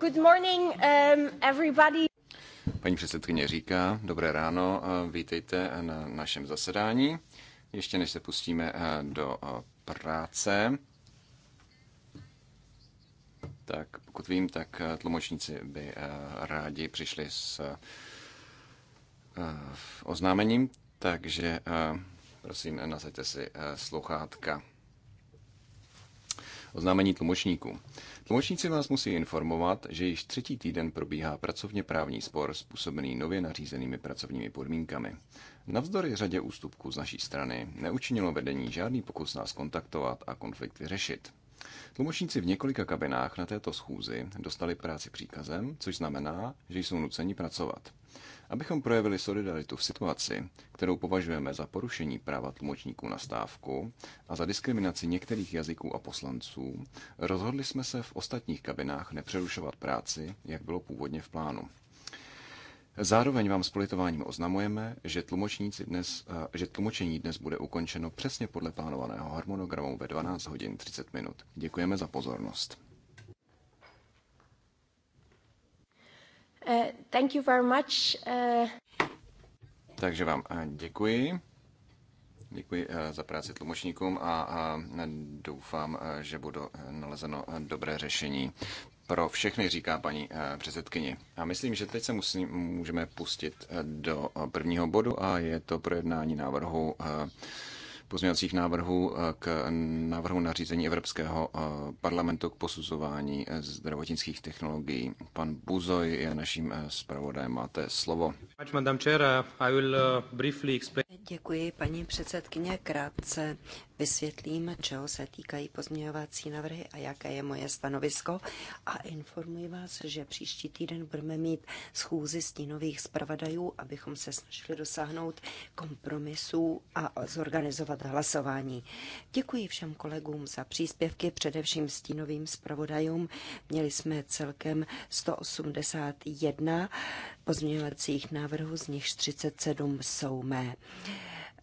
Good morning, um, everybody. Paní předsedkyně říká, dobré ráno, vítejte na našem zasedání. Ještě než se pustíme do práce, tak pokud vím, tak tlumočníci by rádi přišli s oznámením, takže prosím, nasaďte si sluchátka. Oznámení tlumočníků. Tlumočníci vás musí informovat, že již třetí týden probíhá pracovně právní spor způsobený nově nařízenými pracovními podmínkami. Navzdory řadě ústupků z naší strany neučinilo vedení žádný pokus nás kontaktovat a konflikt vyřešit. Tlumočníci v několika kabinách na této schůzi dostali práci příkazem, což znamená, že jsou nuceni pracovat. Abychom projevili solidaritu v situaci, kterou považujeme za porušení práva tlumočníků na stávku a za diskriminaci některých jazyků a poslanců, rozhodli jsme se v ostatních kabinách nepřerušovat práci, jak bylo původně v plánu. Zároveň vám s politováním oznamujeme, že, tlumočníci dnes, že tlumočení dnes bude ukončeno přesně podle plánovaného harmonogramu ve 12 hodin 30 minut. Děkujeme za pozornost. Uh, thank you very much. Uh... Takže vám eh, děkuji. Děkuji za práci tlumočníkům a doufám, že bude nalezeno dobré řešení pro všechny, říká paní eh, předsedkyně. A myslím, že teď se musí, můžeme pustit eh, do eh, prvního bodu a je to projednání návrhu pozměňovacích návrhů k návrhu nařízení Evropského parlamentu k posuzování zdravotnických technologií. Pan Buzoj je naším zpravodajem. Máte slovo. Děkuji, paní předsedkyně. Krátce vysvětlím, čeho se týkají pozměňovací návrhy a jaké je moje stanovisko a informuji vás, že příští týden budeme mít schůzi stínových zpravodajů, abychom se snažili dosáhnout kompromisů a zorganizovat hlasování. Děkuji všem kolegům za příspěvky, především stínovým zpravodajům. Měli jsme celkem 181 pozměňovacích návrhů, z nich 37 jsou mé.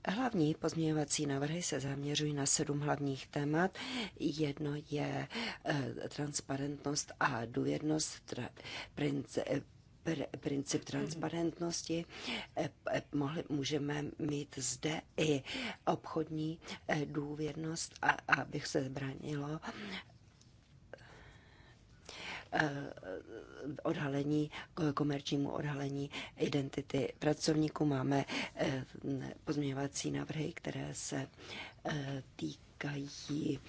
Hlavní pozměňovací návrhy se zaměřují na sedm hlavních témat. Jedno je eh, transparentnost a důvěrnost, eh, princip mhm. transparentnosti. Eh, můžeme mít zde i obchodní důvěrnost, a, se zbranilo. Eh, odhalení, komerčnímu odhalení identity pracovníků. Máme eh, pozměňovací návrhy, které se eh, týkají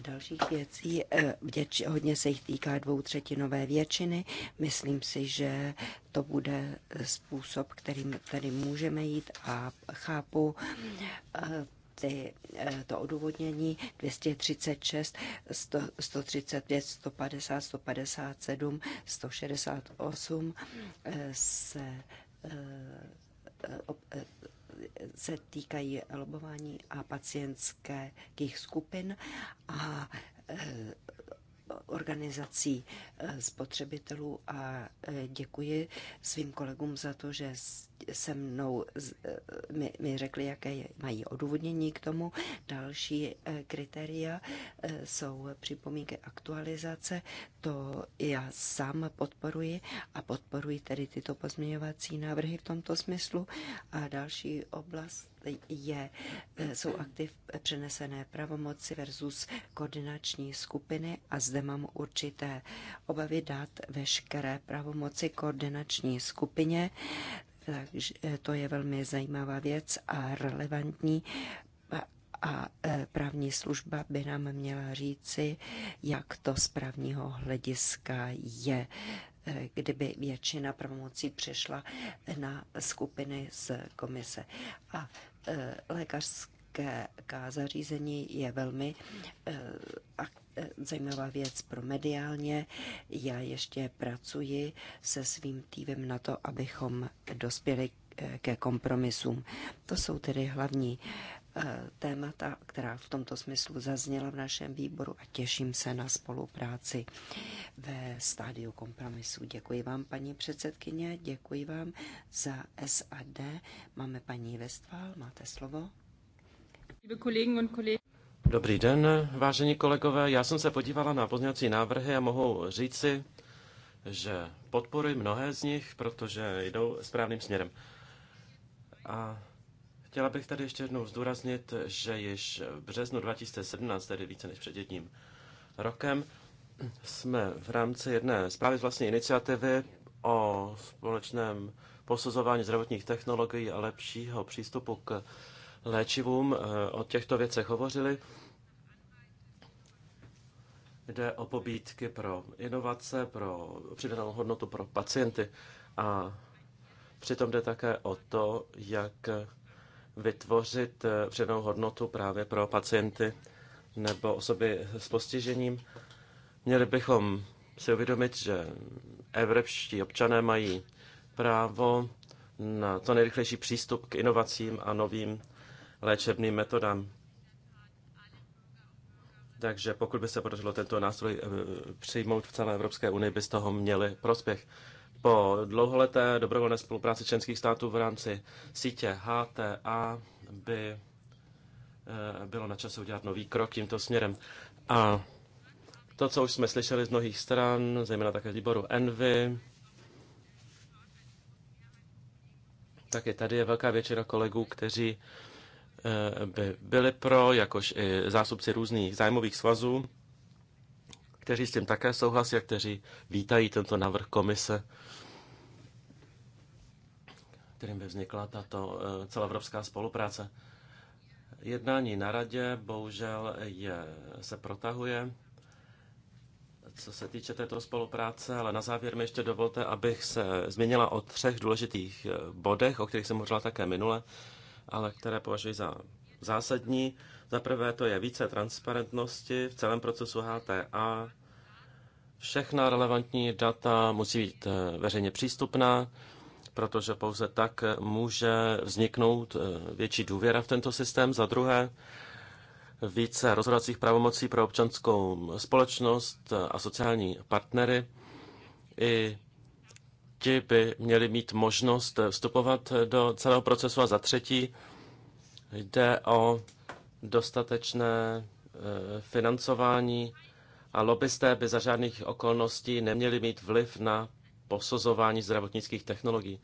dalších věcí. Věč, hodně se jich týká dvoutřetinové většiny. Myslím si, že to bude způsob, kterým tady můžeme jít a chápu ty, eh, to odůvodnění 236, 100, 135, 150, 157, 168 se eh, eh, se týkají lobování a pacientských skupin a organizací spotřebitelů a děkuji svým kolegům za to, že se mnou eh, mi, mi řekli, jaké mají odůvodnění k tomu. Další eh, kritéria eh, jsou připomínky aktualizace. To já sám podporuji a podporuji tedy tyto pozměňovací návrhy v tomto smyslu. A další oblast je, jsou aktiv přenesené pravomoci versus koordinační skupiny a zde mám určité obavy dát veškeré pravomoci koordinační skupině takže eh, to je velmi zajímavá věc a relevantní. A eh, právní služba by nám měla říci, jak to z právního hlediska je eh, kdyby většina pravomocí přešla na skupiny z komise. A lékařské zařízení je velmi zajímavá věc pro mediálně. Já ještě pracuji se svým týmem na to, abychom dospěli ke kompromisům. To jsou tedy hlavní eh, témata, která v tomto smyslu zazněla v našem výboru a těším se na spolupráci ve stádiu kompromisu. Děkuji vám, paní předsedkyně, děkuji vám za SAD. Máme paní Vestval, máte slovo. Dobrý den, vážení kolegové. Já jsem se podívala na pozměňovací návrhy a mohu říci, že podporuji mnohé z nich, protože jdou správným směrem. A chtěla bych tady ještě jednou zdůraznit, že již v březnu 2017, tedy více než před jedním rokem, jsme v rámci jedné zprávy z vlastní iniciativy o společném posuzování zdravotních technologií a lepšího přístupu k léčivům eh, o těchto věcech hovořili. Jde o pobídky pro inovace, pro přidanou hodnotu pro pacienty a přitom jde také o to, jak vytvořit eh, přidanou hodnotu právě pro pacienty nebo osoby s postižením. Měli bychom si uvědomit, že evropští občané mají právo na co nejrychlejší přístup k inovacím a novým léčebným metodám. Takže pokud by se podařilo tento nástroj eh, přijmout v celé Evropské unii, by z toho měli prospěch. Po dlouholeté dobrovolné spolupráci členských států v rámci sítě HTA by eh, bylo na čase udělat nový krok tímto směrem. A to, co už jsme slyšeli z mnohých stran, zejména také z výboru Envy, tak i tady je velká většina kolegů, kteří Eh, by byli pro, jakož i zástupci různých zájmových svazů, kteří s tím také souhlasí a kteří vítají tento návrh komise, kterým by vznikla tato eh, celoevropská spolupráce. Jednání na radě bohužel je, se protahuje, co se týče této spolupráce, ale na závěr mi ještě dovolte, abych se změnila o třech důležitých eh, bodech, o kterých jsem hovořila také minule ale které považuji za zásadní. Za prvé to je více transparentnosti v celém procesu HTA. Všechna relevantní data musí být eh, veřejně přístupná, protože pouze tak může vzniknout eh, větší důvěra v tento systém. Za druhé, více rozhodovacích pravomocí pro občanskou společnost a sociální partnery i Ti by měli mít možnost vstupovat do celého procesu a za třetí jde o dostatečné eh, financování a lobbysté by za žádných okolností neměli mít vliv na posuzování zdravotnických technologií.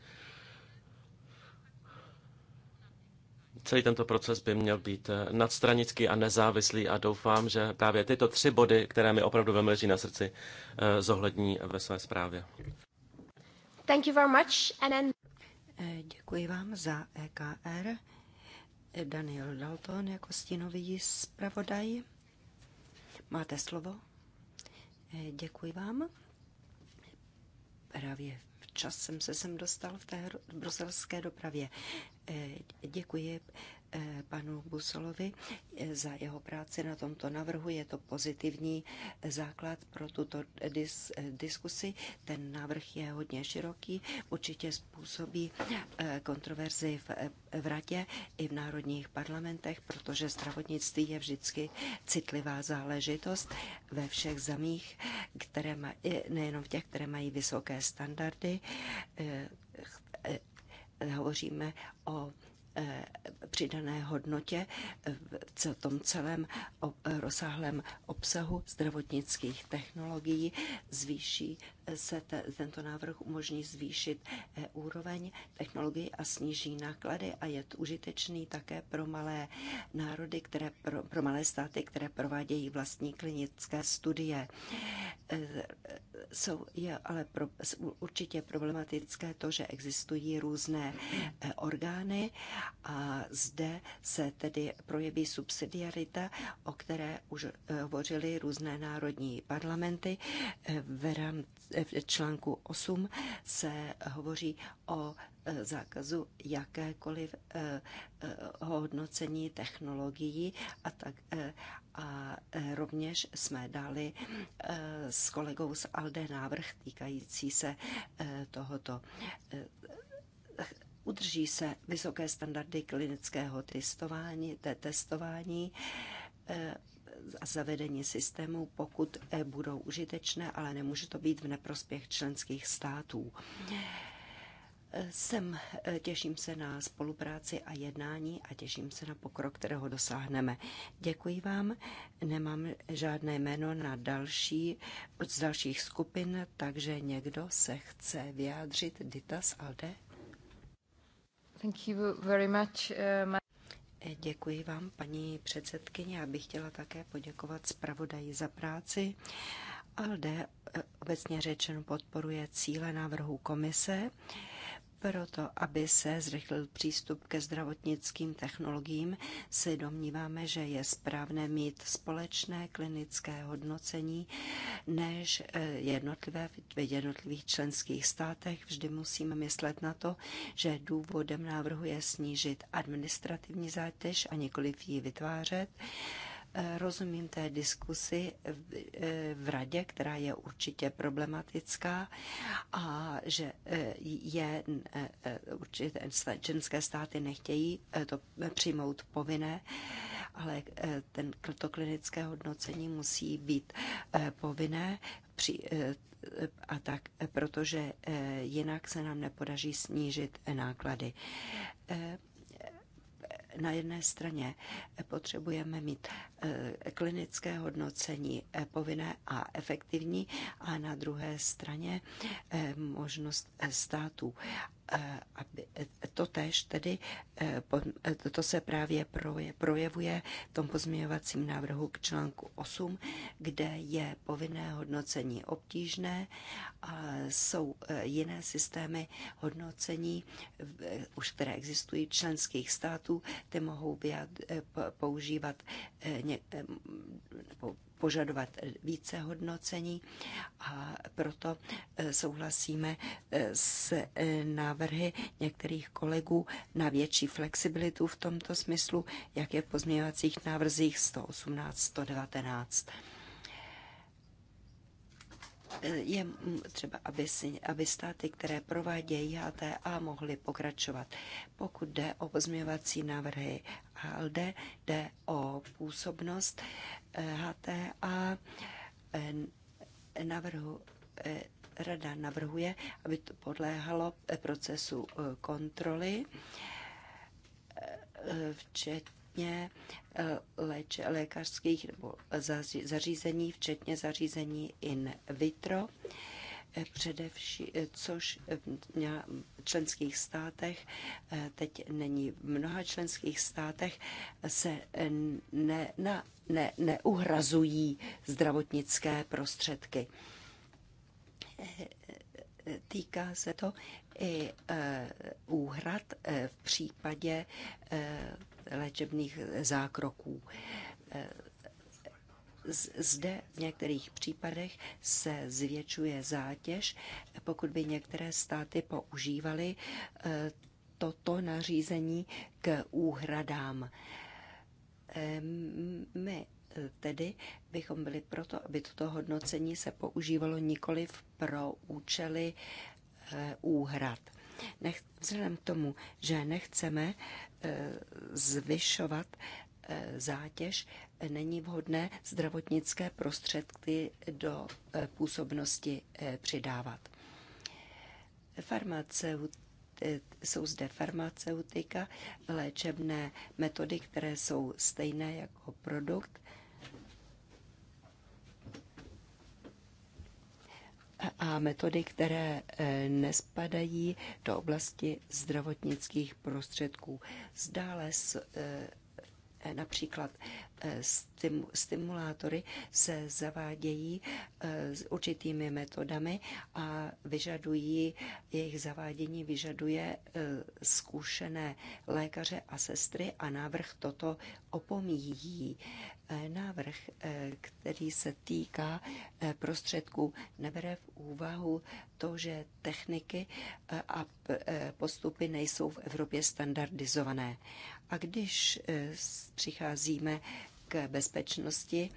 Celý tento proces by měl být eh, nadstranický a nezávislý a doufám, že právě tyto tři body, které mi opravdu velmi leží na srdci, eh, zohlední ve své zprávě. Thank you very much. And then... Eh, děkuji vám za EKR. Eh, Daniel Dalton jako stínový zpravodaj. Máte slovo? Eh, děkuji vám. Právě včas jsem se sem dostal v té bruselské dopravě. Děkuji Eh, panu Busolovi eh, za jeho práci na tomto navrhu. Je to pozitivní základ pro tuto dis, eh, diskusi. Ten návrh je hodně široký, určitě způsobí kontroverzi v, v radě i v národních parlamentech, protože zdravotnictví je vždycky citlivá záležitost ve všech zemích, které ma, nejenom v těch, které mají vysoké standardy. Hovoříme o Eh, přidané hodnotě eh, v tom celém rozsáhlém obsahu zdravotnických technologií zvýší se te, tento návrh umožní zvýšit eh, úroveň technologií a sníží náklady a je užitečný také pro malé národy, které pro, pro malé státy, které provádějí vlastní klinické studie. Eh, jsou je ale pro, určitě problematické to, že existují různé eh, orgány a zde se tedy projeví subsidiarita, o které už hovořily různé národní parlamenty v rámci v článku 8 se hovoří o e, zákazu jakékoliv e, e, hodnocení technologií a tak a rovněž jsme dali s kolegou z ALDE návrh týkající se tohoto udrží se vysoké standardy klinického testování, testování zavedení systému, pokud eh, budou užitečné, ale nemůže to být v neprospěch členských států. Jsem, eh, těším se na spolupráci a jednání a těším se na pokrok, kterého dosáhneme. Děkuji vám. Nemám žádné jméno na další, z dalších skupin, takže někdo se chce vyjádřit. Dita z Alde? Thank you very much, uh, Eh, děkuji vám, paní předsedkyně. Já bych chtěla také poděkovat zpravodaji za práci. ALDE eh, obecně řečeno podporuje cíle návrhu komise. Proto, aby se zrychlil přístup ke zdravotnickým technologiím, si domníváme, že je správné mít společné klinické hodnocení, než eh, jednotlivé v jednotlivých členských státech. Vždy musíme myslet na to, že důvodem návrhu je snížit administrativní zátěž a nikoliv ji vytvářet. Rozumím té diskusi e, v radě, která je určitě problematická a že e, je e, určitě ženské státy nechtějí to přijmout povinné, ale ten, to klinické hodnocení musí být povinné při, a tak, protože jinak se nám nepodaří snížit náklady na jedné straně eh, potřebujeme mít eh, klinické hodnocení eh, povinné a efektivní a na druhé straně možnost států aby e, to tež tedy, e, e, to se právě projevuje v tom pozměňovacím návrhu k článku 8, kde je povinné hodnocení obtížné, a jsou jiné systémy hodnocení, už které existují členských států, ty mohou používat požadovat více hodnocení a proto e, souhlasíme e, s e, návrhy některých kolegů na větší flexibilitu v tomto smyslu, jak je v pozměňovacích návrzích 118-119. Eh, je třeba, aby, si, aby státy, které provádějí HTA, mohly pokračovat. Pokud jde o pozměňovací návrhy ALD, jde o působnost HTA, eh, eh, navrhu, rada navrhuje, aby to podléhalo procesu kontroly, včetně včetně eh, léč, lékařských nebo zařízení, včetně zařízení in vitro, eh, především, eh, což v členských státech, teď není v mnoha členských státech, se ne, na, ne, neuhrazují zdravotnické prostředky. Týká se to i úhrad v případě léčebných zákroků. Eh, zde v některých případech se zvětšuje zátěž, pokud by některé státy používaly eh, toto nařízení k úhradám. Eh, my tedy bychom byli proto, aby toto hodnocení se používalo nikoli pro účely úhrad. vzhledem k tomu, že nechceme Eh, zvyšovat eh, zátěž, není vhodné zdravotnické prostředky do eh, působnosti přidávat. jsou zde farmaceutika, léčebné metody, které jsou stejné jako produkt, a metody, které eh, nespadají do oblasti zdravotnických prostředků. Zdále s, eh, například eh, stimulátory se zavádějí s určitými metodami a vyžadují, jejich zavádění vyžaduje zkušené lékaře a sestry a návrh toto opomíjí. E, návrh, e, který se týká e, prostředků, nebere v úvahu to, že techniky a postupy nejsou v Evropě standardizované. A když přicházíme k bezpečnosti,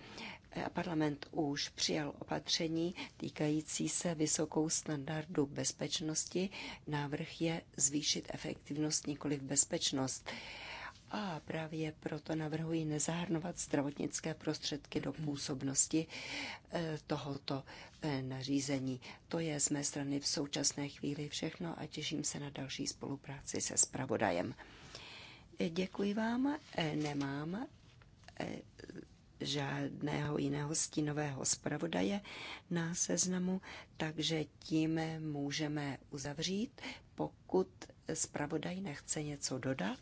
Parlament už přijal opatření týkající se vysokou standardu bezpečnosti. Návrh je zvýšit efektivnost, nikoli v bezpečnost. A právě proto navrhuji nezahrnovat zdravotnické prostředky do mhm. působnosti eh, tohoto eh, nařízení. To je z mé strany v současné chvíli všechno a těším se na další spolupráci se spravodajem. Eh, děkuji vám, nemám žádného jiného stínového zpravodaje na seznamu, takže tím můžeme uzavřít, pokud zpravodaj nechce něco dodat.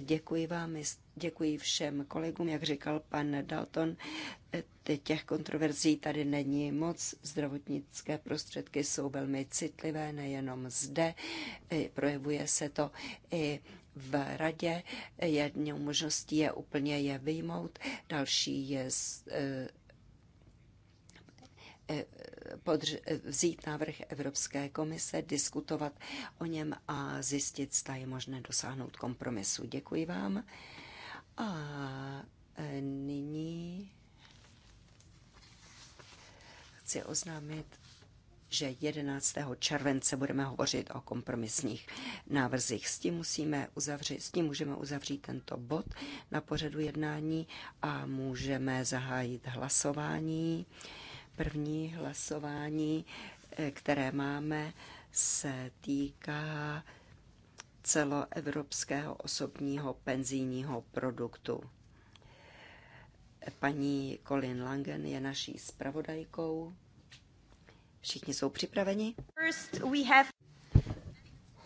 Děkuji vám, děkuji všem kolegům, jak říkal pan Dalton. Těch kontroverzí tady není moc. Zdravotnické prostředky jsou velmi citlivé, nejenom zde. Projevuje se to i v radě. Jednou možností je úplně je vyjmout, další je E, podř- e, vzít návrh Evropské komise, diskutovat o něm a zjistit, zda je možné dosáhnout kompromisu. Děkuji vám. A e, nyní chci oznámit, že 11. července budeme hovořit o kompromisních návrzích. S tím, musíme uzavřít, s tím můžeme uzavřít tento bod na pořadu jednání a můžeme zahájit hlasování. První hlasování, eh, které máme, se týká celoevropského osobního penzijního produktu. Paní Colin Langen je naší zpravodajkou. Všichni jsou připraveni? First we have...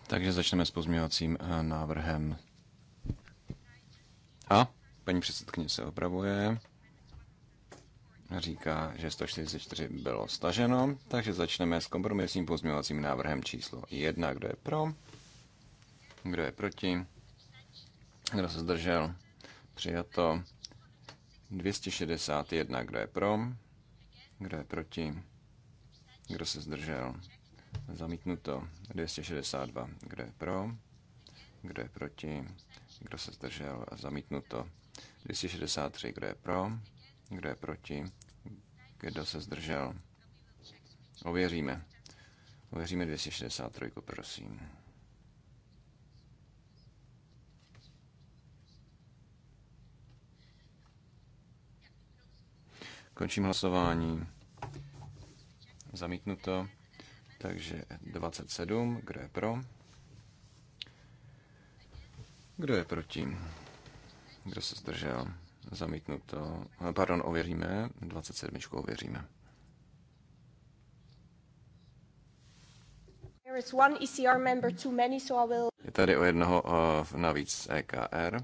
Takže začneme s pozměňovacím eh, návrhem. A paní předsedkyně se opravuje říká, že 144 bylo staženo, takže začneme s kompromisním pozměňovacím návrhem číslo 1. Kdo je pro? Kdo je proti? Kdo se zdržel? Přijato. 261. Kdo je pro? Kdo je proti? Kdo se zdržel? Zamítnuto. 262. Kdo je pro? Kdo je proti? Kdo se zdržel? Zamítnuto. 263. Kdo je pro? Kdo je proti? Kdo se zdržel? Ověříme. Ověříme 263, prosím. Končím hlasování. Zamítnuto. Takže 27. Kdo je pro? Kdo je proti? Kdo se zdržel? Zamítnuto. Pardon, ověříme. 27. ověříme. E je tady o jednoho uh, navíc EKR.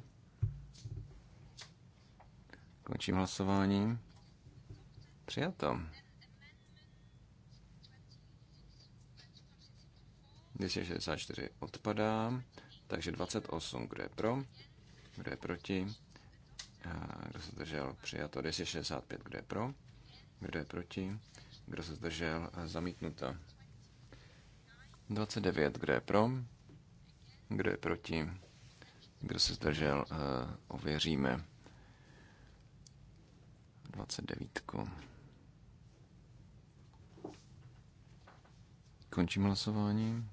Končím hlasování. Přijato. 264 odpadá, takže 28, kdo je pro, kdo je proti, Eh, kdo se zdržel? Přijato 265. Kdo je pro? Kdo je proti? Kdo se zdržel? Eh, zamítnuto. 29. Kdo je pro? Kdo je proti? Kdo se zdržel? Eh, ověříme. 29. Končím hlasování.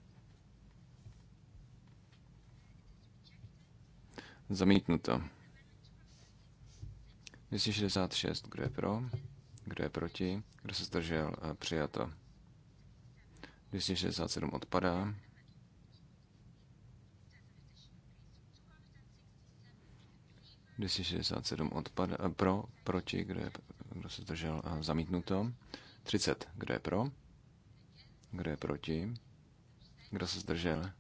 Zamítnuto. 266. Kdo je pro? Kdo je proti? Kdo se zdržel? Eh, přijato. 267 odpadá. odpad, eh, pro, proti, kdo, je, kdo se zdržel, eh, zamítnuto. 30, kdo je pro, kdo je proti, kdo se zdržel.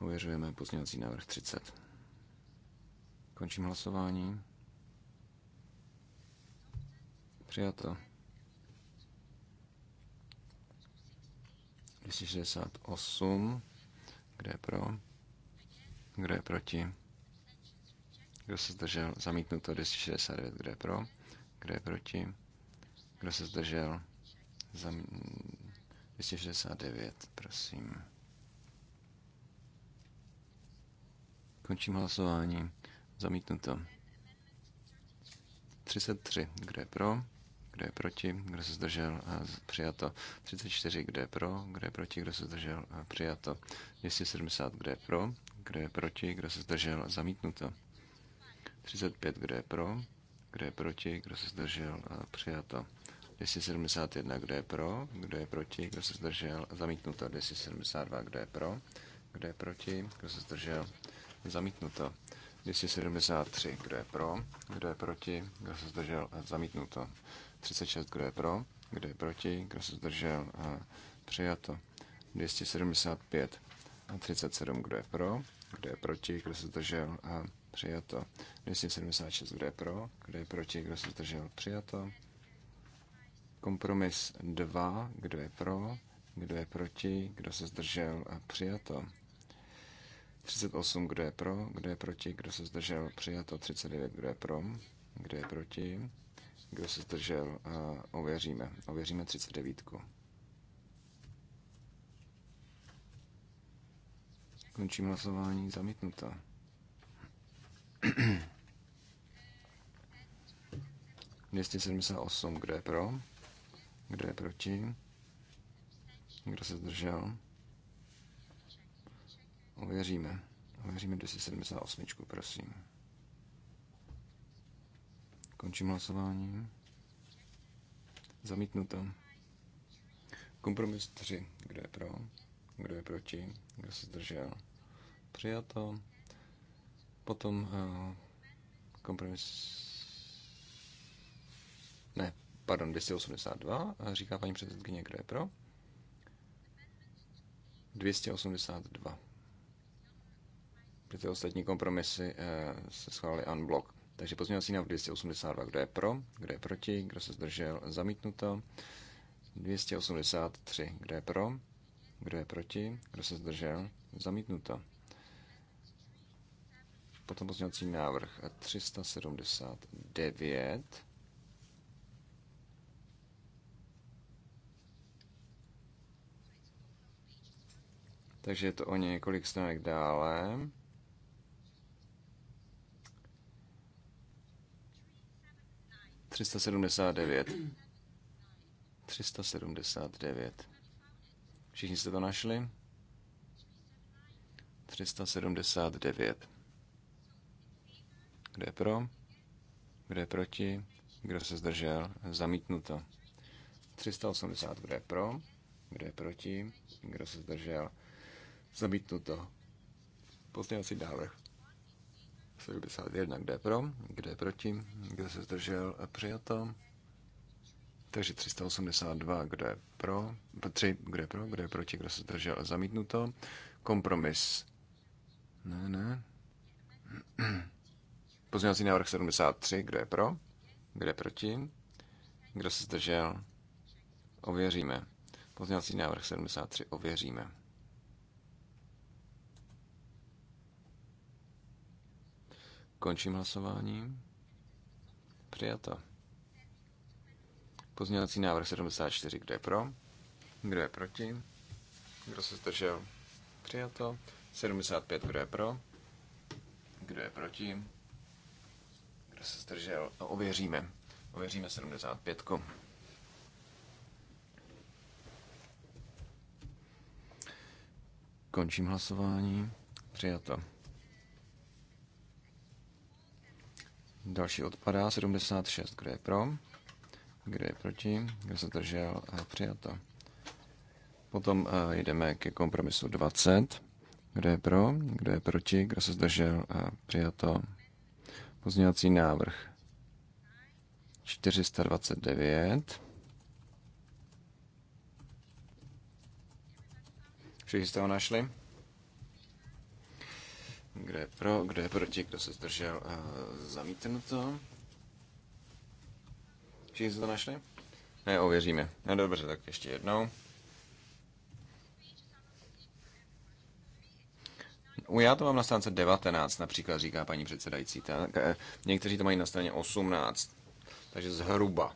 Uvěřujeme pozměňovací návrh 30. Končím hlasování. Přijato. 268. Kde je pro? Kdo je proti? Kdo se zdržel? Zamítnuto 269. Kdo je pro? Kdo je proti? Kdo se zdržel? Zam... 269, prosím. Končím hlasování. Zamítnuto. 33. Kdo je pro? Kdo je proti? Kdo se zdržel? Přijato. 34. Kdo je pro? Kdo je proti? Kdo se zdržel? Přijato. 270. Kdo je pro? Kdo je proti? Kdo se zdržel? Zamítnuto. 35. Kdo je pro? Kdo je proti? Kdo se zdržel? Přijato. 271. Kdo je pro? Kdo je proti? Kdo se zdržel? Zamítnuto. 272. Kdo je pro? Kdo je proti? Kdo se zdržel? Zamítnuto. 273, kdo je pro, kdo je proti, kdo se zdržel, eh, zamítnuto. 36, kdo je pro, kdo je proti, kdo se zdržel, eh, přijato. 275 a 37, kdo je pro, kdo je proti, kdo se zdržel, eh, přijato. 276, kdo je pro, kdo je proti, kdo se zdržel, přijato. Kompromis 2, kdo je pro, kdo je proti, kdo se zdržel, přijato. 38, kdo je pro, kdo je proti, kdo se zdržel, přijato 39, kdo je pro, kdo je proti, kdo se zdržel, uh, ověříme, ověříme 39. Končím hlasování, zamítnuto. Dvěstě kdo je pro, kdo je proti, kdo se zdržel, Ověříme. Ověříme 278, prosím. Končím hlasování. Zamítnuto. Kompromis 3. Kdo je pro? Kdo je proti? Kdo se zdržel? Přijato. Potom eh, kompromis... Ne, pardon, 282, eh, říká paní předsedkyně, kdo je pro? 282 pro ty ostatní kompromisy eh, se schválili unblock. Takže pozměňovací návrh 282, kdo je pro, kdo je proti, kdo se zdržel, zamítnuto. 283, kdo je pro, kdo je proti, kdo se zdržel, zamítnuto. Potom pozměňovací návrh 379. Takže je to o několik stránek dále. 379. 379. Všichni jste to našli? 379. Kdo je pro? Kdo je proti? Kdo se zdržel? Zamítnuto. 380. Kdo je pro? Kdo je proti? Kdo se zdržel? Zamítnuto. Pozdějící návrh. 71, kde je pro, kde je proti, kde se zdržel, a přijato. Takže 382, kdo je pro, 3, kdo je pro, kdo je proti, kdo se zdržel, a zamítnuto. Kompromis. Ne, ne. Pozměňovací návrh 73, kdo je pro, kdo je proti, kdo se zdržel, ověříme. Pozměňovací návrh 73 ověříme. Končím hlasování. Přijato. Pozměňovací návrh 74. Kdo je pro? Kdo je proti? Kdo se zdržel? Přijato. 75. Kdo je pro? Kdo je proti? Kdo se zdržel? A no, ověříme. Ověříme 75. Končím hlasování. Přijato. Další odpadá 76. Kdo je pro? Kdo je proti? Kdo se držel? Přijato. Potom jdeme ke kompromisu 20. Kdo je pro? Kdo je proti? Kdo se zdržel? Přijato. Pozměňovací návrh 429. Všichni jste ho našli? Kdo je pro, kdo je proti, kdo se zdržel, eh, zamítnuto. Všichni jste to našli? Ne, ověříme. No dobře, tak ještě jednou. U já to mám na stránce 19, například říká paní předsedající. Tak, eh, někteří to mají na straně 18, takže zhruba.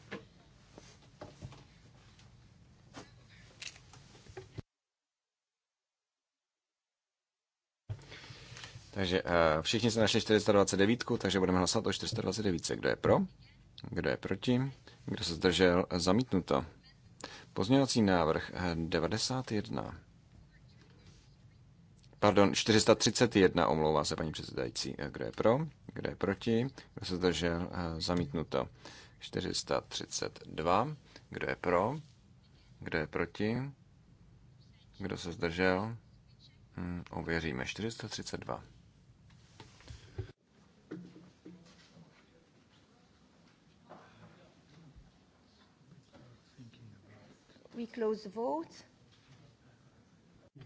Takže eh, všichni se našli 429, takže budeme hlasovat o 429. Kdo je pro? Kdo je proti? Kdo se zdržel? Zamítnuto. Pozměňovací návrh 91. Eh, Pardon, 431, omlouvá se paní předsedající. Eh, kdo je pro? Kdo je proti? Kdo se zdržel? Zamítnuto. 432. Kdo je pro? Kdo je proti? Kdo se zdržel? Hmm, ověříme. 432.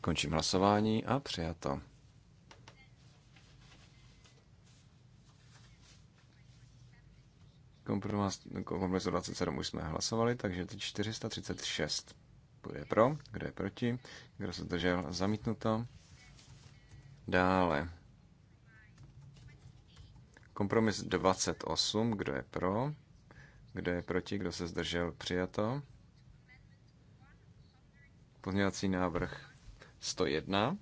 Končím hlasování a přijato. Kompromis, 27 už jsme hlasovali, takže teď 436. Kdo je pro, kdo je proti, kdo se držel zamítnuto. Dále. Kompromis 28, kdo je pro, kdo je proti, kdo se zdržel přijato. Pozměňovací návrh 101.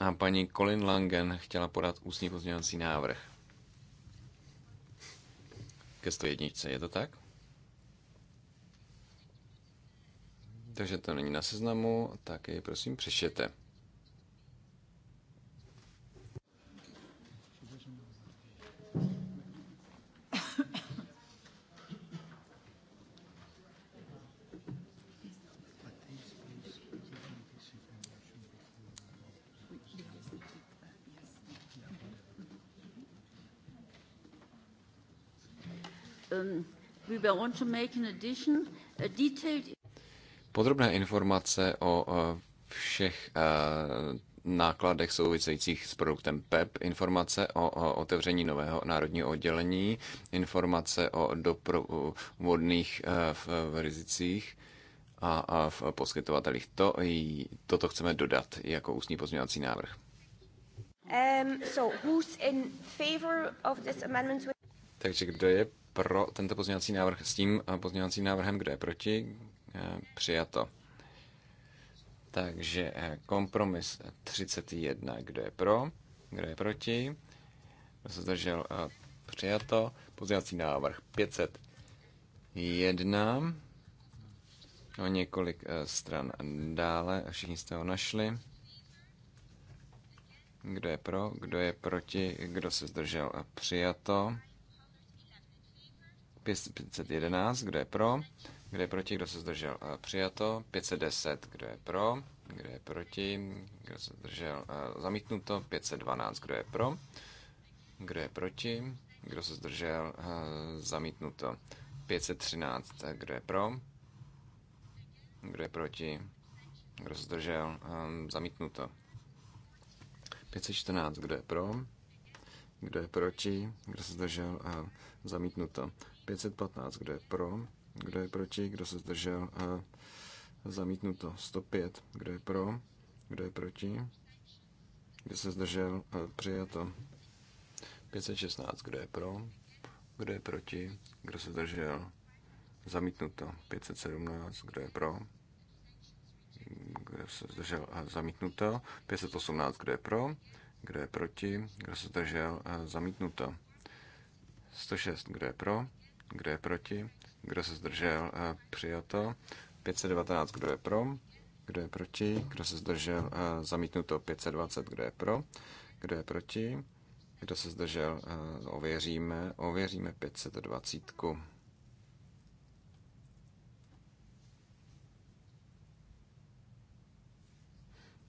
A paní Colin Langen chtěla podat ústní pozměňovací návrh. Ke 101. Je to tak? Takže to není na seznamu, tak je prosím přešete. Um, Podrobné informace o všech nákladech souvisejících s produktem PEP, e informace o otevření nového národního oddělení, informace o doprovodných v rizicích a v poskytovatelích. To, toto chceme dodat jako ústní pozměňovací návrh. Um, so who's in favor of this amendment? Takže kdo je pro tento pozměňovací návrh s tím eh, pozměňovacím návrhem, kdo je proti, eh, přijato. Takže eh, kompromis 31, kdo je pro, kdo je proti, kdo se zdržel, přijato. Pozměňovací návrh 501, o několik stran dále, všichni jste ho našli. Kdo je pro, kdo je proti, kdo se zdržel, přijato. 511, kdo je pro, kdo je proti, kdo se zdržel, eh, přijato. 510, kdo je pro, kdo je proti, kdo se zdržel, eh, zamítnuto. 512, kdo je pro, kdo je proti, kdo se zdržel, eh, zamítnuto. 513, kdo je pro, kdo je proti, kdo se zdržel, zamítnuto. 514, kdo je pro, kdo je proti, kdo se zdržel, zamítnuto. 515, kdo je pro, kdo je proti, kdo se zdržel, zamítnuto 105, kdo je pro, kdo je proti, kdo se zdržel, přijato 516, kdo je pro, kdo je proti, kdo se zdržel, zamítnuto 517, kdo je pro, kdo se zdržel, zamítnuto 518, kdo je pro, kdo je proti, kdo se zdržel, zamítnuto 106, kdo je pro, kdo je proti? Kdo se zdržel? Eh, přijato. 519. Kdo je pro? Kdo je proti? Kdo se zdržel? Eh, zamítnuto. 520. Kdo je pro? Kdo je proti? Kdo se zdržel? Eh, ověříme. Ověříme 520.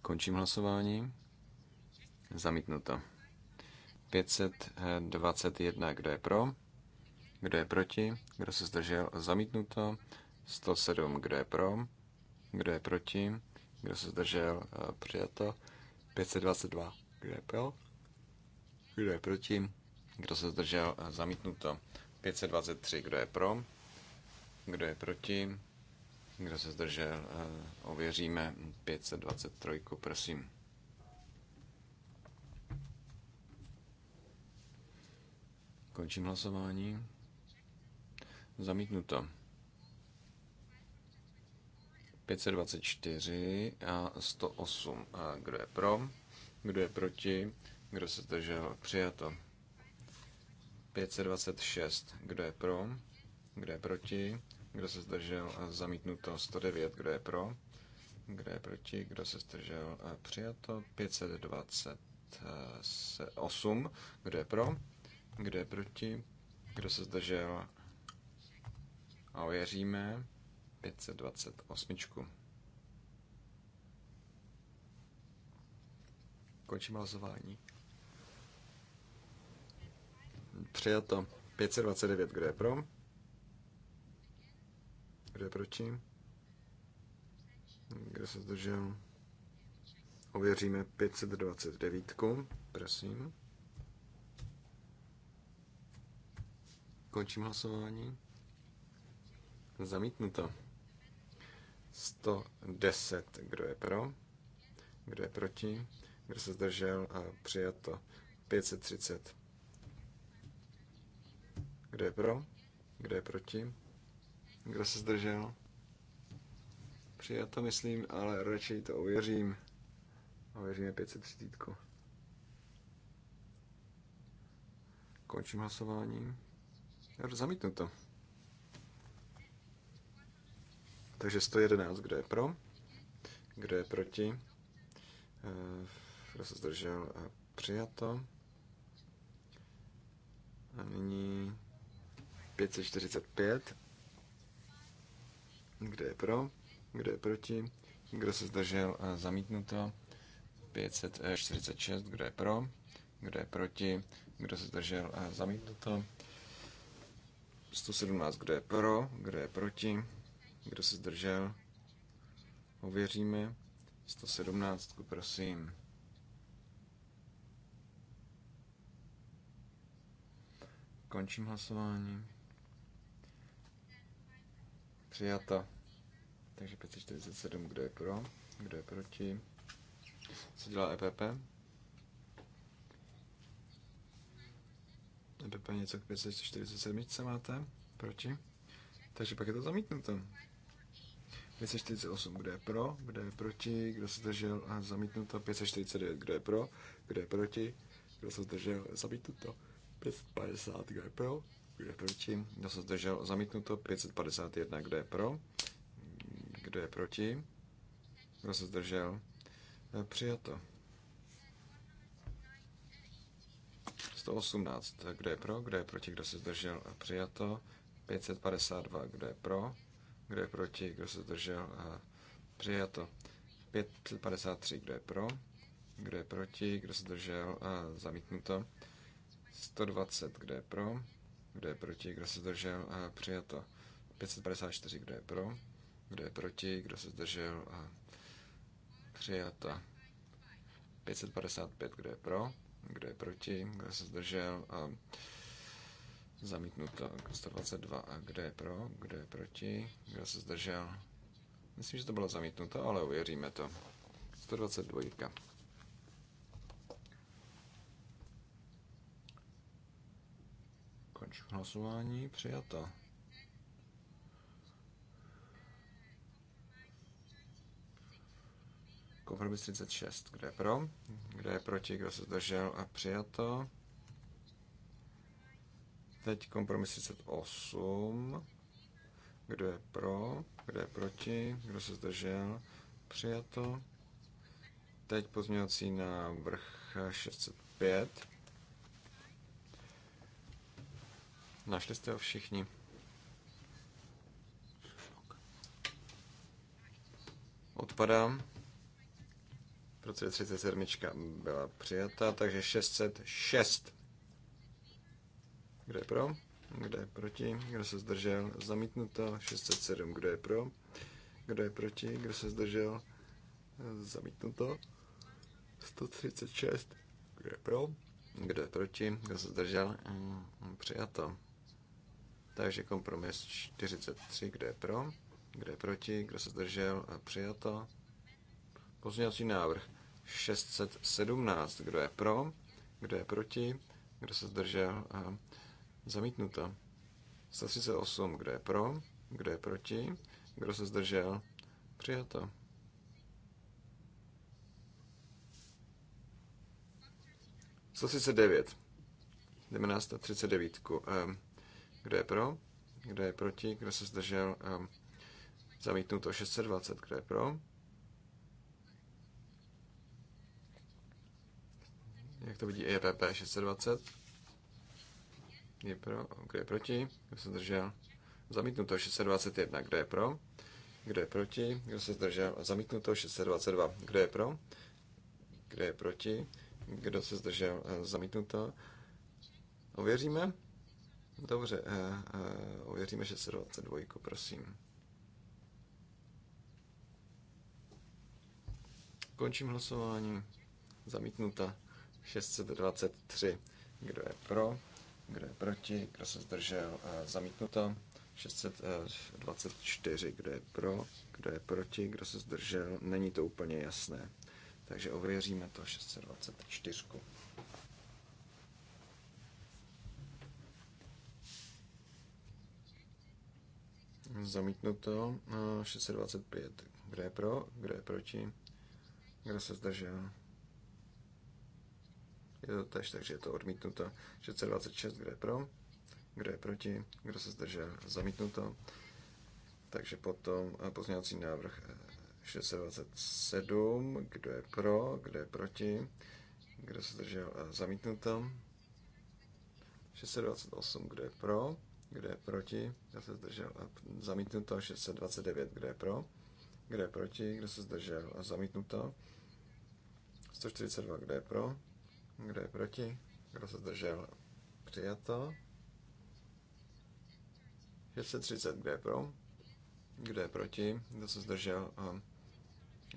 Končím hlasování. Zamítnuto. 521. Kdo je pro? kdo je proti, kdo se zdržel, zamítnuto, 107, kdo je pro, kdo je proti, kdo se zdržel, eh, přijato, 522, kdo je pro, kdo je proti, kdo se zdržel, eh, zamítnuto, 523, kdo je pro, kdo je proti, kdo se zdržel, eh, ověříme 523, prosím. Končím hlasování. Zamítnuto. 524 a 108. A kdo je pro? Kdo je proti? Kdo se zdržel? Přijato. 526. Kdo je pro? Kdo je proti? Kdo se zdržel? Zamítnuto. 109. Kdo je pro? Kdo je proti? Kdo se zdržel? Přijato. 528. Kdo je pro? Kdo je proti? Kdo se zdržel? a ověříme 528. Končím hlasování. Přijato 529, kdo je pro? Kdo je proti? Kdo se zdržel? Ověříme 529, prosím. Končím hlasování. Zamítnuto. 110. Kdo je pro? Kdo je proti? Kdo se zdržel? A přijato. 530. Kdo je pro? Kdo je proti? Kdo se zdržel? Přijato, myslím, ale radši to ověřím. Ověříme 530. Končím hlasování. Zamítnuto. to. Takže 111, eh, eh, kdo je pro? Kdo je proti? Kdo se zdržel? Přijato. A nyní 545. Kdo je pro? Kdo je proti? Kdo se zdržel? Eh, zamítnuto. 546. Kdo je pro? Kdo je proti? Kdo se zdržel? Zamítnuto. 117. Kdo je pro? Kdo je proti? Kdo se zdržel? Ověříme. 117, prosím. Končím hlasování. Přijata. Takže 547, kdo je pro, kdo je proti. Co dělá EPP? EPP něco k 547 máte? Proti? Takže pak je to zamítnuto. 548, kdo je pro, kdo je proti, kdo se zdržel, zamítnuto. 549, kdo je pro, kdo je proti, kdo se zdržel, zamítnuto. 550, kdo je pro, kdo je proti, kdo se zdržel, zamítnuto. 551, kdo je pro, kdo je proti, kdo se zdržel, přijato. 118, kdo je pro, kdo je proti, kdo se zdržel, přijato. 552, kdo je pro, kdo je proti, kdo se zdržel, přijato. 553, kdo je pro, kdo je proti, kdo se zdržel, zamítnuto. 120, kdo je pro, kdo je proti, kdo se zdržel, přijato. 554, kdo je pro, kdo je proti, kdo se zdržel, přijato. 555, kdo je pro, kdo je proti, kdo se zdržel, přijato Zamítnuto 122. A kdo je pro? Kdo je proti? Kdo se zdržel? Myslím, že to bylo zamítnuto, ale uvěříme to. 122. Končím hlasování. Přijato. Kompromis 36. Kdo je pro? Kdo je proti? Kdo se zdržel? A přijato. Teď kompromis 38. Kdo je pro? Kdo je proti? Kdo se zdržel? Přijato. Teď pozměňovací návrh 605. Našli jste ho všichni. Odpadám. Protože 37 byla přijata, takže 606. Kdo je pro? Kdo je proti? Kdo se zdržel? Zamítnuto. 607. Kdo je pro? Kdo je proti? Kdo se zdržel? Zamítnuto. 136. Kdo je pro? Kdo je proti? Kdo se zdržel? Přijato. Takže kompromis 43. Kdo je pro? Kdo je proti? Kdo se zdržel? Přijato. Pozměňovací návrh 617. Kdo je pro? Kdo je proti? Kdo se zdržel? Přijato Zamítnuto. 138. Kdo je pro? Kdo je proti? Kdo se zdržel? Přijato. Co 39? Jdeme na 139. Ehm, kdo je pro? Kdo je proti? Kdo se zdržel? Ehm, zamítnuto 620. Kdo je pro? Jak to vidí EPP 620? je pro, kdo je proti, kdo se zdržel, zamítnuto 621, kdo je pro, kdo je proti, kdo se zdržel, zamítnuto 622, kdo je pro, kdo je proti, kdo se zdržel, eh, zamítnuto, ověříme, dobře, eh, eh, ověříme 622, prosím. Končím hlasování. Zamítnuta 623. Kdo je pro? Kdo je proti? Kdo se zdržel? Zamítnuto. 624. Eh, Kdo je pro? Kdo je proti? Kdo se zdržel? Není to úplně jasné. Takže ověříme to 624. Zamítnuto 625. Eh, Kdo je pro? Kdo je proti? Kdo se zdržel? je to tež, takže je to odmítnuto. 626, kdo je pro, kdo je proti, kdo se zdržel, zamítnuto. Takže potom eh, pozměňovací návrh 627, eh, kdo je pro, kdo je proti, kdo se zdržel, eh, zamítnuto. 628, kdo je pro, kdo je proti, kdo se zdržel, zamítnuto. 629, kdo je pro, kdo je proti, kdo se zdržel, zamítnuto. 142, kdo je pro, kdo je proti? Kdo se zdržel? Přijato. 630, kdo je pro? Kdo je proti? Kdo se zdržel?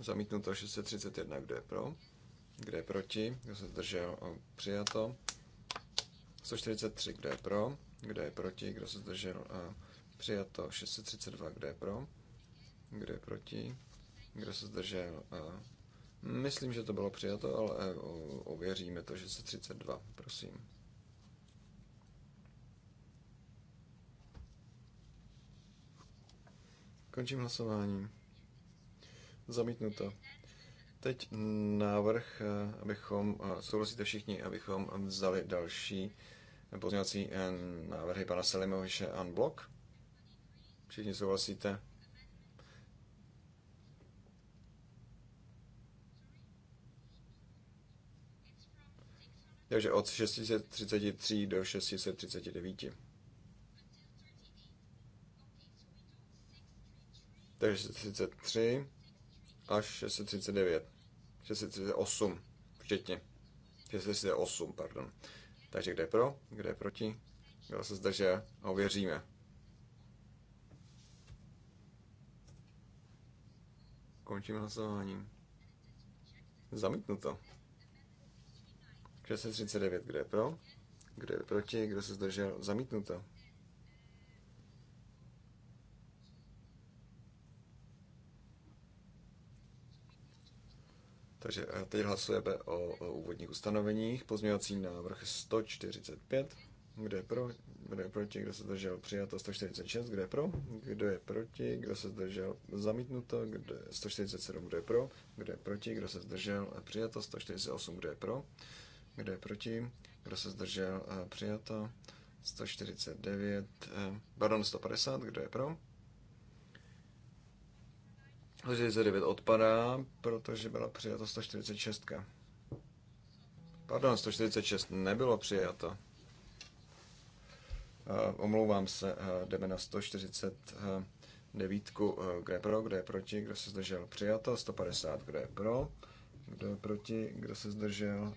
Zamítnuto 631, kdo je pro? Kdo je proti? Kdo se zdržel? Přijato. 143, kdo je pro? Kdo je proti? Kdo se zdržel? Přijato. 632, kdo je pro? Kdo je proti? Kdo se zdržel? Myslím, že to bylo přijato, ale eh, ověříme to, že se 32, prosím. Končím hlasování. Zamítnuto. Teď návrh, eh, abychom, souhlasíte všichni, abychom vzali další pozměňovací eh, návrhy pana Selimoviše unblock. Všichni souhlasíte? takže od 633 do 639. Takže 633 až 639. 638 včetně. 638, pardon. Takže kde je pro, kde je proti, kdo se a ověříme. Končím hlasováním. Zamítnuto. 639, kdo je pro? Kdo je proti? Kdo se zdržel? Zamítnuto. Takže eh, teď hlasujeme o, o úvodních ustanoveních. Pozměňovací návrh 145. Kdo je pro? Kdo je proti? Kdo se zdržel? Přijato 146. Kdo je pro? Kdo je proti? Kdo se zdržel? Zamítnuto. Kdo je 147. Kdo je pro? Kdo je proti? Kdo se zdržel? Přijato 148. Kdo je pro? Kdo je proti? Kdo se zdržel? Eh, přijato. 149, eh, pardon, 150, kdo je pro? 149 odpadá, protože byla přijato 146. Pardon, 146 nebylo přijato. Eh, omlouvám se, jdeme na 149, kdo je pro, kdo je proti, kdo se zdržel, přijato, 150, kdo je pro, kdo je proti, kdo se zdržel,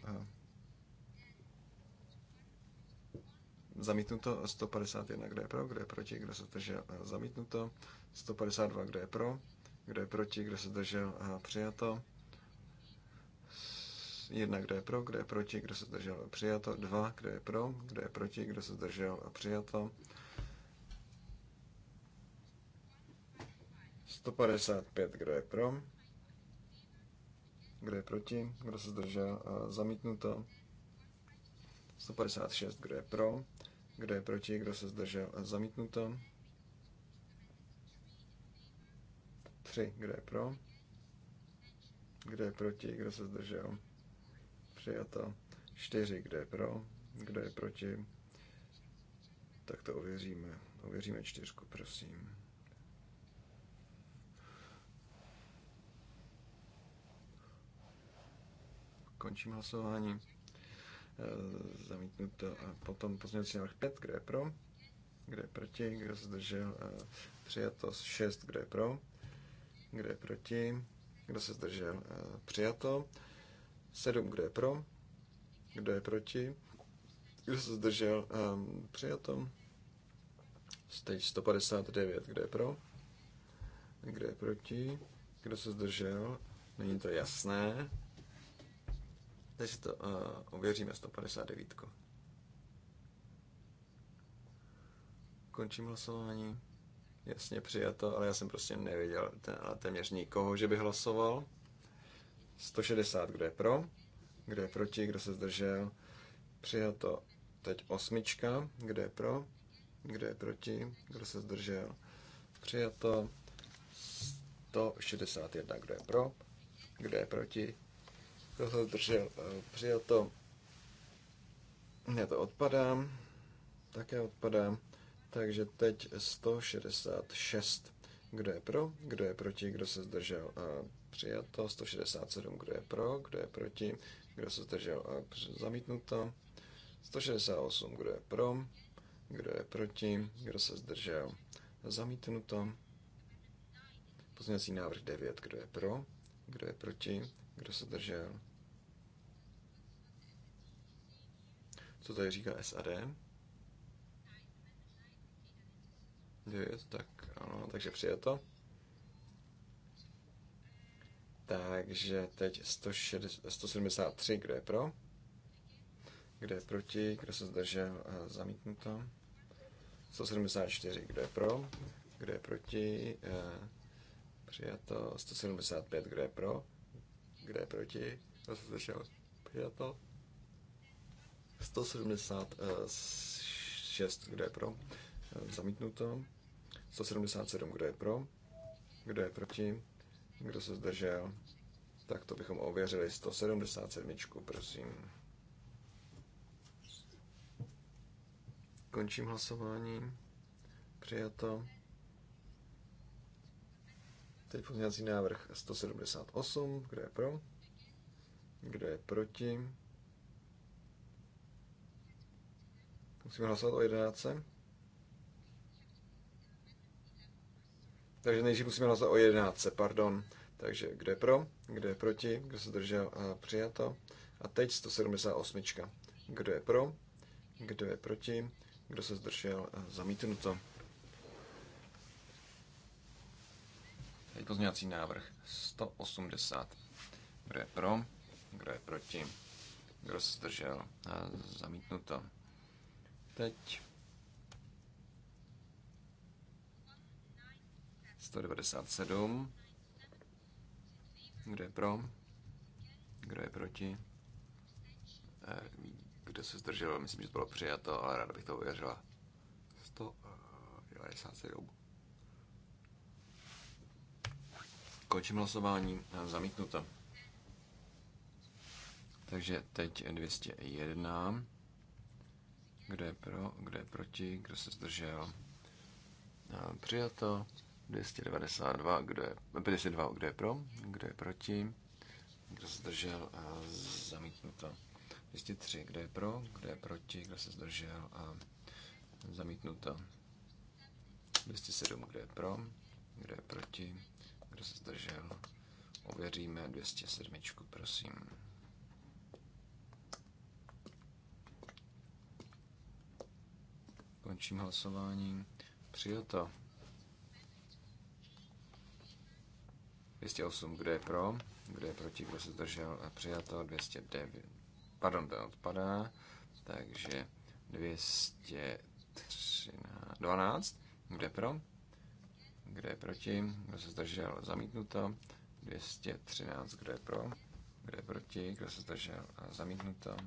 Zamítnuto 151, kdo je pro, kdo je proti, kdo se držel Zamítnuto 152, kdo je pro, kdo je proti, kdo se držel Přijato. 1, kdo je pro, kdo je proti, kdo se držel Přijato. 2, kdo je pro, kdo je proti, kdo se držel Přijato. 155, kdo je pro, kdo je proti, kdo se zdržel. Zamítnuto. 156, kdo je pro, kdo je proti, kdo se zdržel, zamítnuto. 3, kdo je pro, kdo je proti, kdo se zdržel, přijato. 4, kdo je pro, kdo je proti, tak to ověříme. Ověříme čtyřku, prosím. Končím hlasování. Eh, zamítnuto. A potom pozměňovací návrh 5, kdo je pro, kdo je proti, kdo se zdržel, eh, přijato 6, kdo je pro, kdo je proti, kdo se zdržel, eh, přijato 7, kdo je pro, kdo je proti, kdo se zdržel, ehm, přijato. Stage 159, kdo je pro, kdo je proti, kdo se zdržel, není to jasné, Teď si to uh, ověříme, 159. Končím hlasování. Jasně přijato, ale já jsem prostě neviděl ten, ale téměř nikoho, že by hlasoval. 160, kdo je pro, kdo je proti, kdo se zdržel. Přijato teď osmička, kdo je pro, kdo je proti, kdo se zdržel. Přijato 161, kdo je pro, kdo je proti, kdo to držel? Eh, přijel to. Já to odpadám. Také odpadám. Takže teď 166. Kdo je pro? Kdo je proti? Kdo se zdržel? Eh, přijato. 167. Kdo je pro? Kdo je proti? Kdo se zdržel? Eh, zamítnuto. 168. Kdo je pro? Kdo je proti? Kdo se zdržel? Zamítnuto. Pozměňovací návrh 9. Kdo je pro? Kdo je proti? Kdo se držel? Co tady říká SAD? to tak ano, takže přijato. Takže teď 160, 173, kdo je pro? Kdo je proti? Kdo se zdržel? Eh, zamítnuto. 174, kdo je pro? Kdo je proti? Eh, přijato. 175, kdo je pro? kde je proti? jsem se zdržel? to 176, kdo je pro? Zamítnuto. 177, kdo je pro? Kdo je proti? Kdo se zdržel? Tak to bychom ověřili 177, prosím. Končím hlasování. Přijato. Teď pozměňovací návrh 178. Kdo je pro? Kdo je proti? Musíme hlasovat o 11. Takže nejdřív musíme hlasovat o 11, pardon. Takže kdo je pro, kdo je proti, kdo se držel a přijato. A teď 178. Kdo je pro, kdo je proti, kdo se zdržel zamítnuto. Teď pozměňovací návrh 180. Kdo je pro? Kdo je proti? Kdo se zdržel? A zamítnuto. Teď 197. Kdo je pro? Kdo je proti? Kdo se zdržel? Myslím, že to bylo přijato, ale ráda bych to uvěřila. 197. Končím hlasování. Eh, zamítnuto. Takže teď 201. Kdo je pro, kdo je proti, kdo se zdržel? Eh, přijato. 292, kdo je, 52, eh, kdo je pro, kdo je proti, kdo se zdržel a zamítnuto. 203, kdo je pro, kdo je proti, kdo se zdržel a zamítnuto. 207, kdo je pro, kdo je proti, kdo se zdržel? Ověříme 207, prosím. Končím hlasování. Přijato. 208, kdo je pro, kdo je proti, kdo se zdržel, přijato, 209, pardon, to odpadá, takže 213, 12, kdo je pro, kdo je proti? Kdo se zdržel? Zamítnuto. 213. Kdo je pro? Kdo je proti? Kdo se zdržel? Zamítnuto.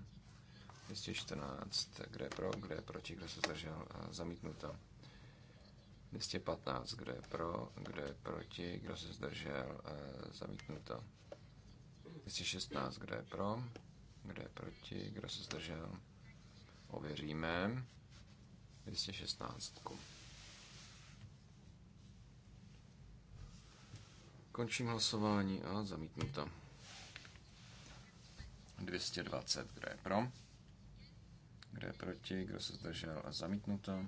214. Kdo je pro? Kdo je proti? Kdo se zdržel? Zamítnuto. 215. Kdo je pro? Kdo je proti? Kdo se zdržel? Zamítnuto. 216. Kdo je pro? Kdo je proti? Kdo se zdržel? Ověříme. 216. Končím hlasování a zamítnuto. 220, kdo je pro? Kdo je proti? Kdo se zdržel a zamítnuto?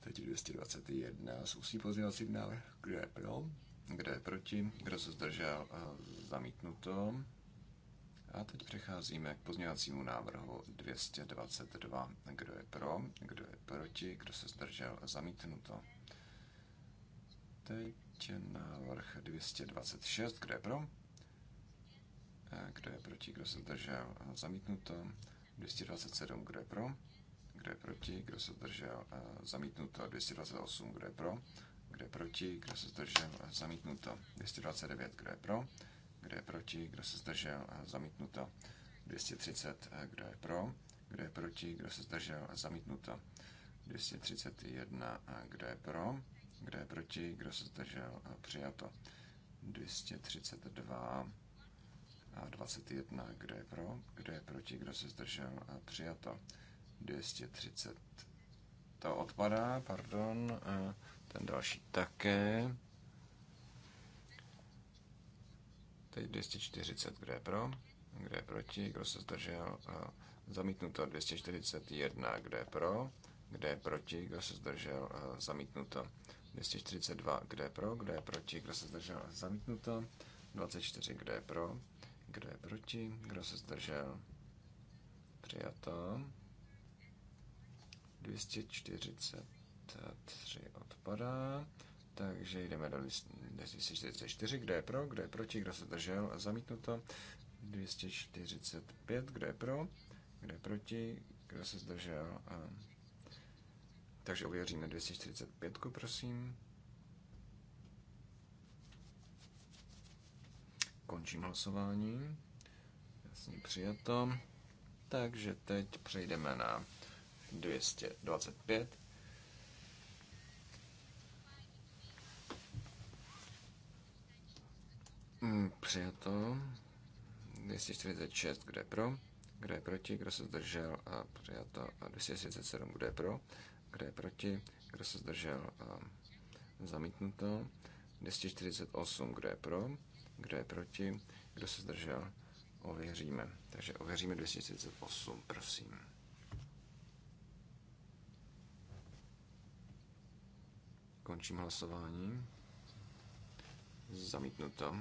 Teď 221 s ústní pozměňovacím návrh. Kdo je pro? Kdo je proti? Kdo se zdržel a zamítnuto? A teď přecházíme k pozměňovacímu návrhu 222. Kdo je pro? Kdo je proti? Kdo se zdržel? Zamítnuto. Teď návrh 226, eh, eh, kdo je pro? Kdo je proti, kdo se zdržel? Eh, zamítnuto. 227, kdo je pro? Kdo je proti, kdo se zdržel? Zamítnuto. 228, kdo je pro? Kdo je proti, kdo se zdržel? Zamítnuto. 229, kdo je pro? Kdo je proti, kdo se zdržel? Zamítnuto. 230, kdo je pro? Kdo je proti, kdo se zdržel? Zamítnuto. 231, kdo je pro? Kdo je proti? Kdo se zdržel? Přijato. 232 a 21. Kdo je pro? Kdo je proti? Kdo se zdržel? Přijato. 230. To odpadá, pardon. Ten další také. Teď 240. Kdo je pro? Kdo je proti? Kdo se zdržel? Zamítnuto 241. Kdo je pro? Kdo je proti? Kdo se zdržel? Zamítnuto 242, kdo je pro, kdo je proti, kdo se zdržel, zamítnuto. 24, kdo je pro, kdo je proti, kdo se zdržel, přijato. 243 odpadá, takže jdeme do 244, kdo je pro, kdo je proti, kdo se zdržel, zamítnuto. 245, kdo je pro, kdo je proti, kdo se zdržel, a takže ověříme 245, prosím. Končím hlasování. Jasně přijato. Takže teď přejdeme na 225. Hmm, přijato. 246, kde pro, kde je proti, kdo se zdržel a přijato. A 247 kde pro, kdo je proti? Kdo se zdržel? Ehm, zamítnuto. 248. Kdo je pro? Kdo je proti? Kdo se zdržel? Ověříme. Takže ověříme 248, prosím. Končím hlasování. Zamítnuto.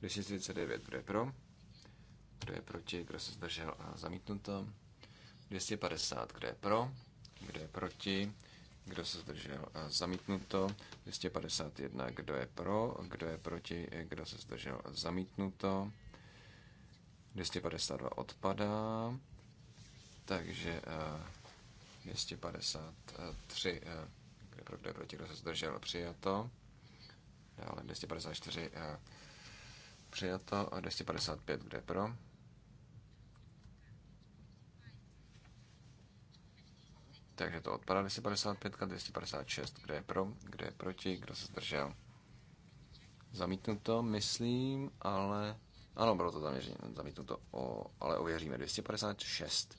239, kdo je pro? Kdo je proti? Kdo se zdržel? A zamítnuto. 250, kdo je pro, kdo je proti, kdo se zdržel zamítnuto, 251, kdo je pro, kdo je proti, kdo se zdržel zamítnuto, 252 odpadá, takže 253, eh, eh, kdo pro, kdo je proti, kdo se zdržel, přijato, dále 254 eh, přijato, 255, kdo je pro, Takže to odpadá 255, 256, kdo je pro, kdo je proti, kdo se zdržel. Zamítnuto, myslím, ale... Ano, bylo to zaměření, zamítnuto, o, ale ověříme. 256.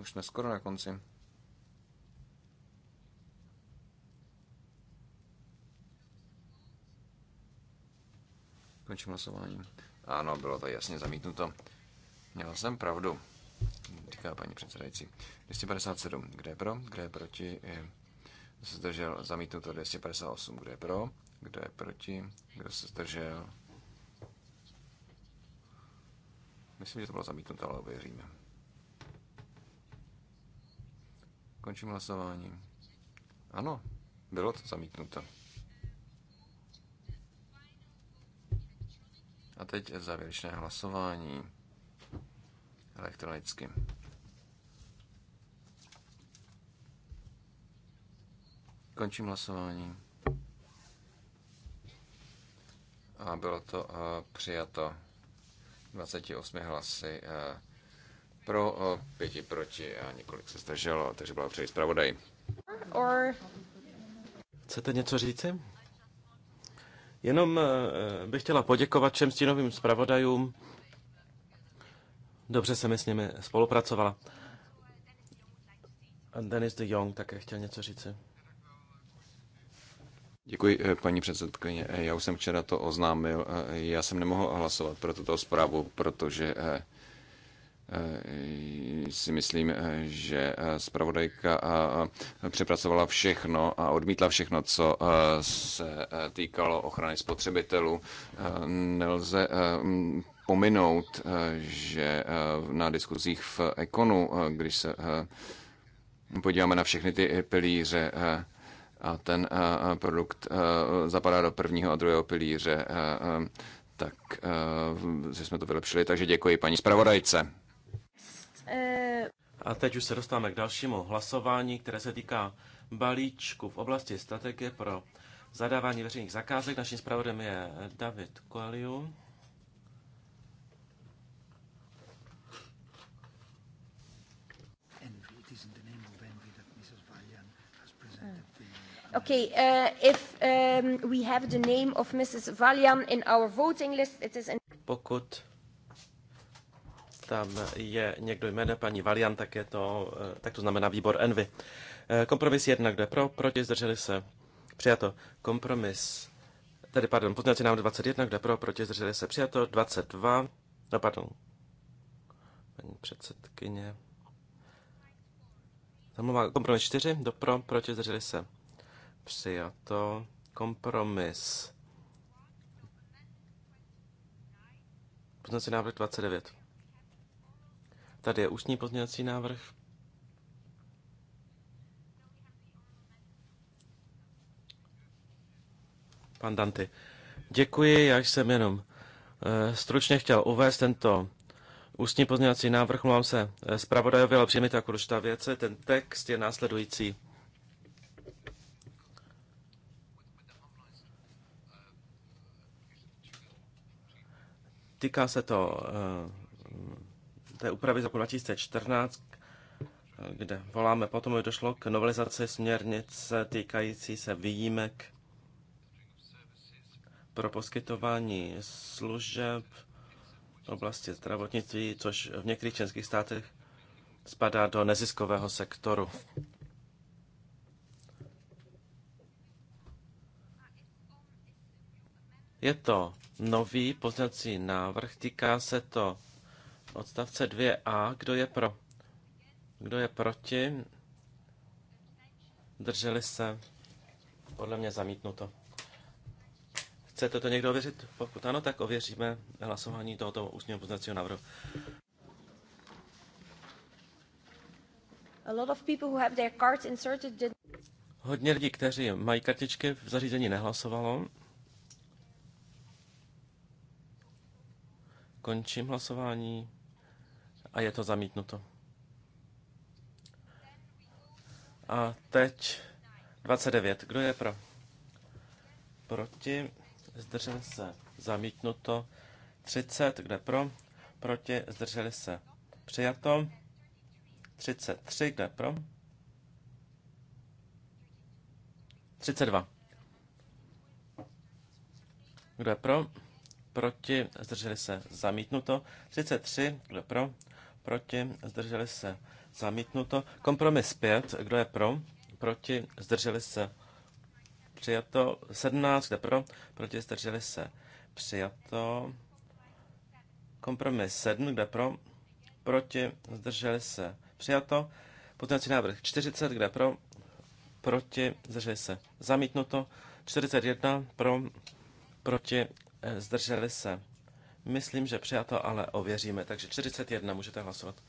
Už jsme skoro na konci. Končím hlasování. Ano, bylo to jasně zamítnuto. Měl jsem pravdu říká paní předsedající. 257, kde je pro, kde je proti, kdo se zdržel, to 258, kde je pro, kdo je proti, kdo se zdržel. Myslím, že to bylo zamítnuto, ale ověříme. Končím hlasování. Ano, bylo to zamítnuto. A teď závěrečné hlasování elektronicky. Končím hlasování. A bylo to uh, přijato 28 hlasy uh, pro, uh, pěti proti a několik se zdrželo, takže byla přeji zpravodaj. Or... Chcete něco říci? Jenom uh, bych chtěla poděkovat všem stínovým zpravodajům Dobře se mi s nimi spolupracovala. Dennis Denis de Jong také chtěl něco říci. Děkuji, eh, paní předsedkyně. Eh, já už jsem včera to oznámil. Eh, já jsem nemohl hlasovat pro tuto zprávu, protože si myslím, že zpravodajka přepracovala všechno a odmítla všechno, co se týkalo ochrany spotřebitelů. Nelze pominout, eh, že eh, na diskuzích v Ekonu, eh, když se podíváme na všechny ty pilíře, a ten produkt zapadá do prvního a druhého pilíře, tak že jsme to vylepšili. Takže děkuji paní zpravodajce. A teď už se dostáváme k dalšímu hlasování, které se týká balíčku v oblasti strategie pro zadávání veřejných zakázek. Naším zpravodem je David Koaliu. Okay, uh, if um, we have the name of Mrs. Valian in our voting list, it is in... Pokud tam je někdo jméno paní Valian, tak, je to, eh, tak to znamená výbor Envy. Eh, kompromis jedna, kde pro, proti, zdrželi se. Přijato. Kompromis, tedy pardon, pozměňovací nám 21, kde pro, proti, zdrželi se. Přijato. 22, no pardon, paní předsedkyně. Zamluvá kompromis 4, do pro, proti, zdrželi se. Přijato. Kompromis. Poznací návrh 29. Tady je ústní pozměňovací návrh. Pan Danty. Děkuji, já jsem jenom eh, stručně chtěl uvést tento ústní pozměňovací návrh, mluvám se eh, zpravodajově, ale přijmi to jako důležitá věc. Ten text je následující. Týká se to eh, té úpravy z roku 2014, kde voláme potom, aby došlo k novelizaci směrnice týkající se výjimek pro poskytování služeb v oblasti zdravotnictví, což v některých členských státech spadá do neziskového sektoru. Je to nový poznací návrh, týká se to odstavce 2a. Kdo je pro? Kdo je proti? Drželi se? Podle mě zamítnuto. Chcete to někdo ověřit? Pokud ano, tak ověříme hlasování tohoto ústního poznacího návrhu. A lot of people who have their cards inserted did... Hodně lidí, kteří mají kartičky v zařízení, nehlasovalo. Končím hlasování a je to zamítnuto. A teď 29. Kdo je pro? Proti. Zdrželi se. Zamítnuto. 30. Kde pro? Proti. Zdrželi se. Přijato. 33. Kde pro? 32. Kdo je pro? proti, zdrželi se zamítnuto. 33, kdo pro, proti, zdrželi se zamítnuto. Kompromis 5, kdo je pro, proti, zdrželi se přijato. 17, kdo pro, proti, zdrželi se přijato. Kompromis 7, kde pro, proti, zdrželi se přijato. Potenciální návrh 40, kde pro, proti, zdrželi se zamítnuto. 41 pro, proti, zdrželi se. Myslím, že přijato, ale ověříme. Takže 41 můžete hlasovat.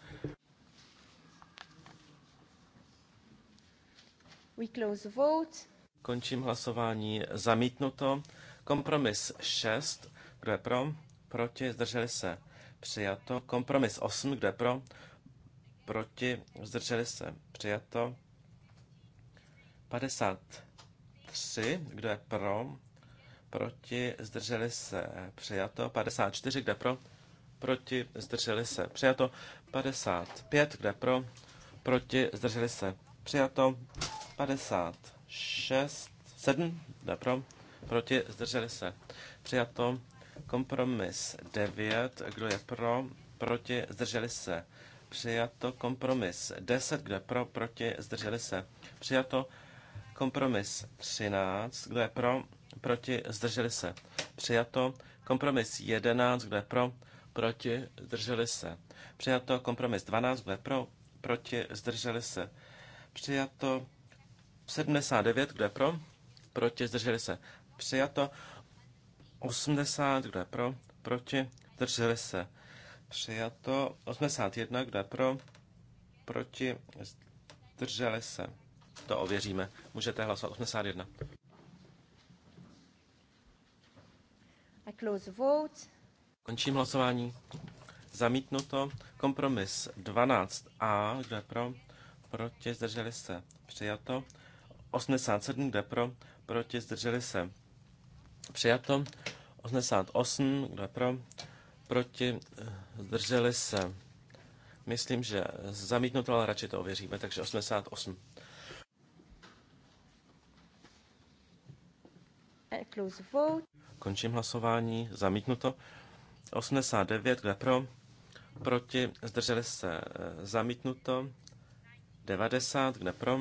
We close vote. Končím hlasování zamítnuto. Kompromis 6. Kdo je pro? Proti? Zdrželi se. Přijato. Kompromis 8. Kdo je pro? Proti? Zdrželi se. Přijato. 53. Kdo je pro? proti, zdrželi se, přijato. 54, kde pro, proti, zdrželi se, přijato. 55, kde pro, proti, zdrželi se, přijato. 56, 7, kde pro, proti, zdrželi se, přijato. Kompromis 9, kdo je pro, proti, zdrželi se, přijato. Kompromis 10, kde pro, proti, zdrželi se, přijato. Kompromis 13, kdo je pro, proti, zdrželi se. Přijato. Kompromis 11, kdo je pro, proti, zdrželi se. Přijato. Kompromis 12, kdo je pro, proti, zdrželi se. Přijato. 79, kdo je pro, proti, zdrželi se. Přijato. 80, kdo je pro, proti, zdrželi se. Přijato. 81, kdo je pro, proti, zdrželi se. To ověříme. Můžete hlasovat 81. I close vote. Končím hlasování. Zamítnuto. Kompromis 12a, je pro, proti, zdrželi se, přijato. 87, je pro, proti, zdrželi se, přijato. 88, je pro, proti, zdrželi se. Myslím, že zamítnuto, ale radši to ověříme, takže 88. Close vote. Končím hlasování. Zamítnuto. 89, kde eh, pro? Proti. Zdrželi se. Zamítnuto. 90, kde pro?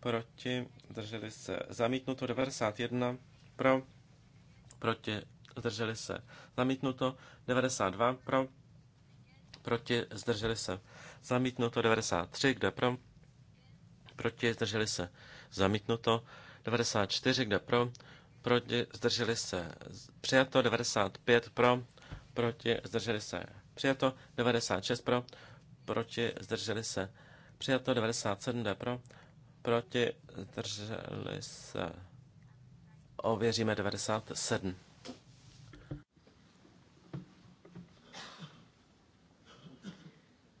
Proti. Zdrželi se. Zamítnuto. 91, pro? Proti. Zdrželi se. Zamítnuto. 92, pro? Proti. Zdrželi se. Zamítnuto. 93, kde pro? Proti. Zdrželi se. Zamítnuto. 94, kde pro, proti, zdrželi se přijato, 95 pro, proti, zdrželi se přijato, 96 pro, proti, zdrželi se přijato, 97 pro, proti, zdrželi se ověříme 97.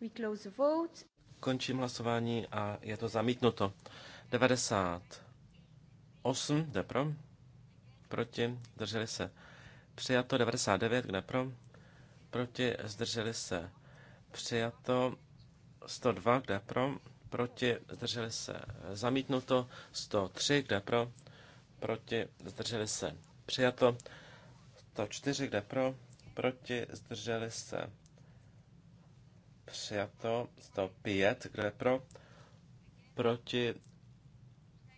We close the vote. Končím hlasování a je to zamítnuto. 98 jde pro proti, zdrželi se přijato, 99, kde pro, proti, zdrželi se přijato, 102, kde pro, proti, zdrželi se zamítnuto, 103, kde pro, proti, zdrželi se přijato, 104, kde pro, proti, zdrželi se přijato, 105, kde pro, proti,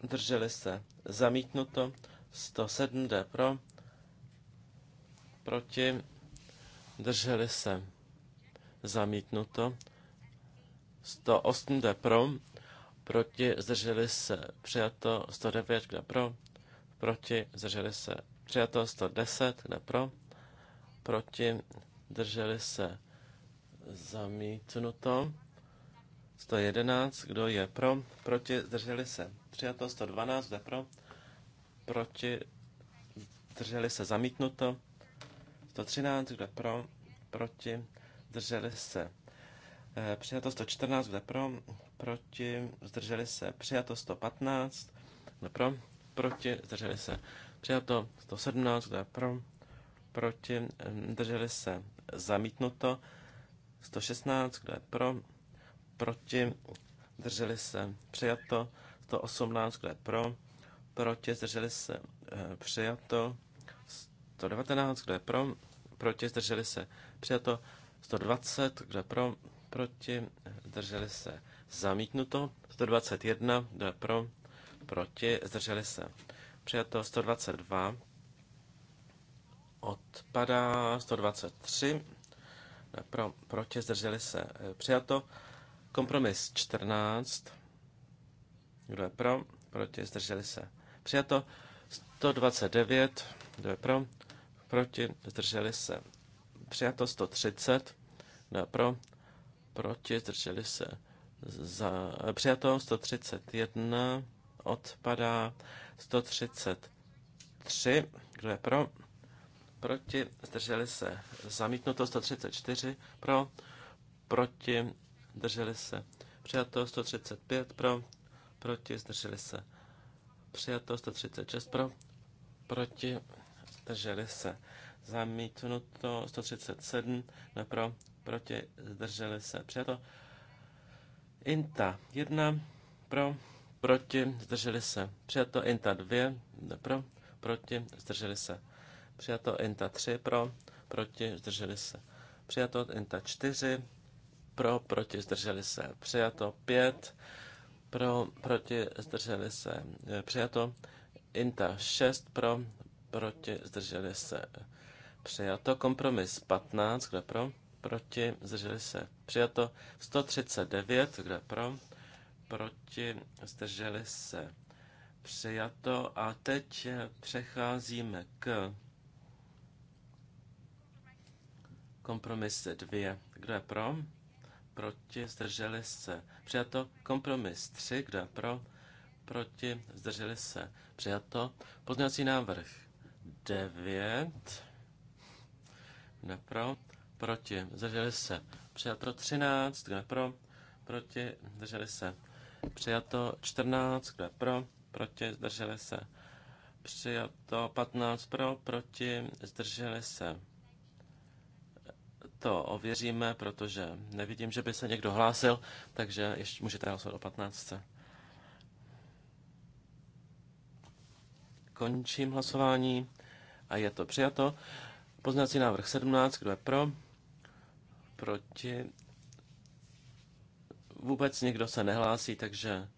zdrželi se zamítnuto, 107 D pro, proti, drželi se, zamítnuto, 108 D pro, proti, zdrželi se, přijato, 109 kde pro, proti, zdrželi se, přijato, 110 kde pro, proti, drželi se, zamítnuto, 111, kdo je pro, proti, zdrželi se, přijato, 112 kde pro, proti, drželi se zamítnuto, 113, kde eh, pro, proti, zdrželi se. Přijato 114, kde pro, proti, zdrželi se. Přijato 115, kde eh, pro, proti, zdrželi se. Přijato 117, kde pro, proti, zdrželi se. Zamítnuto 116, kde pro, proti, zdrželi se. Přijato 118, kde pro, proti, zdrželi se eh, přijato 119, kdo je pro, proti, zdrželi se přijato 120, kdo je pro, proti, zdrželi se zamítnuto 121, kdo je pro, proti, zdrželi se přijato 122, odpadá 123, pro, proti, zdrželi se přijato kompromis 14, kdo je pro, proti, zdrželi se eh, Přijato 129, kdo je pro, proti, zdrželi se. Přijato 130, kdo je pro, proti, zdrželi se. Za, přijato 131, odpadá 133, kdo je pro, proti, zdrželi se. Zamítnuto 134, pro, proti, zdrželi se. Přijato 135, pro, proti, zdrželi se Přijato 136 pro, proti, zdrželi se. Zamítnuto 137 na pro, proti, zdrželi se. Přijato INTA 1 pro, proti, zdrželi se. Přijato INTA 2 na pro, proti, zdrželi se. Přijato INTA 3 pro, proti, zdrželi se. Přijato INTA 4 pro, proti, zdrželi se. Přijato 5 pro, proti, zdrželi se, e, přijato. Inta 6 pro, proti, zdrželi se, přijato. Kompromis 15, kde pro, proti, zdrželi se, přijato. 139, kde pro, proti, zdrželi se, přijato. A teď e, přecházíme k kompromise 2, kde pro, proti, zdrželi se. Přijato kompromis 3, kdo je pro, proti, zdrželi se. Přijato pozměňovací návrh 9, kdo pro, proti, zdrželi se. Přijato 13, kdo je pro, proti, zdrželi se. Přijato 14, kdo je pro, proti, zdrželi se. Přijato 15 pro, proti, zdrželi se to ověříme, protože nevidím, že by se někdo hlásil, takže ještě můžete hlasovat o 15. Končím hlasování a je to přijato. Poznací návrh 17, kdo je pro? Proti? Vůbec nikdo se nehlásí, takže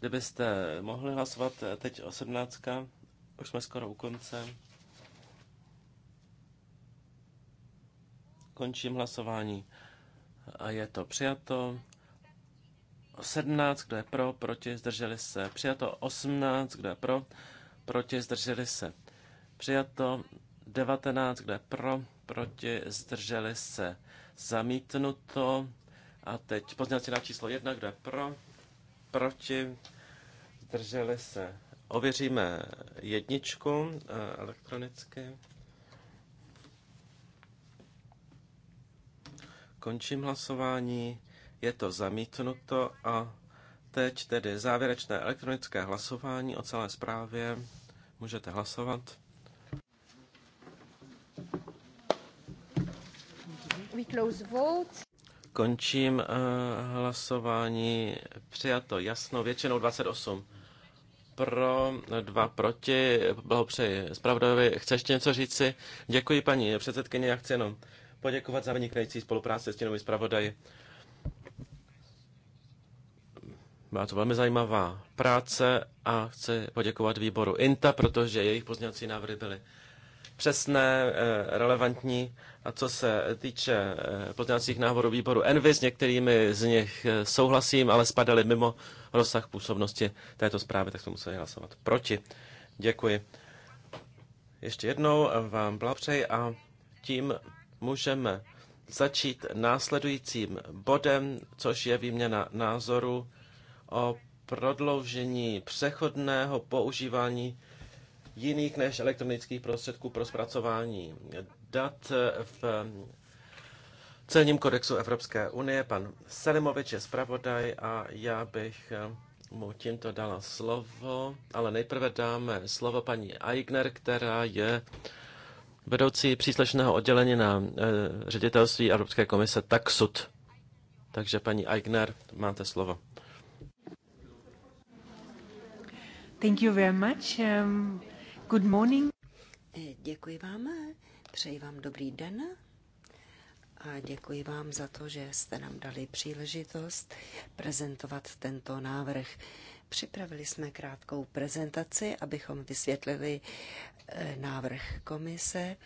kdybyste mohli hlasovat teď o 17, už jsme skoro u konce. Končím hlasování. A je to přijato. 17, kdo je pro, proti, zdrželi se. Přijato 18, kdo je pro, proti, zdrželi se. Přijato 19, kdo je pro, proti, zdrželi se. Zamítnuto. A teď pozměňovací na číslo 1, kdo je pro, proti, zdrželi se. Ověříme jedničku eh, elektronicky. Končím hlasování, je to zamítnuto a teď tedy závěrečné elektronické hlasování o celé zprávě. Můžete hlasovat. We close vote. Končím uh, hlasování. Přijato Jasnou. většinou 28 pro, dva proti. Blahopřeji. Spravdovi, Chceš ještě něco říci? Děkuji, paní předsedkyně, já chci jenom poděkovat za vynikající spolupráci s těmi zpravodaji. Byla to velmi zajímavá práce a chci poděkovat výboru INTA, protože jejich pozněvací návrhy byly přesné, eh, relevantní. A co se týče eh, pozněvacích návrhů výboru ENVY, s některými z nich eh, souhlasím, ale spadaly mimo rozsah působnosti této zprávy, tak jsme museli hlasovat proti. Děkuji. Ještě jednou vám blahopřeji a tím můžeme začít následujícím bodem, což je výměna názoru o prodloužení přechodného používání jiných než elektronických prostředků pro zpracování dat v celním kodexu Evropské unie. Pan Selimovič je zpravodaj a já bych mu tímto dala slovo, ale nejprve dáme slovo paní Aigner, která je vedoucí příslušného oddělení na eh, ředitelství Evropské komise Taxud. Takže paní Eigner, máte slovo. Thank you very much. Um, good morning. Eh, děkuji vám, přeji vám dobrý den a děkuji vám za to, že jste nám dali příležitost prezentovat tento návrh. Připravili jsme krátkou prezentaci, abychom vysvětlili eh, návrh komise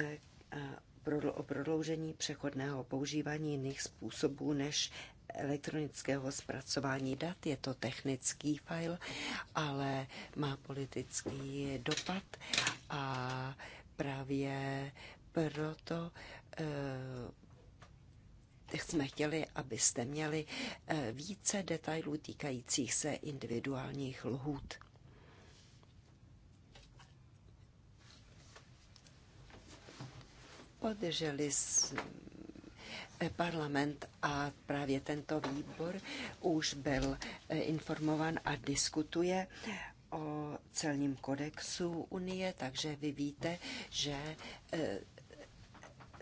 eh, eh, o prodloužení přechodného používání jiných způsobů než elektronického zpracování dat. Je to technický file, ale má politický dopad a právě proto jsme chtěli, abyste měli eh, více detailů týkajících se individuálních lhůt. Podrželi eh, parlament a právě tento výbor už byl eh, informovan a diskutuje o celním kodexu Unie, takže vy víte, že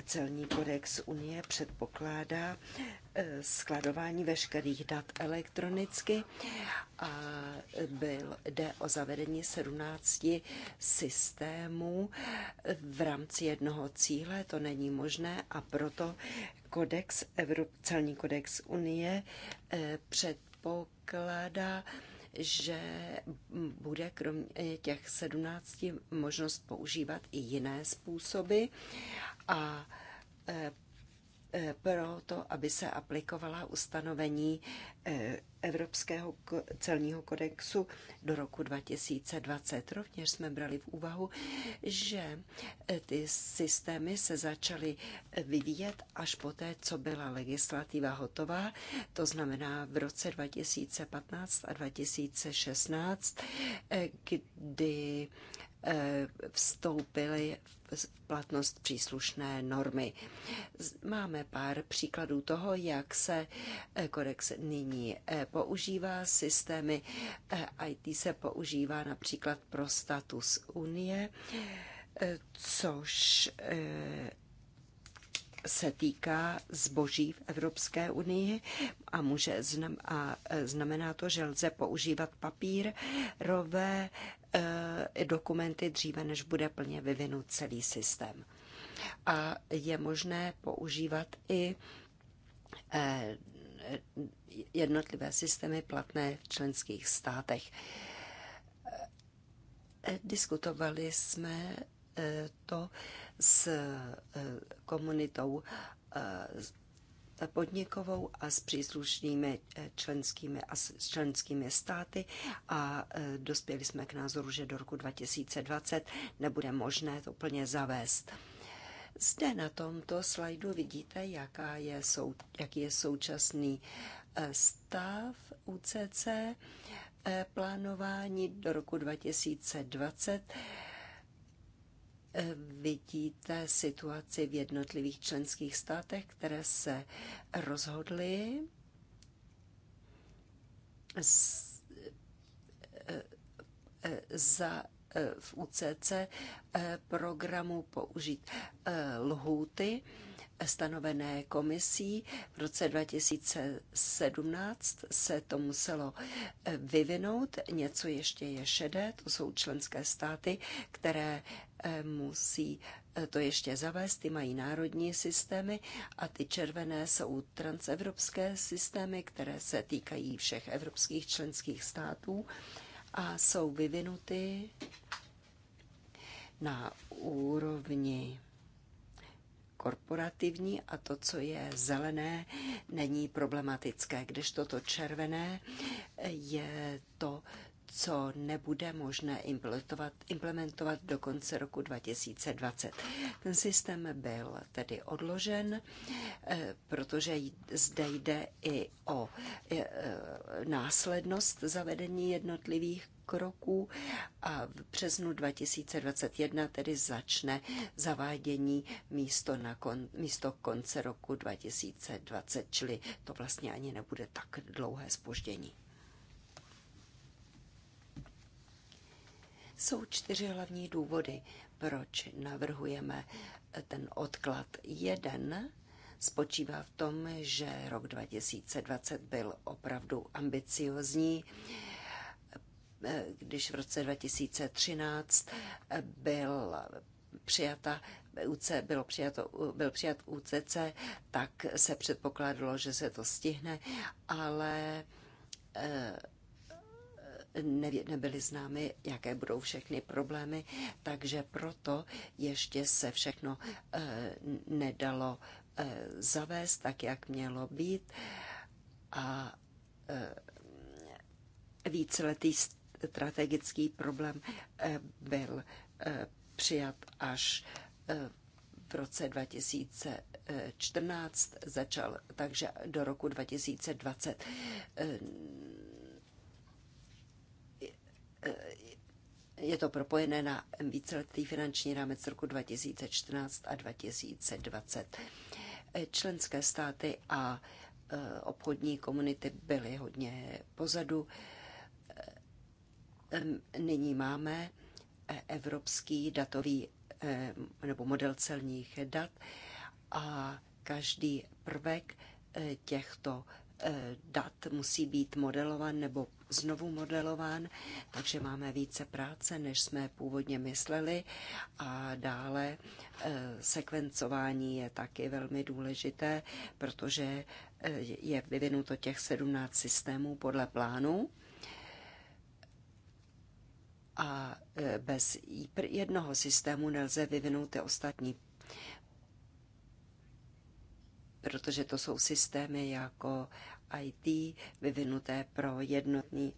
Celní kodex Unie předpokládá eh, skladování veškerých dat elektronicky a byl, jde o zavedení 17 systémů eh, v rámci jednoho cíle. To není možné a proto kodex, Evrop, celní kodex Unie eh, předpokládá že bude kromě těch 17 možnost používat i jiné způsoby a e, e, pro to, aby se aplikovala ustanovení e, Evropského celního kodexu do roku 2020. Rovněž jsme brali v úvahu, že ty systémy se začaly vyvíjet až poté, co byla legislativa hotová, to znamená v roce 2015 a 2016, kdy Eh, vstoupily v platnost příslušné normy. Máme pár příkladů toho, jak se eh, kodex nyní eh, používá. Systémy IT se používá například pro status Unie, což se týká zboží v Evropské unii a, může znam, a znamená to, že lze používat papír, rové Eh, dokumenty dříve, než bude plně vyvinut celý systém. A je možné používat i eh, jednotlivé systémy platné v členských státech. Eh, diskutovali jsme to s komunitou podnikovou a s příslušnými eh, členskými a s členskými státy a eh, dospěli jsme k názoru, že do roku 2020 nebude možné to plně zavést. Zde na tomto slajdu vidíte, jaká je sou, jaký je současný eh, stav UCC plánování do roku 2020 vidíte situaci v jednotlivých členských státech, které se rozhodly eh, eh, za eh, v UCC programu použít lhůty stanovené komisí. V roce 2017 se to muselo eh, vyvinout. Něco ještě je šedé, to jsou členské státy, které eh, musí eh, to ještě zavést, ty mají národní systémy a ty červené jsou transevropské systémy, které se týkají všech evropských členských států a jsou vyvinuty na úrovni korporativní a to, co je zelené, není problematické, když toto červené je to, co nebude možné implementovat, implementovat do konce roku 2020. Ten systém byl tedy odložen, eh, protože zde jde i o eh, eh, následnost zavedení jednotlivých kroků a v březnu 2021 tedy začne zavádění místo, na kon, místo konce roku 2020, čili to vlastně ani nebude tak dlouhé spoždění. Jsou čtyři hlavní důvody, proč navrhujeme ten odklad. Jeden spočívá v tom, že rok 2020 byl opravdu ambiciozní když v roce 2013 byl přijata UC, bylo přijato, byl přijat UCC, tak se předpokládalo, že se to stihne, ale eh, nevě, nebyly známy, jaké budou všechny problémy, takže proto ještě se všechno eh, nedalo eh, zavést tak, jak mělo být. A víceletý strategický problém eh, byl eh, přijat až eh, v roce 2014 začal, takže do roku 2020 je to propojené na víceletý finanční rámec roku 2014 a 2020. Členské státy a obchodní komunity byly hodně pozadu nyní máme e, evropský datový e, nebo model celních dat a každý prvek e, těchto dat musí být modelován nebo znovu modelován, takže máme více práce, než jsme původně mysleli. A dále sekvencování je taky velmi důležité, protože je vyvinuto těch 17 systémů podle plánu a e, bez jednoho systému nelze vyvinout ty ostatní. Protože to jsou systémy jako IT, vyvinuté pro jednotný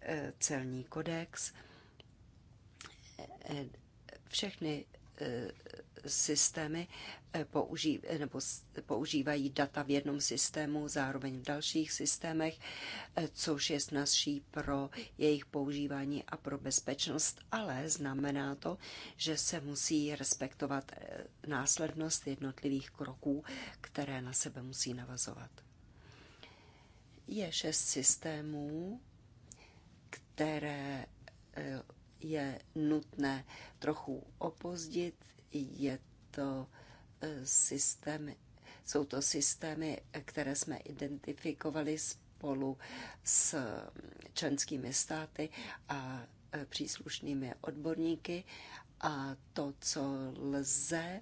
e, celní kodex. E, všechny systémy Eh, použí, eh, nebo používají data v jednom systému, zároveň v dalších systémech, eh, což je snazší pro jejich používání a pro bezpečnost, ale znamená to, že se musí respektovat následnost jednotlivých kroků, které na sebe musí navazovat. Je šest systémů, které je nutné trochu opozdit. Je to systémy, jsou to systémy, které jsme identifikovali spolu s členskými státy a e, příslušnými odborníky a to, co lze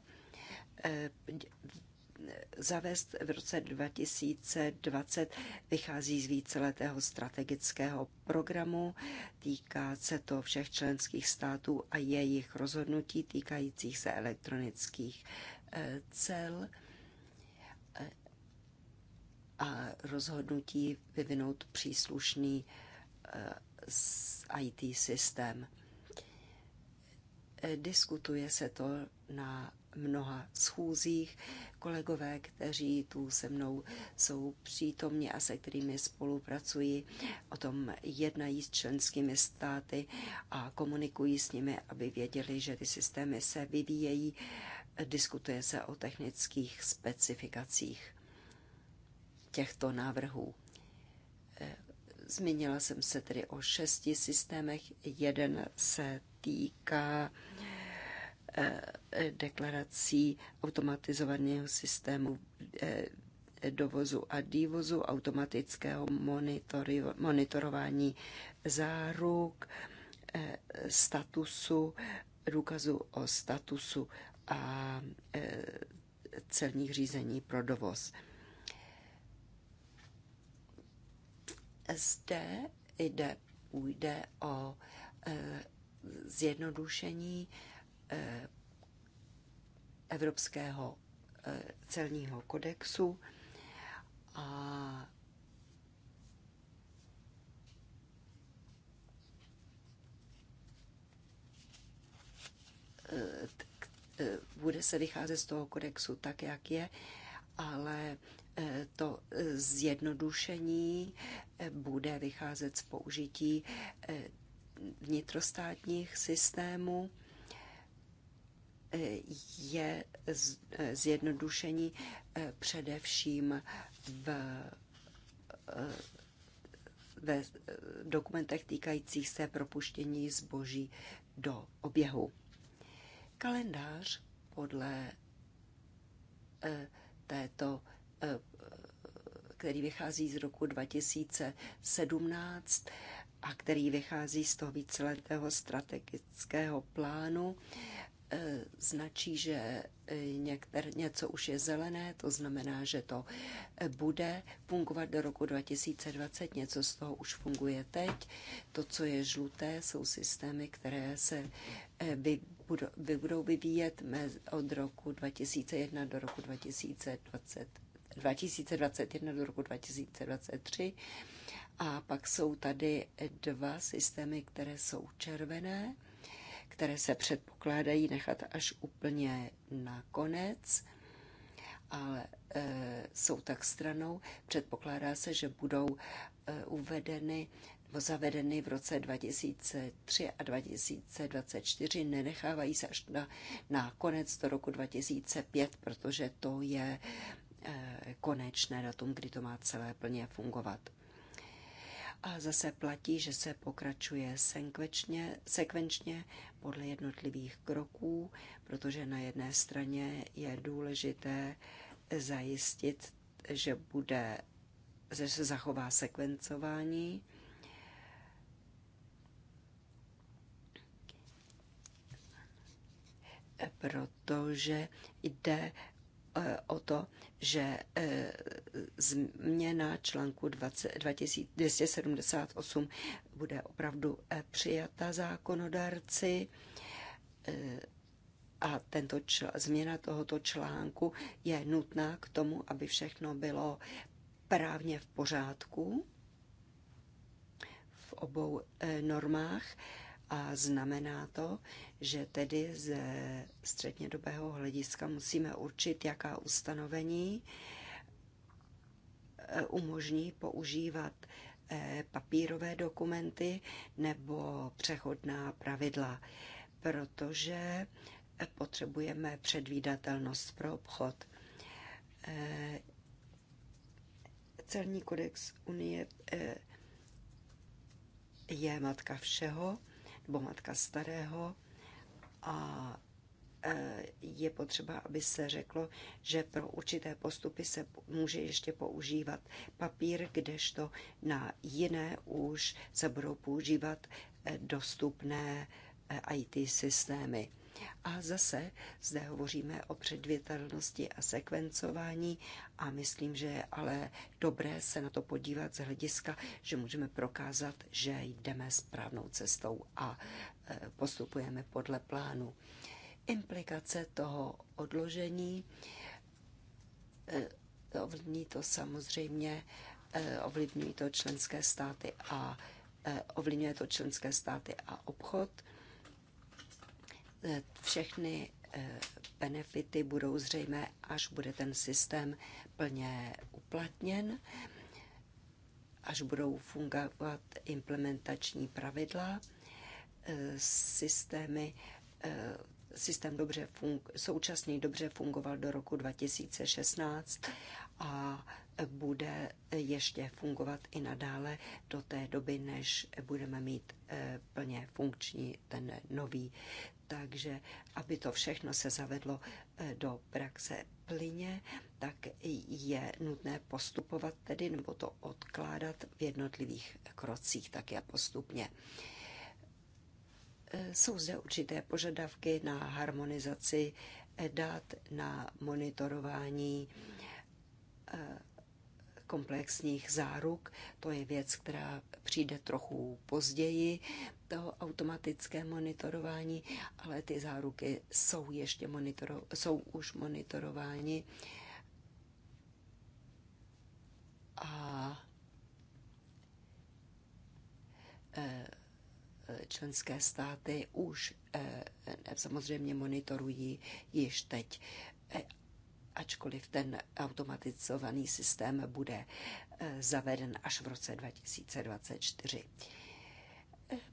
e, zavést v roce 2020 vychází z víceletého strategického programu. Týká se to všech členských států a jejich rozhodnutí týkajících se elektronických cel eh, a rozhodnutí vyvinout příslušný eh, IT systém. Eh, diskutuje se to na mnoha schůzích. Kolegové, kteří tu se mnou jsou přítomní a se kterými spolupracuji, o tom jednají s členskými státy a komunikují s nimi, aby věděli, že ty systémy se vyvíjejí diskutuje se o technických specifikacích těchto návrhů. E, zmínila jsem se tedy o šesti systémech. Jeden se týká e, deklarací automatizovaného systému e, dovozu a dývozu, automatického monitorování záruk, statusu, důkazu o statusu a e, celních řízení pro dovoz. Zde jde, půjde o e, zjednodušení e, Evropského celního kodexu a E, bude se vycházet z toho kodexu tak, jak je, ale e, to e, zjednodušení bude vycházet z použití vnitrostátních systémů. Je zjednodušení především v, ve dokumentech týkajících se propuštění zboží do oběhu. Kalendář podle eh, této, eh, eh, který vychází z roku 2017 a který vychází z toho víceletého strategického plánu, značí, že některé, něco už je zelené, to znamená, že to bude fungovat do roku 2020, něco z toho už funguje teď. To, co je žluté, jsou systémy, které se Eh, vy, budou, budou vyvíjet od roku 2001 do roku 2020, 2021 do roku 2023. A pak jsou tady dva systémy, které jsou červené, které se předpokládají nechat až úplně na konec, ale e, jsou tak stranou. Předpokládá se, že budou e, uvedeny zavedeny v roce 2003 a 2024, nenechávají se až na, na konec do roku 2005, protože to je eh, konečné datum, kdy to má celé plně fungovat. A zase platí, že se pokračuje sekvenčně, sekvenčně podle jednotlivých kroků, protože na jedné straně je důležité zajistit, že bude že se zachová sekvencování protože jde eh, o to, že eh, změna článku 20, 278 bude opravdu eh, přijata zákonodárci a tento čl, změna tohoto článku je nutná k tomu, aby všechno bylo právně v pořádku v obou normách a znamená to, že tedy ze střednědobého hlediska musíme určit, jaká ustanovení eh, umožní používat eh, papírové dokumenty nebo přechodná pravidla, protože eh, potřebujeme předvídatelnost pro obchod. Celní kodex Unie je matka všeho nebo matka starého a e, je potřeba, aby se řeklo, že pro určité postupy se může ještě používat papír, kdežto na jiné už se budou používat e, dostupné e, IT systémy. A zase zde hovoříme o předvětelnosti a sekvencování a myslím, že je ale dobré se na to podívat z hlediska, že můžeme prokázat, že jdeme správnou cestou a e, postupujeme podle plánu. Implikace toho odložení e, ovlivní to samozřejmě, e, ovlivňují to členské státy a ovlivňuje to členské státy a obchod – Eh, všechny eh, benefity budou zřejmé, až bude ten systém plně uplatněn, až budou fungovat implementační pravidla, eh, systémy systém dobře fung- současný dobře fungoval do roku 2016 a bude ještě fungovat i nadále do té doby, než budeme mít plně funkční ten nový takže aby to všechno se zavedlo eh, do praxe plyně, tak je nutné postupovat tedy nebo to odkládat v jednotlivých krocích také postupně. Eh, jsou zde určité požadavky na harmonizaci eh, dat, na monitorování komplexních záruk. To je věc, která přijde trochu později toho automatické monitorování, ale ty záruky jsou ještě monitoro, jsou už monitorováni. A e, členské státy už e, e, samozřejmě monitorují již teď, ačkoliv ten automatizovaný systém bude zaveden až v roce 2024.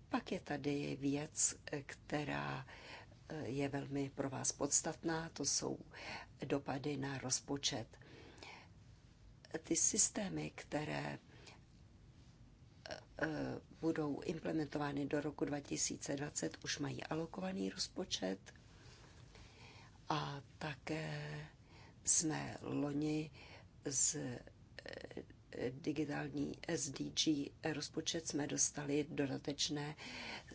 Pak je tady věc, která eh, je velmi pro vás podstatná, to jsou dopady na rozpočet. Ty systémy, které eh, eh, budou implementovány do roku 2020, už mají alokovaný rozpočet a také jsme loni z digitální SDG rozpočet jsme dostali dodatečné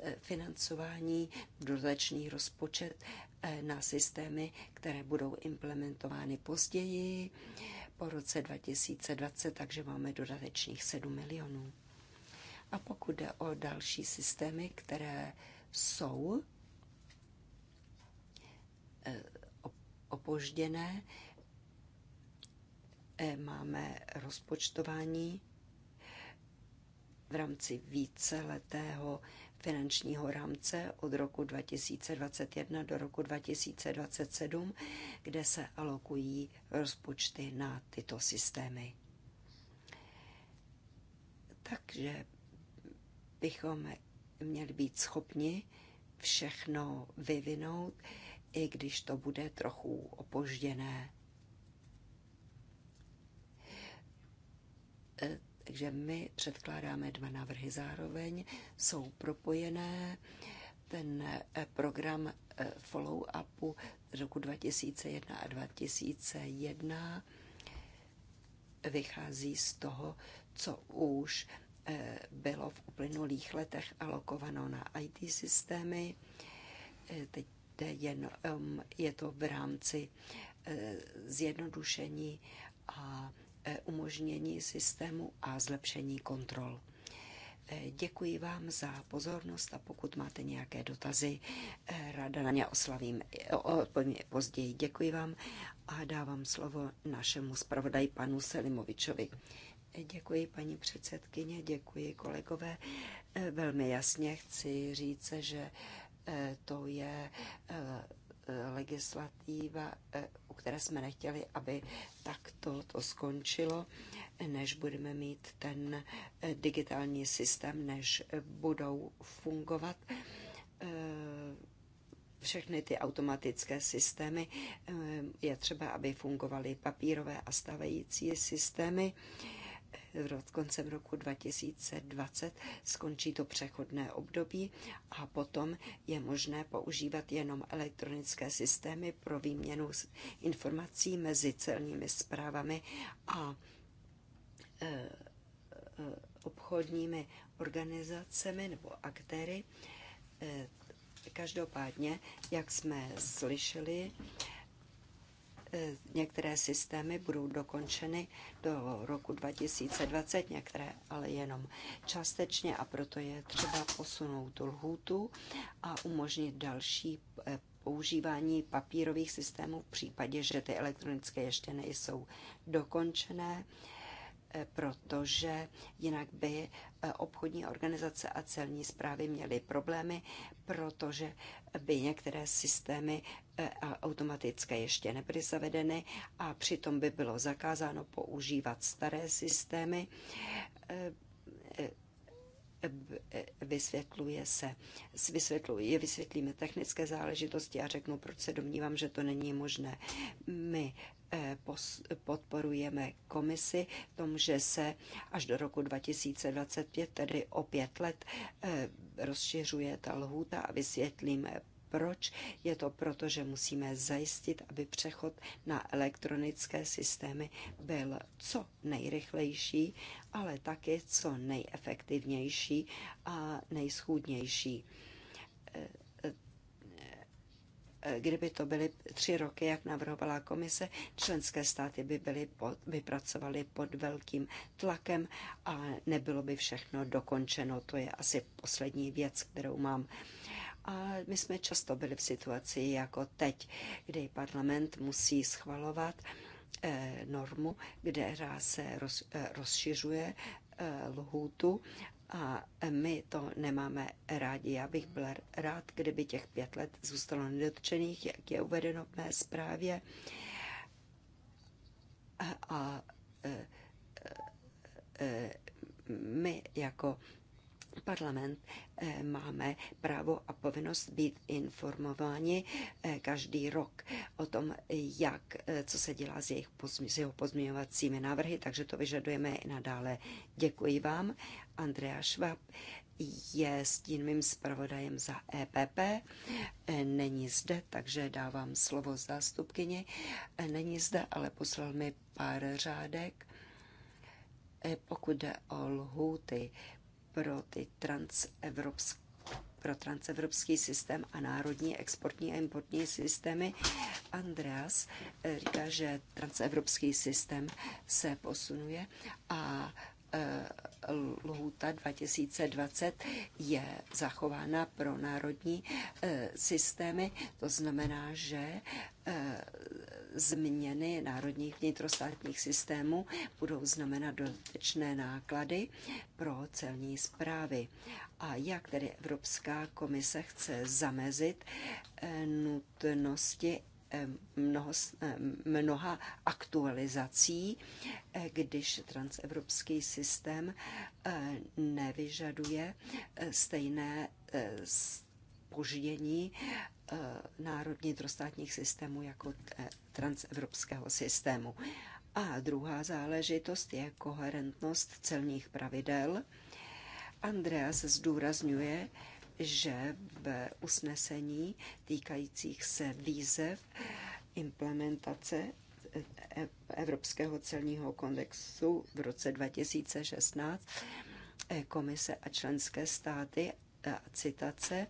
eh, financování, dodatečný rozpočet eh, na systémy, které budou implementovány později po roce 2020, takže máme dodatečných 7 milionů. A pokud jde o další systémy, které jsou eh, opožděné, Eh, máme rozpočtování v rámci víceletého finančního rámce od roku 2021 do roku 2027, kde se alokují rozpočty na tyto systémy. Takže bychom měli být schopni všechno vyvinout, i když to bude trochu opožděné. Eh, takže my předkládáme dva návrhy zároveň, jsou propojené. Ten eh, program eh, follow-upu roku 2001 a 2001 vychází z toho, co už bylo v uplynulých letech alokováno na IT systémy. Teď jen, je to v rámci zjednodušení a E umožnění systému a zlepšení kontrol. E, děkuji vám za pozornost a pokud máte nějaké dotazy, e, ráda na ně oslavím později. Děkuji vám a dávám slovo našemu zpravodaji panu Selimovičovi. Děkuji paní předsedkyně, děkuji kolegové. Velmi jasně chci říct, že to je legislativa které jsme nechtěli, aby takto to skončilo, než budeme mít ten eh, digitální systém, než eh, budou fungovat eh, všechny ty automatické systémy. Je třeba, aby fungovaly papírové a stávající systémy koncem roku 2020 skončí to přechodné období a potom je možné používat jenom elektronické systémy pro výměnu informací mezi celními zprávami a e, e, obchodními organizacemi nebo aktéry. E, každopádně, jak jsme slyšeli, Eh, některé systémy budou dokončeny do roku 2020, některé ale jenom částečně a proto je třeba posunout tu lhůtu a umožnit další eh, používání papírových systémů v případě, že ty elektronické ještě nejsou dokončené Eh, protože jinak by eh, obchodní organizace a celní zprávy měly problémy, protože by některé systémy eh, automatické ještě nebyly zavedeny a přitom by bylo zakázáno používat staré systémy vysvětluje se, vysvětluji, vysvětlíme technické záležitosti a řeknu, proč se domnívám, že to není možné. My eh, podporujeme komisi v tom, že se až do roku 2025, tedy o pět let, eh, rozšiřuje ta lhůta a vysvětlíme, proč? Je to proto, že musíme zajistit, aby přechod na elektronické systémy byl co nejrychlejší ale také co nejefektivnější a nejschůdnější kdyby to byly tři roky, jak navrhovala komise, členské státy by, byly pod, by pracovaly pod velkým tlakem a nebylo by všechno dokončeno. To je asi poslední věc, kterou mám. A my jsme často byli v situaci jako teď, kdy parlament musí schvalovat uh, Eh, normu, kde se roz, eh, rozšiřuje eh, lhůtu a my to nemáme rádi. Já bych byl rád, kdyby těch pět let zůstalo nedotčených, jak je uvedeno v mé zprávě. A, a, a my jako parlament eh, máme právo a povinnost být informováni eh, každý rok o tom, jak, eh, co se dělá s, jejich, s jeho pozměňovacími návrhy, takže to vyžadujeme i nadále. Děkuji vám. Andrea Švab je stínovým zpravodajem za EPP. Není zde, takže dávám slovo zástupkyni. Není zde, ale poslal mi pár řádek. Pokud jde o lhůty, pro, ty transevropské, pro transevropský systém a národní exportní a importní systémy. Andreas eh, říká, že transevropský systém se posunuje a eh, lhůta 2020 je zachována pro národní eh, systémy. To znamená, že změny národních vnitrostátních systémů budou znamenat dodatečné náklady pro celní zprávy. A jak tedy Evropská komise chce zamezit eh, nutnosti eh, mnoho, eh, mnoha aktualizací, když transevropský systém nevyžaduje stejné poždění Eh, národní trostátních systémů jako eh, transevropského systému. A druhá záležitost je koherentnost celních pravidel. Andreas zdůrazňuje, že v usnesení týkajících se výzev implementace eh, Evropského celního kodexu v roce 2016 komise a členské státy citace,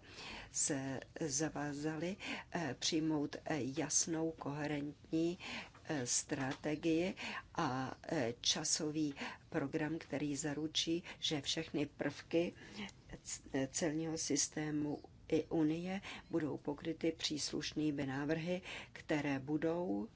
se zavázali eh, přijmout eh, jasnou, koherentní eh, strategii a časový program, který zaručí, že všechny prvky celního systému i Unie budou pokryty příslušnými návrhy, které budou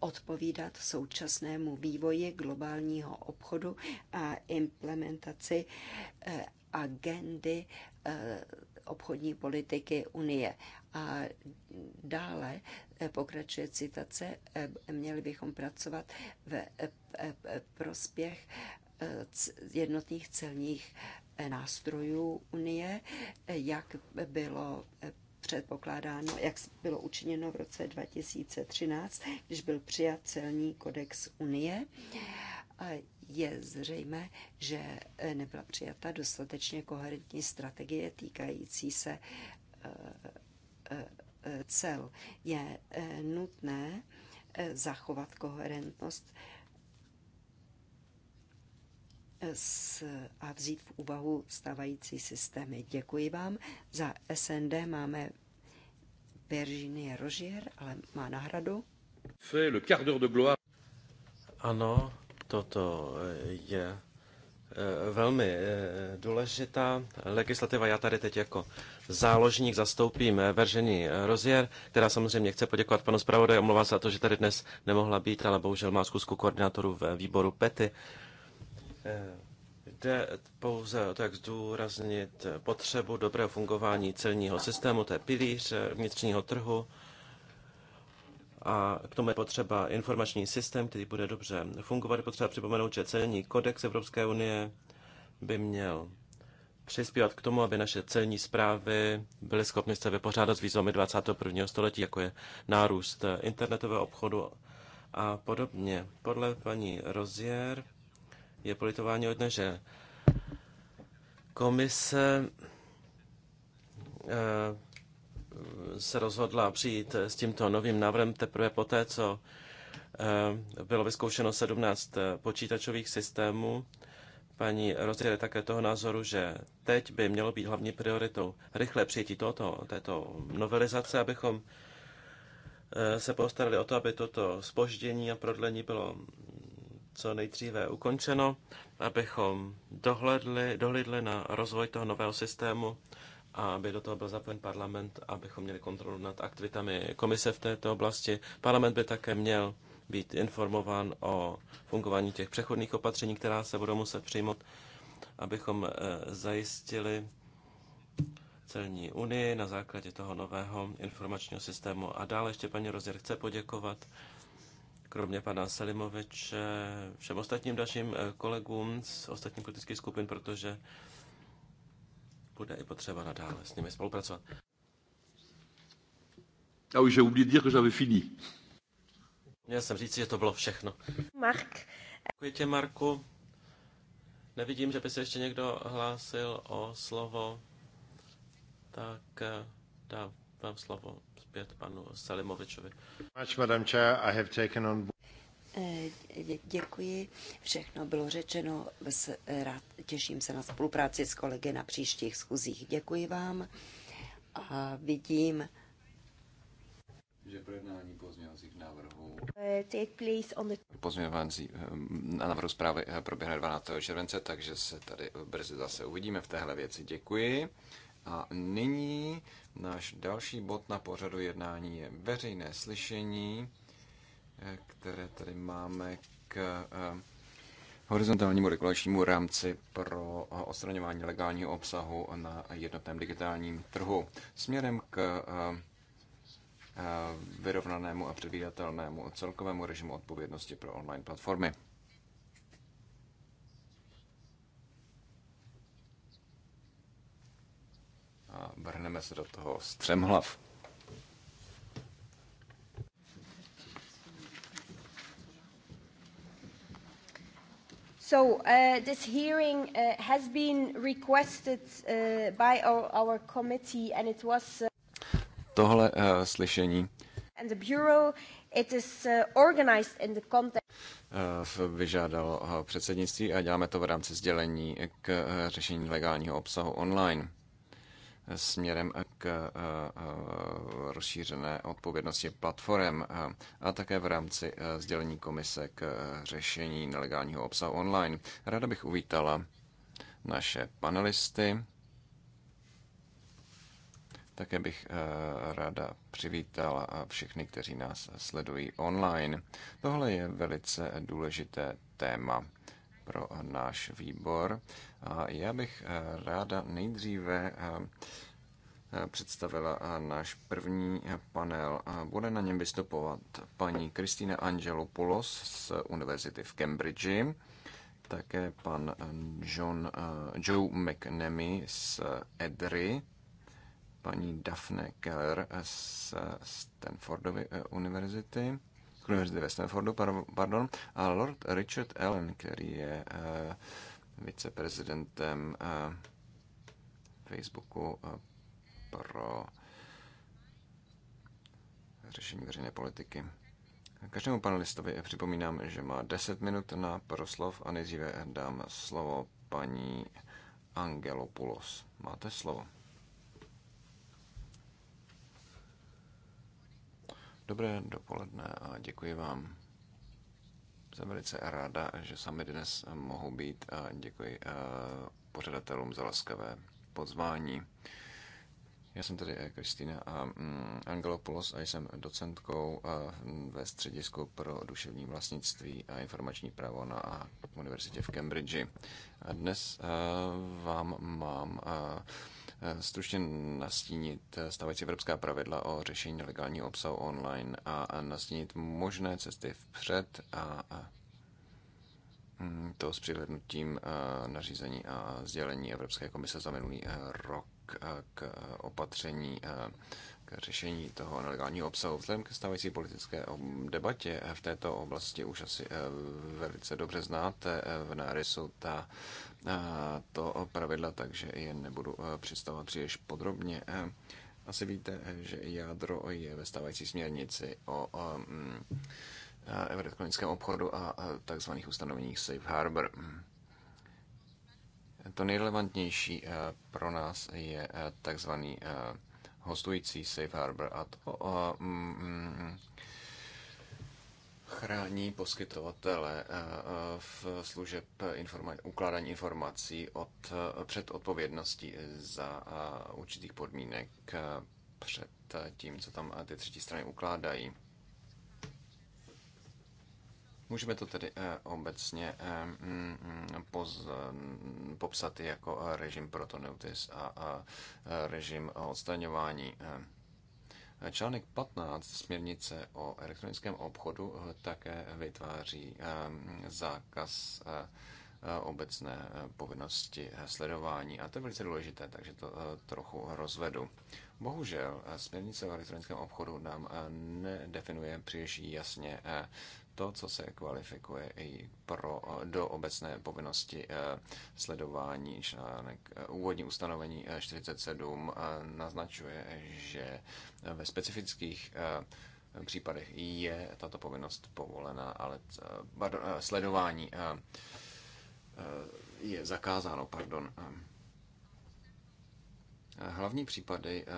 odpovídat současnému vývoji globálního obchodu a implementaci eh, agendy eh, obchodní politiky Unie. A dále eh, pokračuje citace, měli bychom pracovat v prospěch jednotných celních nástrojů Unie, jak bylo předpokládáno, jak bylo učiněno v roce 2013, když byl přijat celní kodex Unie. Je zřejmé, že eh, nebyla přijata dostatečně koherentní strategie týkající se eh, eh, cel. Je nutné zachovat koherentnost s a vzít v úvahu stávající systémy. Děkuji vám. Za SND máme Virginie Rožier, ale má náhradu. Ano, toto je e, velmi e, důležitá legislativa. Já tady teď jako záložník zastoupím e, Veržení Rozier, která samozřejmě chce poděkovat panu zpravodaji, omlouvá se za to, že tady dnes nemohla být, ale bohužel má zkusku koordinátorů v výboru PETY. Jde pouze o to, jak zdůraznit potřebu dobrého fungování celního systému, to je pilíř vnitřního trhu. A k tomu je potřeba informační systém, který bude dobře fungovat. potřeba připomenout, že celní kodex Evropské unie by měl přispívat k tomu, aby naše celní zprávy byly schopny se vypořádat s výzvami 21. století, jako je nárůst internetového obchodu a podobně. Podle paní Rozier je politování hodné, že komise eh, se rozhodla přijít s tímto novým návrhem teprve poté, co eh, bylo vyzkoušeno 17 eh, počítačových systémů. Paní Rozier je také toho názoru, že teď by mělo být hlavní prioritou rychlé přijetí tohoto, této novelizace, abychom se postarali o to, aby toto spoždění a prodlení bylo co nejdříve ukončeno, abychom dohledli, dohlídli na rozvoj toho nového systému a aby do toho byl zapojen parlament, abychom měli kontrolu nad aktivitami komise v této oblasti. Parlament by také měl být informován o fungování těch přechodných opatření, která se budou muset přijmout, abychom eh, zajistili celní unii na základě toho nového informačního systému. A dále ještě paní Rozir chce poděkovat kromě pana Selimoviče, všem ostatním dalším eh, kolegům z ostatních politických skupin, protože bude i potřeba nadále s nimi spolupracovat. A už jsem oublié de dire que j'avais fini. Měl jsem říct, že to bylo všechno. Mark. Děkuji tě, Marku. Nevidím, že by se ještě někdo hlásil o slovo, tak eh, dám vám slovo opět panu Salimovičovi. Eh, děkuji, všechno bylo řečeno, eh, rád, těším se na spolupráci s kolegy na příštích schůzích. Děkuji vám a vidím, že projednání pozměňovacích návrhů eh, pozměňovací návrhu zprávy proběhne 12. července, takže se tady brzy zase uvidíme v téhle věci. Děkuji. A nyní náš další bod na pořadu jednání je veřejné slyšení, eh, které tady máme k eh, horizontálnímu regulačnímu rámci pro eh, odstraňování legálního obsahu na jednotném digitálním trhu směrem k vyrovnanému a předvídatelnému celkovému režimu odpovědnosti pro online platformy. a vrhneme se do toho střemhlav. So uh, this hearing uh, has been requested uh, by our, our committee and it was uh, Tohle uh, slyšení and the bureau it is uh, organized in the context uh, vyžádalo uh, předsednictví a děláme to v rámci sdělení k uh, řešení legálního obsahu online směrem k eh, eh, rozšířené odpovědnosti platform eh, a také v rámci sdělení komise k řešení nelegálního obsahu online. Ráda bych uvítala naše panelisty. Také bych ráda přivítala všechny, kteří nás sledují online. Tohle je velice důležité téma pro náš výbor a já bych eh, ráda nejdříve eh, eh, představila náš první panel. Bude na něm vystupovat paní Kristýna Angelopoulos z Univerzity v Cambridge, také pan John, Joe McNamee z EDRY, paní Daphne Keller z Stanfordovy univerzity, univerzity ve Stanfordu, pardon, a Lord Richard Allen, který je uh, viceprezidentem eh, Facebooku eh, pro řešení veřejné politiky. Každému panelistovi připomínám, že má 10 minut na proslov a nejdříve dám slovo paní Angelopoulos. Máte slovo. Dobré dopoledne a děkuji vám jsem velice ráda, že sami dnes mohu být a děkuji eh, pořadatelům za laskavé pozvání. Já jsem tady eh, Kristýna mm, Angelopoulos a jsem docentkou eh, ve středisku pro duševní vlastnictví a informační právo na univerzitě v Cambridge. A dnes vám mám Eh, stručně nastínit eh, stávající evropská pravidla o řešení nelegálního obsahu online a nastínit možné cesty vpřed a mm, to s přihlednutím eh, nařízení a sdělení Evropské komise za minulý rok k opatření k řešení toho nelegálního obsahu. Vzhledem ke stávající politické debatě v této oblasti už asi eh, velice dobře znáte eh, v nárysu ta, eh, to pravidla, takže je nebudu představovat příliš podrobně. Asi víte, že jádro je ve stávající směrnici o mm, elektronickém obchodu a takzvaných ustanoveních Safe Harbor. To nejrelevantnější pro nás je takzvaný hostující Safe Harbor a to a, mm, mm chrání poskytovatele v služeb informa- ukládání informací od, před odpovědností za určitých podmínek před tím, co tam ty třetí strany ukládají. Můžeme to tedy eh, obecně eh, mm, mm, poz, mm, popsat jako eh, režim protoneutis a režim odstraňování. Článek 15 směrnice o elektronickém obchodu také vytváří zákaz Eh, obecné eh, povinnosti eh, sledování a to je velice důležité, takže to trochu rozvedu. Bohužel směrnice o elektronickém obchodu nám nedefinuje příliš jasně to, co se kvalifikuje i pro, do obecné povinnosti sledování článek. Úvodní ustanovení 47 naznačuje, že ve specifických případech je tato povinnost povolena, ale pardon, sledování Eh, je zakázáno, pardon. Hlavní případy eh,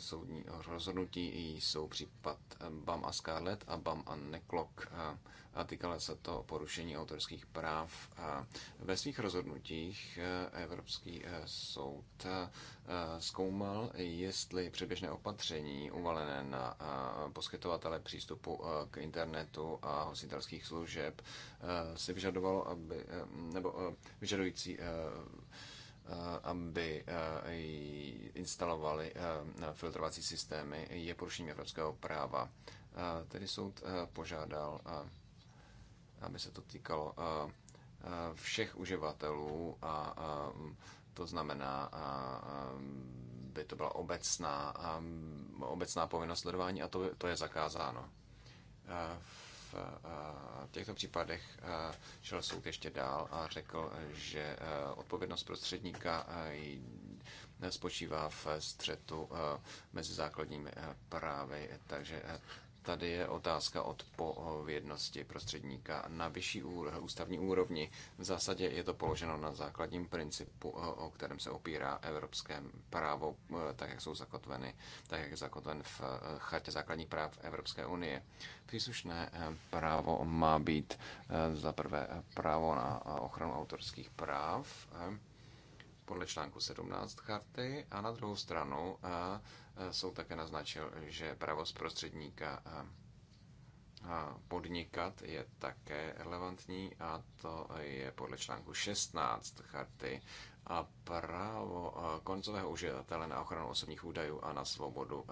soudního rozhodnutí jsou případ eh, BAM a Scarlett a BAM a Neklok. Eh, a týkalo se to porušení autorských práv. Ve svých rozhodnutích Evropský soud zkoumal, jestli předběžné opatření uvalené na poskytovatele přístupu k internetu a hostitelských služeb si vyžadovalo, aby, nebo vyžadující Eh, aby eh, instalovali eh, filtrovací systémy, je porušením evropského práva. Tedy soud požádal, aby se to týkalo všech uživatelů a to znamená, by to byla obecná, obecná povinnost sledování a to, to je zakázáno. V v eh, těchto případech eh, šel soud ještě dál a řekl, že eh, odpovědnost prostředníka spočívá v střetu mezi základními právy, takže tady je otázka odpovědnosti prostředníka na vyšší ústavní úrovni. V zásadě je to položeno na základním principu, eh, o kterém se opírá evropské právo, eh, tak jak jsou zakotveny, tak jak je zakotven v eh, chartě základních práv Evropské unie. Příslušné právo má být za prvé právo na ochranu autorských práv, podle článku 17 charty a na druhou stranu a, jsou také naznačil, že právo zprostředníka podnikat je také relevantní a to je podle článku 16 charty a právo koncového uživatele na ochranu osobních údajů a na svobodu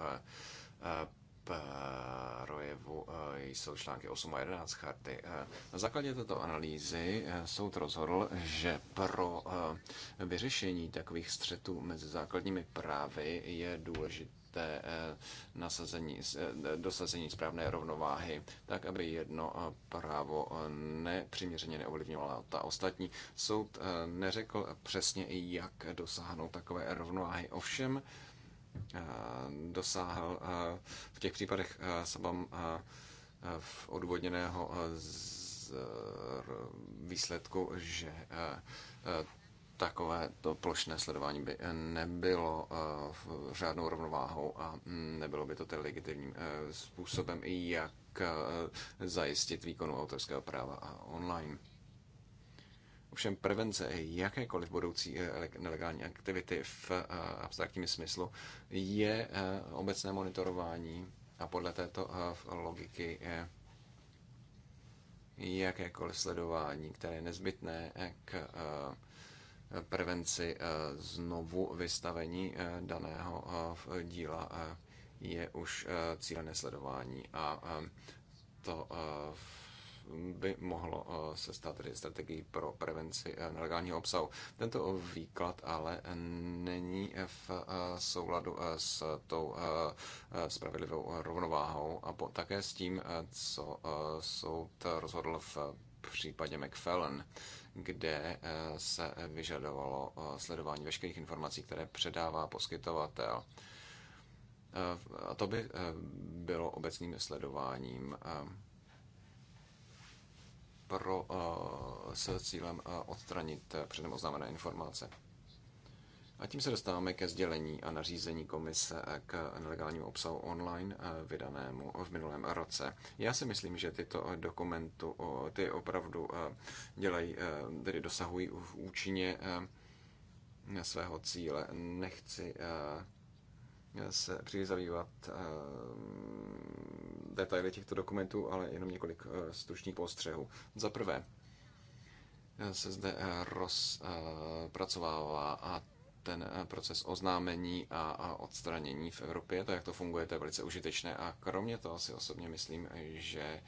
projevu eh, jsou články 8 a 11 charty. Eh, na základě této analýzy eh, soud rozhodl, že pro vyřešení takových střetů mezi základními právy je důležité nasazení, dosazení správné rovnováhy, tak aby jedno právo nepřiměřeně neovlivňovalo ta ostatní. Soud neřekl přesně, jak dosáhnout takové rovnováhy. Ovšem, Eh, dosáhl eh, v těch případech eh, Sabam v odvodněného z výsledku, že takové to plošné sledování by nebylo řádnou rovnováhou a hm, nebylo by to tedy legitimním způsobem, jak zajistit výkonu autorského práva online. Ovšem prevence jakékoliv budoucí eh, nelegální aktivity v eh, abstraktním smyslu je eh, obecné monitorování a podle této logiky je jakékoliv sledování, které je nezbytné k prevenci znovu vystavení daného díla, je už cílené sledování a to v by mohlo eh, se stát tedy strategií pro prevenci eh, nelegálního obsahu. Tento výklad ale není v eh, souladu s tou spravedlivou rovnováhou a také s tím, co soud rozhodl v případě McFellen, kde se vyžadovalo sledování veškerých informací, které předává poskytovatel. A to by bylo obecným sledováním pro, eh, s cílem eh, odstranit eh, předem oznámené informace. A tím se dostáváme ke sdělení a nařízení komise k nelegálnímu obsahu online vydanému v minulém roce. Já si myslím, že tyto dokumentu, ty opravdu dělají, tedy dosahují účinně svého cíle. Nechci se příliš zabývat ehm, detaily těchto dokumentů, ale jenom několik eh, stručných postřehů. Za prvé eh, se zde eh, rozpracovává a ten proces oznámení a odstranění v Evropě, to, jak to funguje, to je velice užitečné. A kromě toho si osobně myslím, že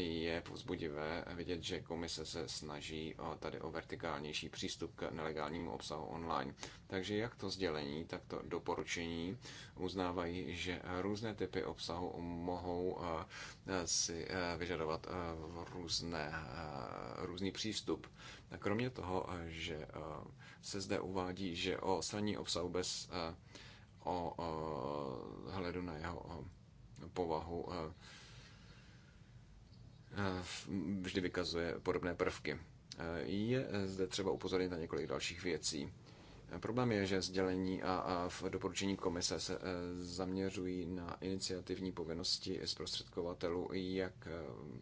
je povzbudivé vidět, že komise se snaží o, tady o vertikálnější přístup k nelegálnímu obsahu online. Takže jak to sdělení, tak to doporučení uznávají, že různé typy obsahu mohou eh, si eh, vyžadovat eh, různé, různý přístup. Kromě toho, že se zde uvádí, že o odstranění obsahu bez o, o hledu na jeho povahu vždy vykazuje podobné prvky. Je zde třeba upozornit na několik dalších věcí. Problém je, že sdělení a, v doporučení komise se e, zaměřují na iniciativní povinnosti zprostředkovatelů jak e,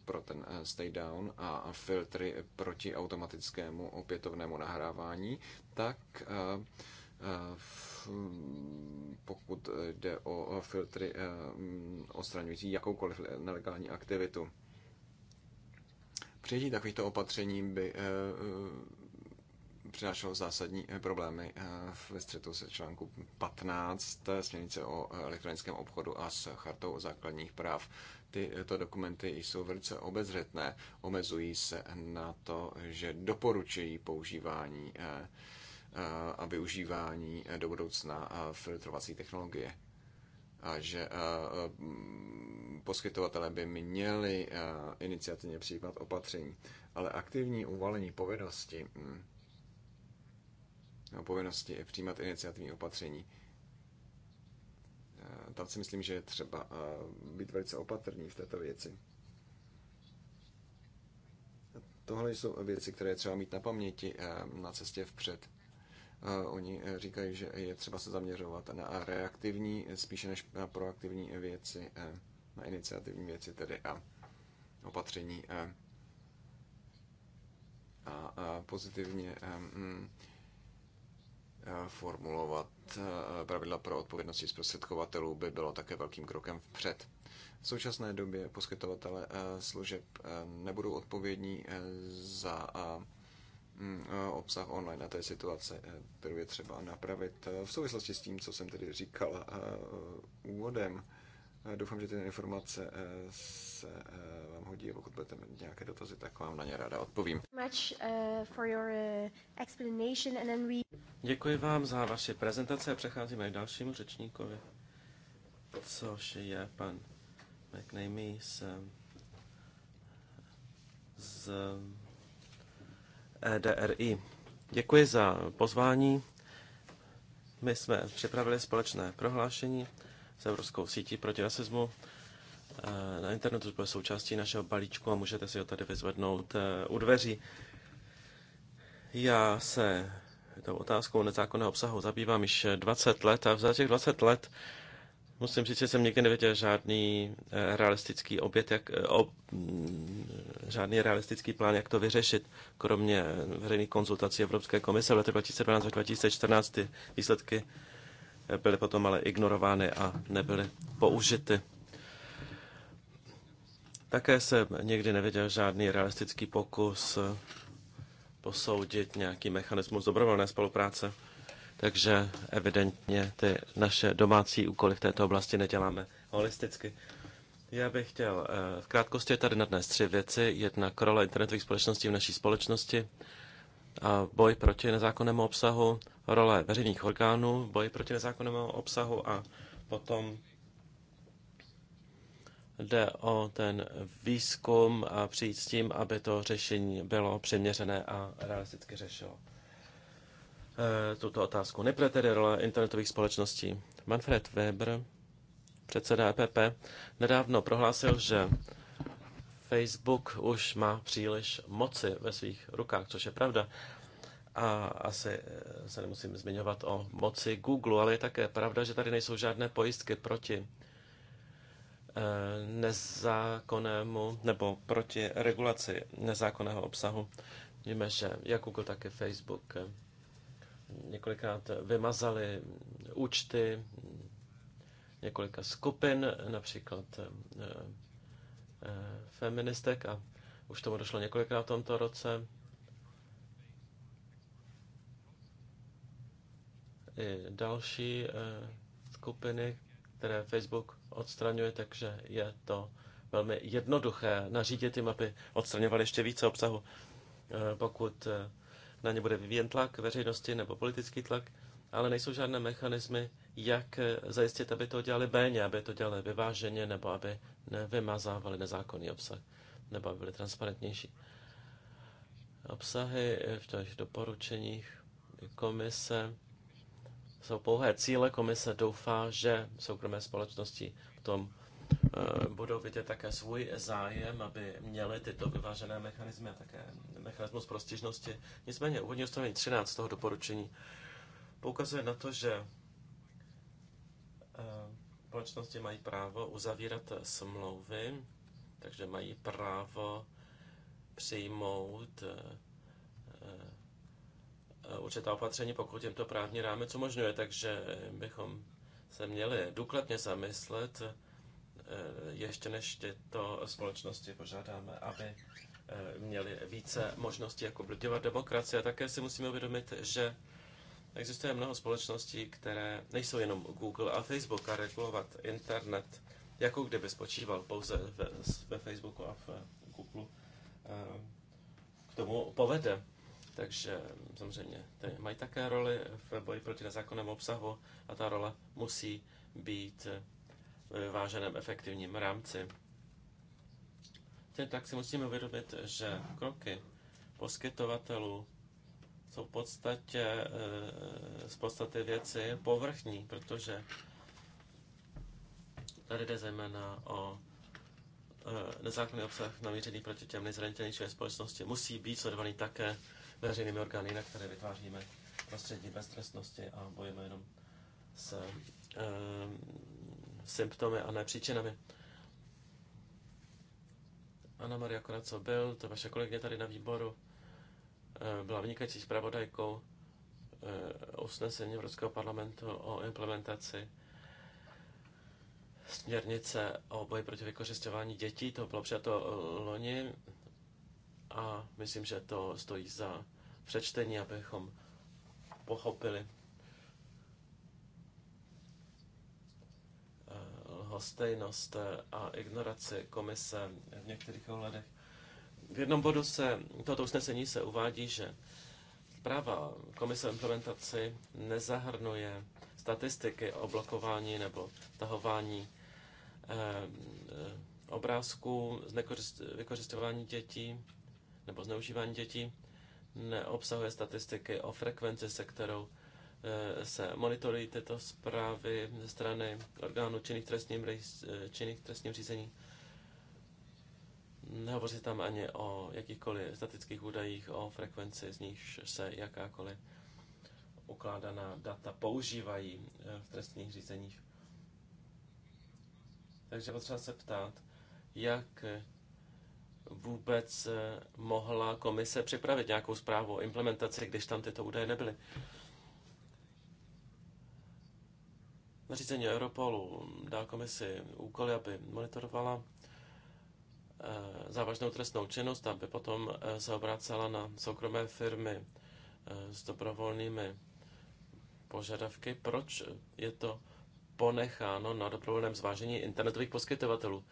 pro ten e, stay down a filtry proti automatickému opětovnému nahrávání, tak pokud jde o filtry odstraňující jakoukoliv nelegální aktivitu. Přijetí takovýchto opatření by eh, eh, přinášelo zásadní eh, problémy ve střetu se článku 15 směrnice o elektronickém obchodu a s chartou o základních práv. Tyto dokumenty jsou velice obezřetné, omezují se na to, že doporučují používání a využívání do budoucna filtrovací technologie a že poskytovatelé by měli iniciativně přijímat opatření. Ale aktivní uvalení povinnosti, hm, povinnosti přijímat iniciativní opatření, tam si myslím, že je třeba být velice opatrný v této věci. Tohle jsou věci, které je třeba mít na paměti na cestě vpřed. Oni eh, říkají, že je třeba se zaměřovat na reaktivní, eh, spíše než na proaktivní věci, eh, na iniciativní věci tedy a opatření. A pozitivně mm, formulovat pravidla pro odpovědnosti zprostředkovatelů by bylo také velkým krokem vpřed. V současné době poskytovatele služeb nebudou odpovědní za Mm, eh, obsah online a té situace, eh, kterou je třeba napravit. Eh, v souvislosti s tím, co jsem tedy říkal úvodem, doufám, že ty informace se vám hodí a pokud budete mít nějaké dotazy, tak vám na ně ráda odpovím. Děkuji vám za vaši prezentaci a přecházíme k dalšímu řečníkovi, což je pan McNamee z, z EDRI. Děkuji za pozvání. My jsme připravili společné prohlášení s Evropskou sítí proti rasismu. E, na internetu bude součástí našeho balíčku a můžete si ho tady vyzvednout e, u dveří. Já se tou otázkou nezákonného obsahu zabývám již 20 let a za těch 20 let Musím říct, že jsem nikdy neviděl žádný eh, realistický obět, jak, eh, ob, mm, žádný realistický plán, jak to vyřešit, kromě eh, veřejných konzultací Evropské komise v letech 2012 a 2014. Ty výsledky byly potom ale ignorovány a nebyly použity. Také jsem nikdy neviděl žádný realistický pokus posoudit nějaký mechanismus dobrovolné spolupráce takže evidentně ty naše domácí úkoly v této oblasti neděláme holisticky. Já bych chtěl eh, v krátkosti tady nadnést tři věci. Jedna role internetových společností v naší společnosti, a boj proti nezákonnému obsahu, role veřejných orgánů, boj proti nezákonnému obsahu a potom jde o ten výzkum a přijít s tím, aby to řešení bylo přiměřené a realisticky řešilo Eh, tuto otázku. Nebude tedy role internetových společností. Manfred Weber, předseda EPP, nedávno prohlásil, že Facebook už má příliš moci ve svých rukách, což je pravda. A asi eh, se nemusím zmiňovat o moci Google, ale je také pravda, že tady nejsou žádné pojistky proti eh, nezákonnému nebo proti regulaci nezákonného obsahu. Víme, že jak Google, tak i Facebook několikrát vymazali účty několika skupin, například eh, eh, feministek a už tomu došlo několikrát v tomto roce. I další eh, skupiny, které Facebook odstraňuje, takže je to velmi jednoduché nařídit jim, aby odstraňovali ještě více obsahu, pokud na ně bude vyvíjen tlak veřejnosti nebo politický tlak, ale nejsou žádné mechanismy, jak zajistit, aby to dělali béně, aby to dělali vyváženě, nebo aby nevymazávali nezákonný obsah, nebo aby byly transparentnější. Obsahy v těch doporučeních komise jsou pouhé cíle. Komise doufá, že soukromé společnosti v tom Eh, budou vidět také svůj zájem, aby měli tyto vyvážené mechanizmy a také mechanismus prostižnosti. Nicméně úvodní ustanovení 13 toho doporučení poukazuje na to, že eh, společnosti mají právo uzavírat smlouvy, takže mají právo přijmout eh, určitá opatření, pokud jim to právní rámec umožňuje, takže bychom se měli důkladně zamyslet, Eh, ještě než tyto společnosti požádáme, aby eh, měli více možností, jak obrodovat demokracie. A také si musíme uvědomit, že existuje mnoho společností, které nejsou jenom Google a Facebook a regulovat internet, jako kdyby spočíval pouze ve, ve Facebooku a v eh, Google, k tomu povede. Takže mm, samozřejmě ty mají také roli v boji proti nezákonnému obsahu a ta rola musí být váženém efektivním rámci. Tedy tak si musíme uvědomit, že kroky poskytovatelů jsou v podstatě eh, z podstaty věci povrchní, protože tady jde zejména o eh, nezákonný obsah namířený proti těm nejzranitelnějším společnosti musí být sledovaný také veřejnými orgány, na které vytváříme prostředí beztrestnosti a bojujeme jenom s eh, symptomy a ne příčinami. Ana Maria Konaco byl, to vaše kolegyně tady na výboru, eh, byla vynikající zpravodajkou eh, usnesení Evropského parlamentu o implementaci směrnice o boji proti vykořišťování dětí. To bylo přijato eh, loni a myslím, že to stojí za přečtení, abychom pochopili, lhostejnost a ignoraci komise v některých ohledech. V jednom bodu se toto usnesení se uvádí, že zpráva komise o implementaci nezahrnuje statistiky o blokování nebo tahování eh, obrázků z vykořišťování dětí nebo zneužívání dětí, neobsahuje statistiky o frekvenci, se kterou Eh, se monitorují tyto zprávy ze strany orgánů činných trestním, eh, činných trestním řízení. Nehovoří tam ani o jakýchkoliv statických údajích, o frekvenci, z níž se jakákoliv ukládaná data používají eh, v trestních řízeních. Takže potřeba se ptát, jak vůbec mohla komise připravit nějakou zprávu o implementaci, když tam tyto údaje nebyly. Nařízení Europolu dá komisi úkoly, aby monitorovala eh, závažnou trestnou činnost, aby potom eh, se obracela na soukromé firmy eh, s dobrovolnými požadavky. Proč je to ponecháno na dobrovolném zvážení internetových poskytovatelů?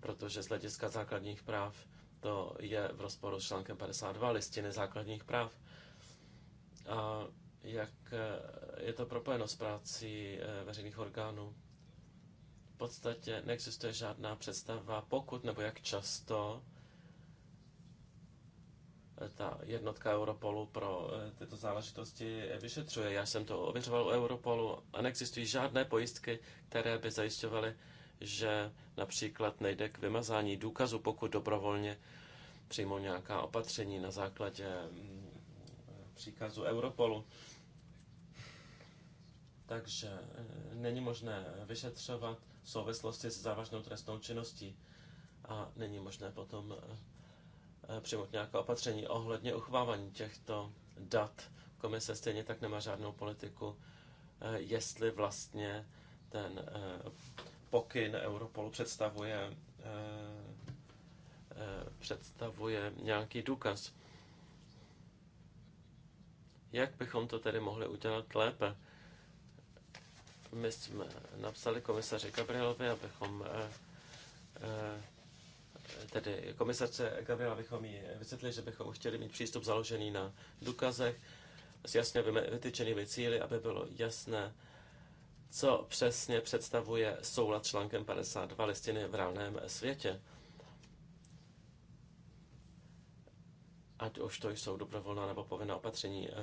Protože z hlediska základních práv to je v rozporu s článkem 52 listiny základních práv. A jak eh, je to propojeno s prací eh, veřejných orgánů. V podstatě neexistuje žádná představa, pokud nebo jak často eh, ta jednotka Europolu pro tyto záležitosti vyšetřuje. Já jsem to ověřoval u Europolu a neexistují žádné pojistky, které by zajišťovaly, že například nejde k vymazání důkazu, pokud dobrovolně přijmou nějaká opatření na základě mm, příkazu Europolu takže eh, není možné vyšetřovat v souvislosti s závažnou trestnou činností a není možné potom eh, eh, přijmout nějaké opatření ohledně uchovávání těchto dat. Komise stejně tak nemá žádnou politiku, jestli vlastně ten pokyn Europolu představuje, představuje nějaký důkaz. Jak bychom to tedy mohli udělat lépe? My jsme napsali komisaři Gabrielovi, abychom eh, eh, tedy komisarce Gabriela abychom jí vysvětlili, že bychom chtěli mít přístup založený na důkazech s jasně vytyčenými cíly, aby bylo jasné, co přesně představuje soulad článkem 52 listiny v reálném světě. Ať už to jsou dobrovolná nebo povinná opatření eh,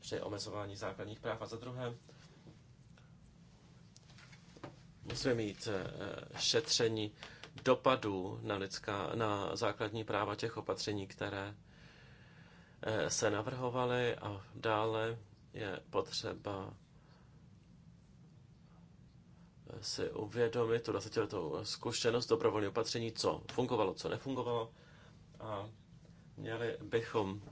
při omezování základních práv. A za druhé, Musíme mít eh, šetření dopadů na, lidská, na základní práva těch opatření, které eh, se navrhovaly a dále je potřeba eh, si uvědomit tu 20 zkušenost dobrovolné opatření, co fungovalo, co nefungovalo a měli bychom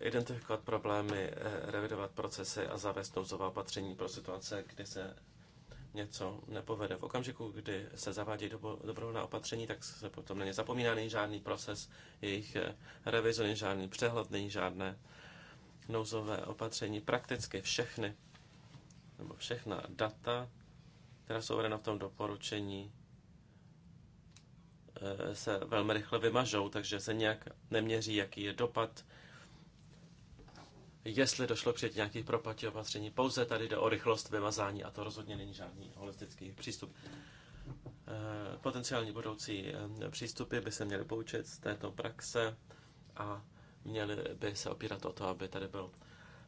identifikovat problémy, revidovat procesy a zavést nouzová opatření pro situace, kdy se něco nepovede. V okamžiku, kdy se zavádí dobro, dobrovolná opatření, tak se potom není zapomíná, není žádný proces jejich eh, revize, není žádný přehled, není žádné nouzové opatření. Prakticky všechny, nebo všechna data, která jsou uvedena v tom doporučení, eh, se velmi rychle vymažou, takže se nějak neměří, jaký je dopad jestli došlo před nějakých propatí opatření. Pouze tady jde o rychlost vymazání a to rozhodně není žádný holistický přístup. Eh, potenciální budoucí eh, přístupy by se měly poučit z této praxe a měly by se opírat o to, aby tady byl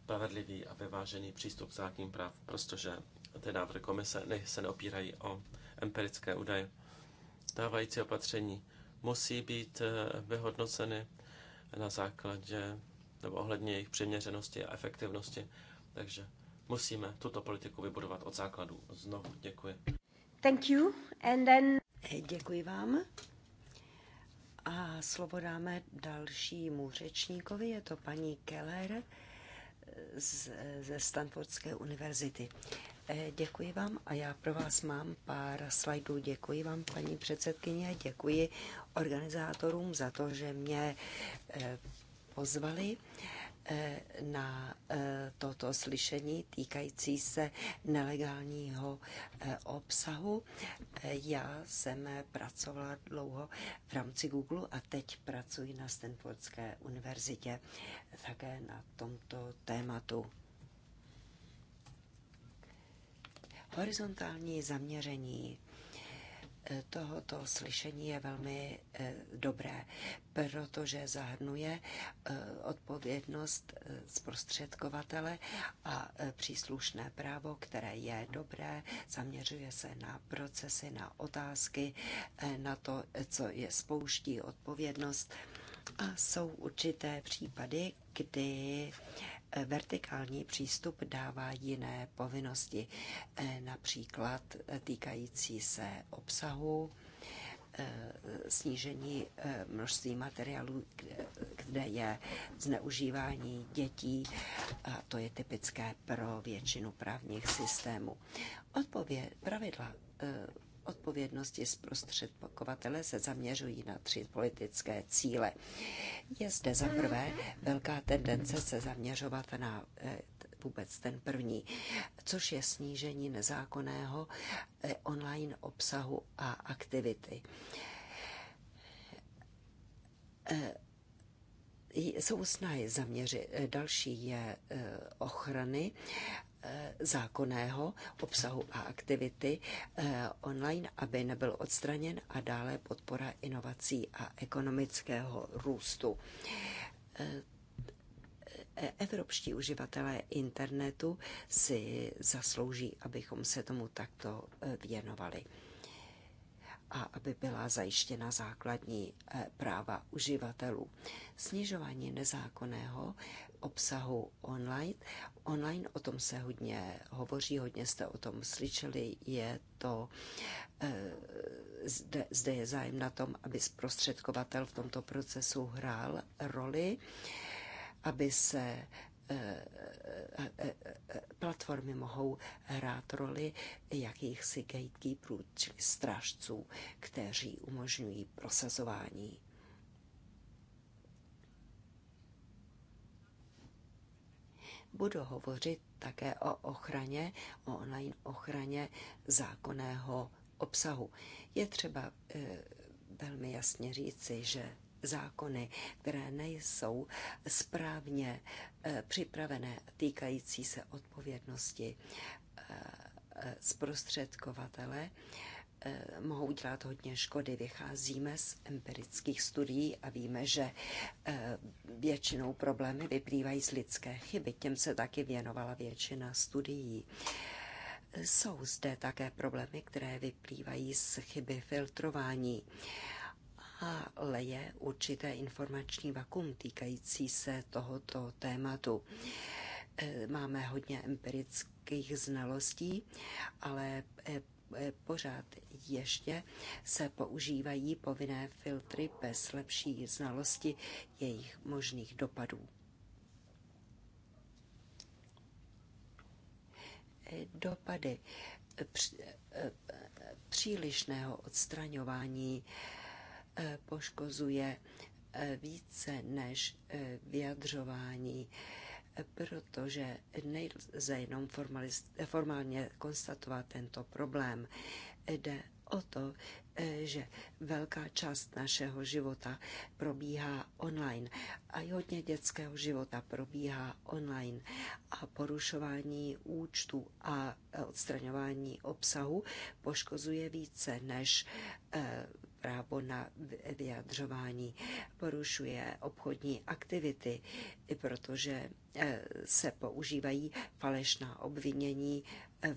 spravedlivý a vyvážený přístup k základním práv, protože ty návrhy komise ne, se neopírají o empirické údaje. Dávající opatření musí být eh, vyhodnoceny na základě nebo ohledně jejich přiměřenosti a efektivnosti. Takže musíme tuto politiku vybudovat od základů. Znovu děkuji. Thank you. And then... Děkuji vám. A slovo dáme dalšímu řečníkovi, je to paní Keller z, ze Stanfordské univerzity. Eh, děkuji vám a já pro vás mám pár slajdů. Děkuji vám, paní předsedkyně, děkuji organizátorům za to, že mě eh, pozvali eh, na eh, toto slyšení týkající se nelegálního eh, obsahu. Já jsem pracovala dlouho v rámci Google a teď pracuji na Stanfordské univerzitě také na tomto tématu. Horizontální zaměření tohoto slyšení je velmi eh, dobré, protože zahrnuje eh, odpovědnost eh, zprostředkovatele a příslušné právo, které je dobré, zaměřuje se na procesy, na otázky, na to, co je spouští odpovědnost. A jsou určité případy, kdy Eh, vertikální přístup dává jiné povinnosti, eh, například eh, týkající se obsahu, snížení množství materiálů, kde je zneužívání dětí. A to je typické pro většinu právních systémů. Odpověd, pravidla odpovědnosti zprostředkovatele se zaměřují na tři politické cíle. Je zde za prvé velká tendence se zaměřovat na eh, vůbec ten první, což je snížení nezákonného eh, online obsahu a aktivity eh, jsou snahy zaměřit. Další je ochrany Eh, zákonného obsahu a aktivity eh, online, aby nebyl odstraněn a dále podpora inovací a ekonomického růstu. Eh, evropští uživatelé internetu si zaslouží, abychom se tomu takto věnovali a aby byla zajištěna základní práva uživatelů. Snižování nezákonného obsahu online. Online o tom se hodně hovoří, hodně jste o tom slyšeli. Je to, eh, zde, zde je zájem na tom, aby zprostředkovatel v tomto procesu hrál roli, aby se eh, eh, platformy mohou hrát roli jakýchsi gatekeeperů, čili strážců, kteří umožňují prosazování budu hovořit také o ochraně, o online ochraně zákonného obsahu. Je třeba eh, velmi jasně říci, že zákony, které nejsou správně eh, připravené, týkající se odpovědnosti eh, zprostředkovatele, Eh, mohou dělat hodně škody. Vycházíme z empirických studií a víme, že eh, většinou problémy vyplývají z lidské chyby. Těm se taky věnovala většina studií. Jsou zde také problémy, které vyplývají z chyby filtrování ale je určité informační vakum týkající se tohoto tématu. Eh, máme hodně empirických znalostí, ale Eh, pořád ještě se používají povinné filtry bez lepší znalosti jejich možných dopadů. Eh, dopady eh, přílišného odstraňování poškozuje více než vyjadřování protože nejlze jenom formálně konstatovat tento problém. Jde o to, Eh, že velká část našeho života probíhá online a i hodně dětského života probíhá online a porušování účtu a eh, odstraňování obsahu poškozuje více než eh, právo na vyjadřování, porušuje obchodní aktivity, protože se používají falešná obvinění,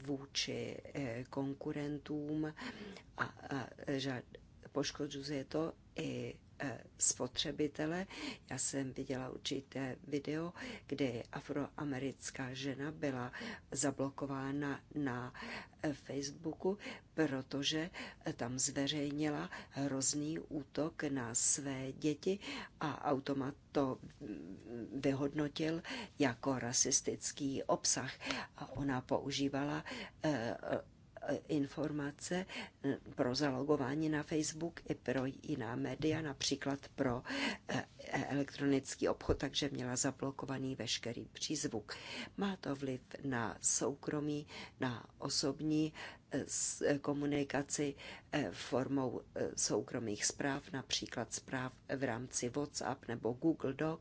vůči eh, konkurentům a, a poškozuje to i Eh, spotřebitele. Já jsem viděla určité video, kde afroamerická žena byla zablokována na eh, Facebooku, protože eh, tam zveřejnila hrozný útok na své děti a automat to mm, vyhodnotil jako rasistický obsah. A ona používala informace eh, pro zalogování na Facebook i pro jiná média, například pro eh, elektronický obchod, takže měla zablokovaný veškerý přízvuk. Má to vliv na soukromí, na osobní eh, komunikaci formou soukromých zpráv, například zpráv v rámci WhatsApp nebo Google Doc,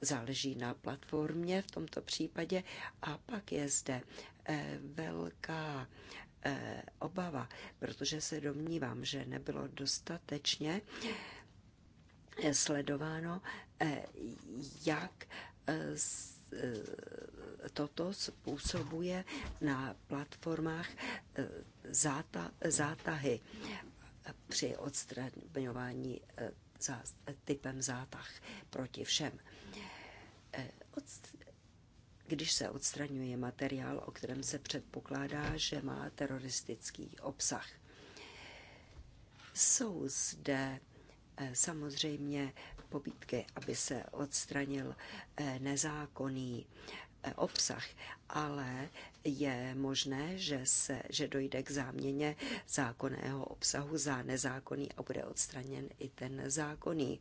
záleží na platformě v tomto případě a pak je zde eh, velká eh, obava, protože se domnívám, že nebylo dostatečně eh, sledováno, jak toto způsobuje na platformách zátahy při odstraňování typem zátah proti všem. Eh, když se odstraňuje materiál, o kterém se předpokládá, že má teroristický obsah. Jsou zde eh, samozřejmě pobídky, aby se odstranil eh, nezákonný obsah, ale je možné, že, se, že dojde k záměně zákonného obsahu za nezákonný a bude odstraněn i ten zákonný.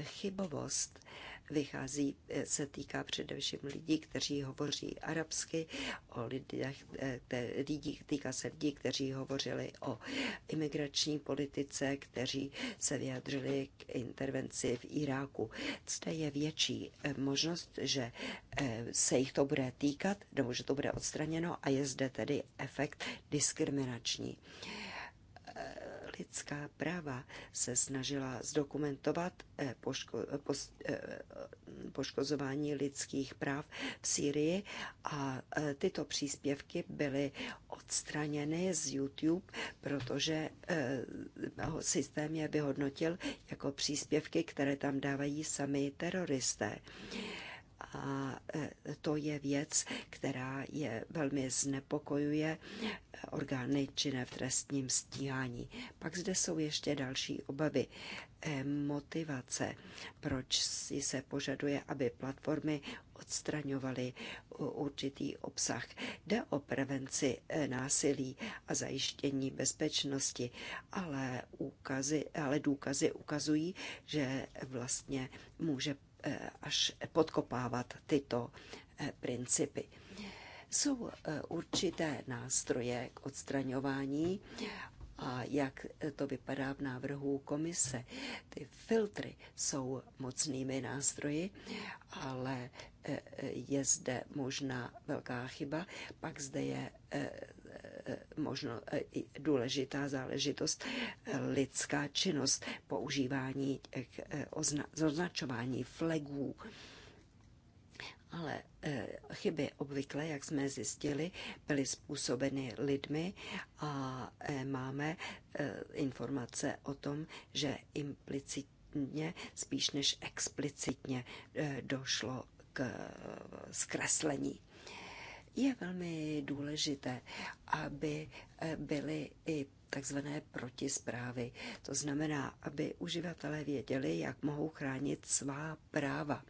Chybovost vychází, eh, se týká především lidí, kteří hovoří arabsky, o lidech, eh, lidí, týká se lidí, kteří hovořili o imigrační politice, kteří se vyjadřili k intervenci v Iráku. Zde je větší eh, možnost, že se jich to bude týkat, nebo že to bude odstraněno a je zde tedy efekt diskriminační lidská práva se snažila zdokumentovat eh, poško, eh, pos, eh, poškozování lidských práv v Sýrii a tyto příspěvky byly odstraněny z YouTube, protože systém je vyhodnotil jako příspěvky, které tam dávají sami teroristé. A e, to je věc, která je velmi znepokojuje e, orgány činné v trestním stíhání. Pak zde jsou ještě další obavy. E, motivace, proč si se požaduje, aby platformy odstraňovaly určitý obsah. Jde o prevenci násilí a zajištění bezpečnosti, ale, úkazy, ale důkazy ukazují, že vlastně může Eh, až podkopávat tyto eh, principy. Jsou eh, určité nástroje k odstraňování a jak to vypadá v návrhu komise. Ty filtry jsou mocnými nástroji, ale je zde možná velká chyba. Pak zde je Eh, možno eh, důležitá záležitost eh, lidská činnost, používání označování flegů. Ale chyby obvykle, jak jsme zjistili, byly způsobeny lidmi a máme informace o tom, že implicitně, spíš než explicitně, došlo k zkreslení je velmi důležité, aby eh, byly i takzvané protisprávy. To znamená, aby uživatelé věděli, jak mohou chránit svá práva.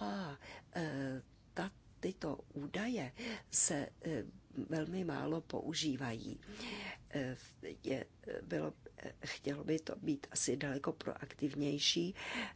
A eh, ta, tyto údaje se eh, velmi málo používají je, bylo, chtělo by to být asi daleko proaktivnější,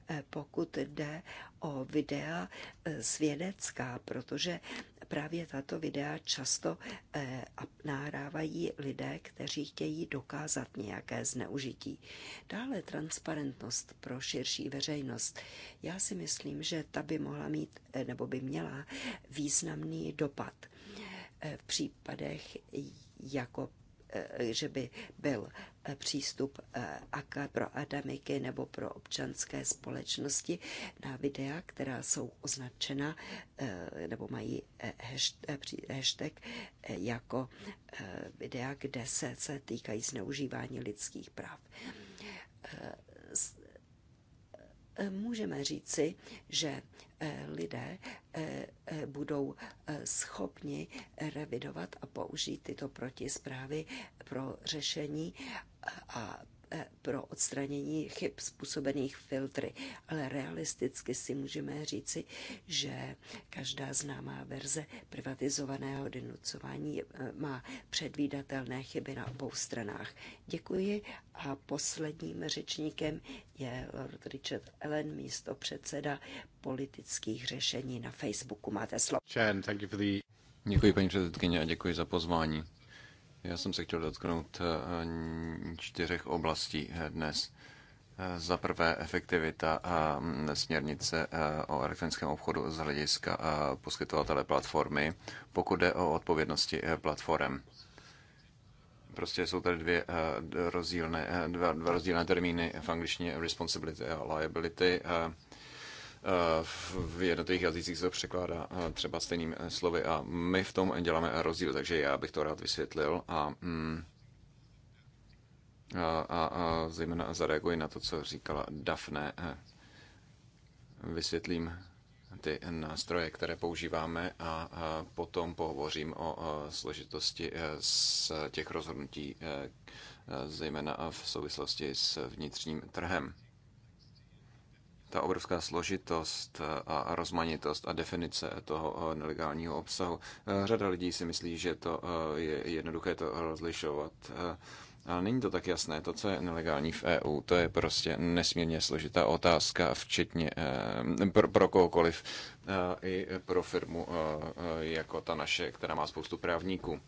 eh, pokud jde o videa eh, svědecká, protože právě tato videa často eh, nahrávají lidé, kteří chtějí dokázat nějaké zneužití. Dále transparentnost pro širší veřejnost. Já si myslím, že ta by mohla mít nebo by měla významný dopad v případech jako Eh, že by byl eh, přístup eh, pro akademiky nebo pro občanské společnosti na videa, která jsou označena nebo mají hashtag jako videa, kde se, se týkají zneužívání lidských práv můžeme říci, že Eh, lidé eh, eh, budou schopni revidovat a použít tyto protisprávy pro řešení a Eh, pro odstranění chyb způsobených filtry. Ale realisticky si můžeme říci, že každá známá verze privatizovaného denucování eh, má předvídatelné chyby na obou stranách. Děkuji a posledním řečníkem je Lord Richard Allen, místo předseda politických řešení na Facebooku. Máte slovo. Děkuji, paní předsedkyně, a děkuji za pozvání. Já jsem se chtěl dotknout eh, čtyřech oblastí eh, dnes. Eh, za prvé efektivita směrnice o elektronickém obchodu z hlediska poskytovatele platformy, pokud jde o odpovědnosti platform. Prostě jsou tady dvě rozdílné, dva, dva rozdílné termíny v angličtině responsibility a liability v jednotlivých jazycích se to překládá eh, třeba stejným eh, slovy a my v tom děláme rozdíl, takže já bych to rád vysvětlil a, mm, a, a, a zejména zareaguji na to, co říkala Dafne. Eh, vysvětlím ty nástroje, které používáme a potom pohovořím o složitosti z těch rozhodnutí, zejména v souvislosti s vnitřním trhem ta obrovská složitost eh, a rozmanitost a definice toho eh, nelegálního obsahu. Eh, řada lidí si myslí, že to je jednoduché to rozlišovat. Ale není to tak jasné. To, co je nelegální v EU, to je prostě nesmírně složitá otázka, včetně pro, pro kohokoliv, i pro firmu jako ta naše, která má spoustu právníků.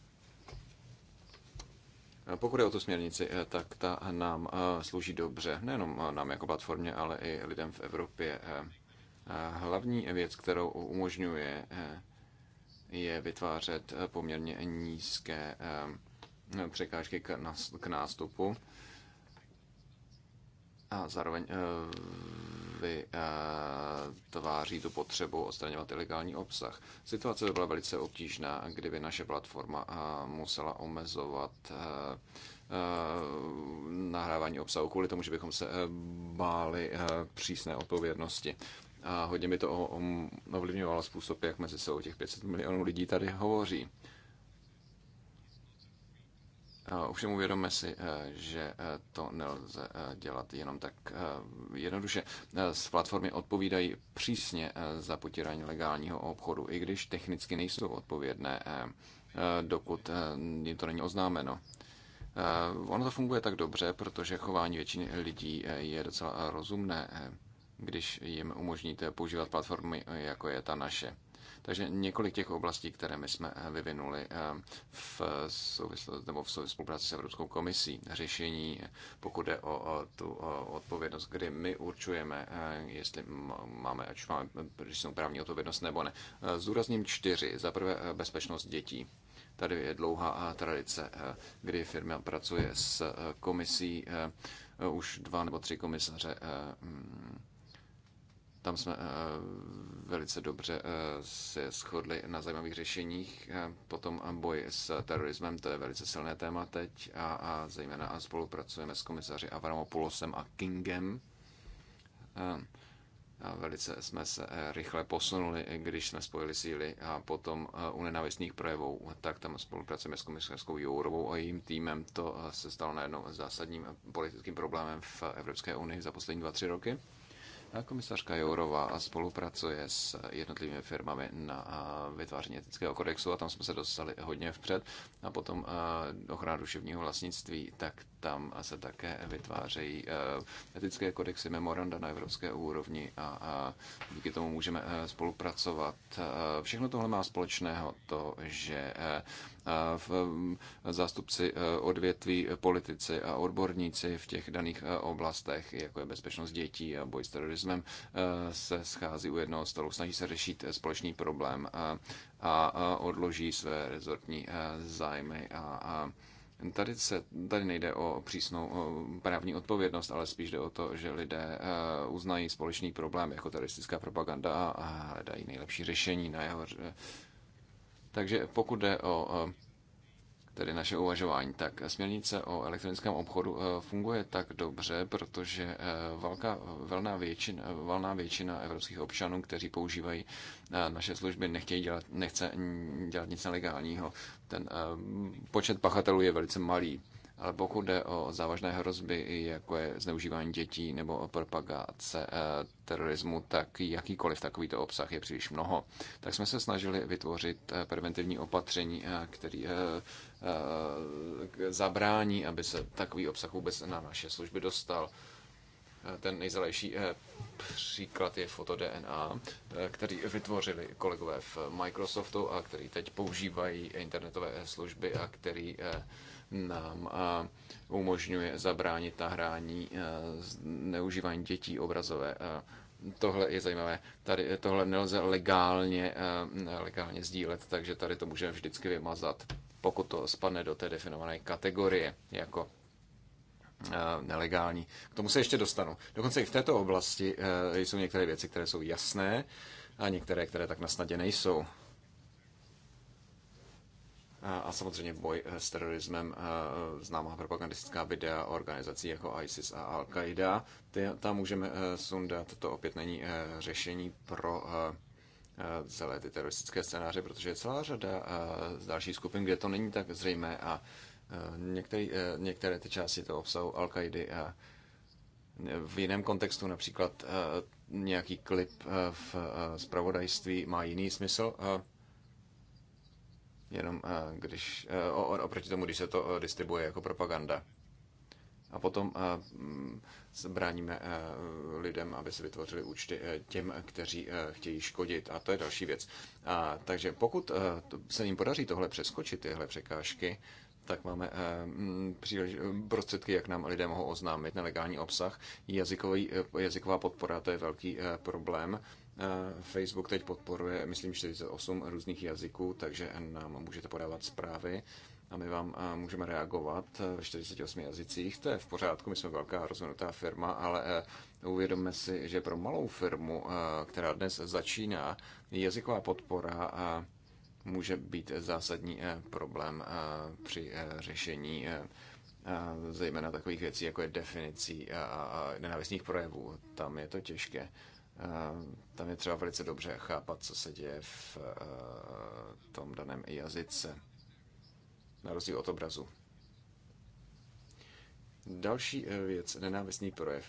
Pokud je o tu směrnici, eh, tak ta nám eh, slouží dobře, nejenom eh, nám jako platformě, ale i lidem v Evropě. Hlavní věc, kterou umožňuje, je vytvářet poměrně nízké překážky k nástupu a zároveň eh, eh, tváří tu potřebu odstraňovat ilegální obsah. Situace by byla velice obtížná, kdyby naše platforma eh, musela omezovat nahrávání obsahu kvůli tomu, že bychom se báli přísné odpovědnosti. A hodně by to ovlivňovalo způsob, jak mezi sebou těch 500 milionů lidí tady hovoří. Eh, ovšem uvědomme si, eh, že eh, to nelze dělat jenom tak jednoduše. Z platformy odpovídají přísně za potírání legálního obchodu, i když technicky nejsou odpovědné, dokud jim to není oznámeno. Ono to funguje tak dobře, protože chování většiny lidí je docela rozumné, když jim umožníte používat platformy, jako je ta naše. Takže několik těch oblastí, které my jsme eh, vyvinuli eh, v, souvislosti, nebo v spolupráci s Evropskou komisí, řešení, eh, pokud jde o, o tu o odpovědnost, kdy my určujeme, jestli máme, ať máme jsou právní odpovědnost nebo ne. Zúrazním čtyři. Za prvé bezpečnost dětí. Tady je dlouhá tradice, kdy firma pracuje s komisí, už dva nebo tři komisaře mm, tam jsme eh, velice dobře eh, se shodli na zajímavých řešeních. Eh, potom boj s terorismem, to je velice silné téma teď a, a zejména a spolupracujeme s komisaři Avramopoulosem a Kingem. A velice jsme se rychle posunuli, když jsme spojili síly a potom u nenávistných projevů, tak tam spolupracujeme s komisařskou Jourovou a jejím týmem. To se stalo najednou zásadním politickým problémem v Evropské unii za poslední dva, tři roky. Komisařka Jourová spolupracuje s jednotlivými firmami na vytváření etického kodexu a tam jsme se dostali hodně vpřed. A potom ochrana duševního vlastnictví, tak tam se také vytvářejí etické kodexy memoranda na evropské úrovni a díky tomu můžeme spolupracovat. Všechno tohle má společného to, že zástupci odvětví, politici a odborníci v těch daných oblastech, jako je bezpečnost dětí a boj s terorismem, způsobem eh, se schází u jednoho stolu, snaží se řešit společný problém eh, a odloží své rezortní eh, zájmy a Tady, se, tady nejde o přísnou právní odpovědnost, ale spíš jde o to, že lidé uznají společný problém jako teroristická propaganda a hledají nejlepší řešení na jeho. Takže pokud jde o tedy naše uvažování. Tak směrnice o elektronickém obchodu eh, funguje tak dobře, protože eh, velká, velná většina, velná většina evropských občanů, kteří používají eh, naše služby, nechtějí dělat, nechce dělat nic nelegálního. Ten počet pachatelů je velice malý. Ale pokud jde o závažné hrozby, jako je zneužívání dětí nebo propagace terorismu, tak jakýkoliv takovýto obsah je příliš mnoho. Tak jsme se snažili vytvořit preventivní opatření, který Eh, zabrání, aby se takový obsah vůbec na naše služby dostal. Eh, ten nejzalejší eh, příklad je foto DNA, který vytvořili kolegové v Microsoftu a který teď používají internetové služby a který nám umožňuje zabránit nahrání neužívání dětí obrazové. Tohle je zajímavé. Tady tohle nelze legálně, legálně sdílet, takže tady to můžeme vždycky vymazat pokud to spadne do té definované kategorie jako eh, nelegální. K tomu se ještě dostanu. Dokonce i v této oblasti eh, jsou některé věci, které jsou jasné a některé, které tak na snadě nejsou. A samozřejmě boj eh, s terorismem, známá propagandistická videa organizací jako ISIS a Al-Qaida. Tam můžeme sundat, to opět není řešení pro Eh, celé ty teroristické scénáře, protože je celá řada eh, dalších skupin, kde to není tak zřejmé a eh, některý, některé ty části toho obsahu al a v jiném kontextu například nějaký klip v zpravodajství má jiný smysl, jenom když oproti tomu, když se to distribuje jako propaganda a potom zbráníme eh, mm, eh, lidem, aby si vytvořili účty eh, těm, kteří chtějí škodit. A to je další věc. A, takže pokud se jim podaří tohle přeskočit, tyhle překážky, tak máme mm, přílež, prostředky, jak nám lidé mohou oznámit nelegální obsah. Jazykový, jazyková podpora, to je velký problém. Facebook teď podporuje, myslím, 48 různých jazyků, takže nám můžete podávat zprávy a my vám eh, můžeme reagovat eh, ve 48 jazycích. To je v pořádku, my jsme velká rozvinutá firma, ale eh, uvědomme si, že pro malou firmu, která dnes začíná, jazyková podpora může být zásadní problém při řešení zejména takových věcí, jako je definicí a nenávistných projevů. Tam je to těžké. Tam je třeba velice dobře chápat, co se děje v tom daném jazyce na rozdíl od obrazu. Další eh, věc, nenávistný projev.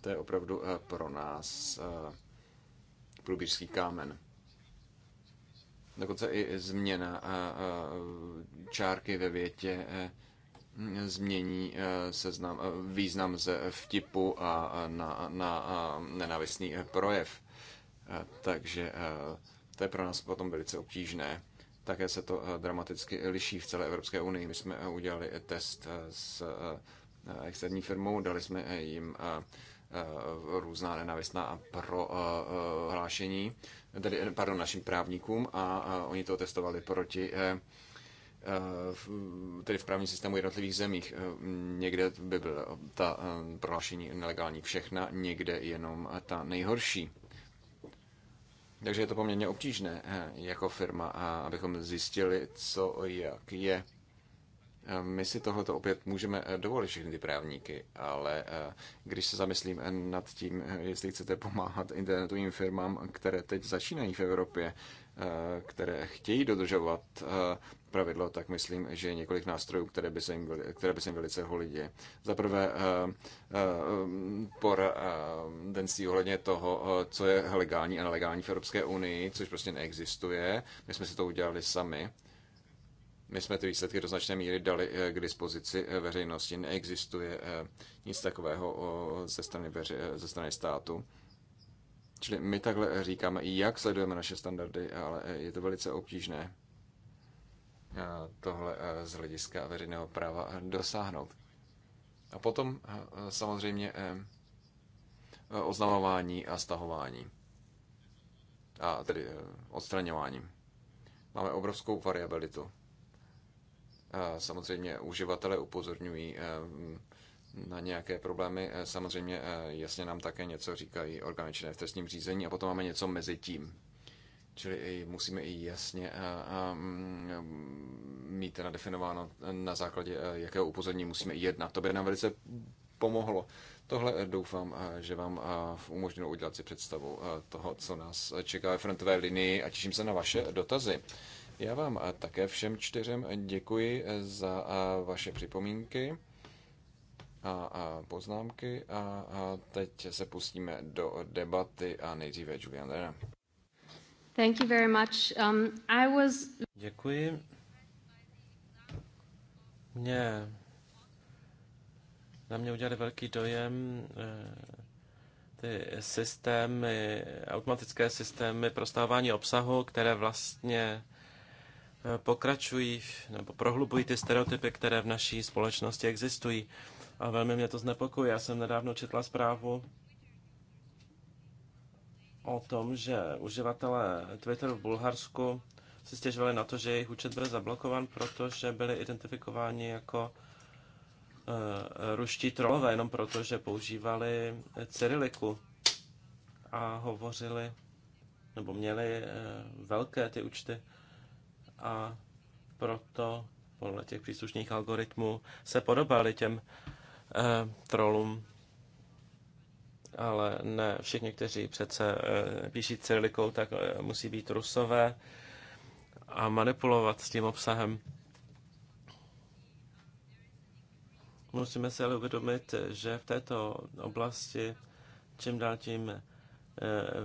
To je opravdu eh, pro nás eh, průběžský kámen. Dokonce i změna čárky ve větě změní seznam, význam ze vtipu a na, na nenávistný projev. Takže to je pro nás potom velice obtížné také se to eh, dramaticky liší v celé Evropské unii. My jsme eh, udělali eh, test s externí firmou, dali jsme jim různá nenávistná pro hlášení, tedy, pardon, našim právníkům a oni to testovali proti tedy v právním systému jednotlivých zemích. Někde by byla ta prohlášení nelegální všechna, někde jenom ta nejhorší. Takže je to poměrně obtížné eh, jako firma, abychom zjistili, co jak je. Eh, my si tohleto opět můžeme eh, dovolit všechny ty právníky, ale když se zamyslím nad tím, jestli chcete pomáhat internetovým firmám, které teď začínají v Evropě, Eh, které chtějí dodržovat eh, pravidlo, tak myslím, že je několik nástrojů, které by se jim, které by se jim velice hodily. Za prvé eh, poradenství ohledně toho, co je legální a nelegální v Evropské unii, což prostě neexistuje. My jsme si to udělali sami. My jsme ty výsledky do značné míry dali k dispozici veřejnosti. Neexistuje nic takového ze strany, veře, ze strany státu. Čili my takhle říkáme, jak sledujeme naše standardy, ale eh, je to velice obtížné eh, tohle eh, z hlediska veřejného práva dosáhnout. A potom samozřejmě oznamování a stahování. A tedy odstraňování. Máme obrovskou variabilitu. Samozřejmě uživatelé upozorňují na nějaké problémy. Eh, samozřejmě eh, jasně nám také něco říkají orgány činné v trestním řízení a potom máme něco mezi tím. Čili musíme i jasně eh, mít nadefinováno, na základě jakého upozornění musíme jednat. To by nám velice pomohlo. Tohle doufám, že vám umožnilo udělat si představu toho, co nás čeká ve frontové linii a těším se na vaše dotazy. Já vám také všem čtyřem děkuji za vaše připomínky a poznámky a teď se pustíme do debaty a nejdříve Julian Lena. Thank you very much. Um, I was... Děkuji. Mě, na mě udělali velký dojem eh, ty systémy, automatické systémy stávání obsahu, které vlastně eh, pokračují nebo prohlubují ty stereotypy, které v naší společnosti existují a velmi mě to znepokojuje. Já jsem nedávno četla zprávu o tom, že uživatelé Twitteru v Bulharsku si stěžovali na to, že jejich účet byl zablokovan, protože byli identifikováni jako uh, ruští trolové, jenom proto, že používali cyriliku a hovořili, nebo měli uh, velké ty účty a proto podle těch příslušných algoritmů se podobali těm Eh, trolům, ale ne všichni, kteří přece eh, píší cyrilikou, tak eh, musí být rusové a manipulovat s tím obsahem. Musíme si ale uvědomit, že v této oblasti čím dál tím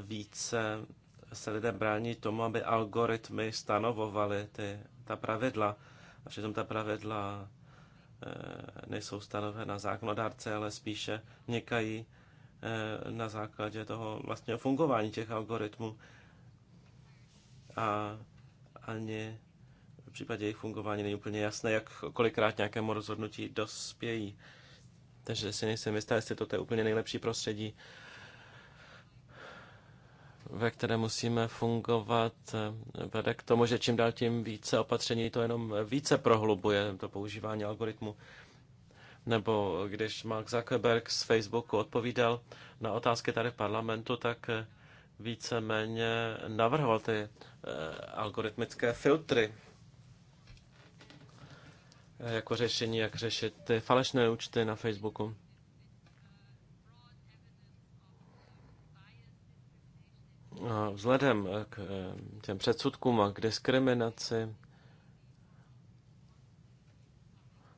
více se lidé brání tomu, aby algoritmy stanovovaly ta pravidla. A přitom ta pravidla Eh, nejsou stanovena zákonodárce, ale spíše někají eh, na základě toho vlastně fungování těch algoritmů. A ani v případě jejich fungování není úplně jasné, jak kolikrát nějakému rozhodnutí dospějí. Takže si nejsem jistá, jestli to je úplně nejlepší prostředí ve které musíme fungovat, eh, vede k tomu, že čím dál tím více opatření to jenom více prohlubuje, to používání algoritmu. Nebo když Mark Zuckerberg z Facebooku odpovídal na otázky tady v parlamentu, tak eh, víceméně navrhoval ty eh, algoritmické filtry jako řešení, jak řešit ty falešné účty na Facebooku. No, vzhledem k eh, těm předsudkům a k diskriminaci,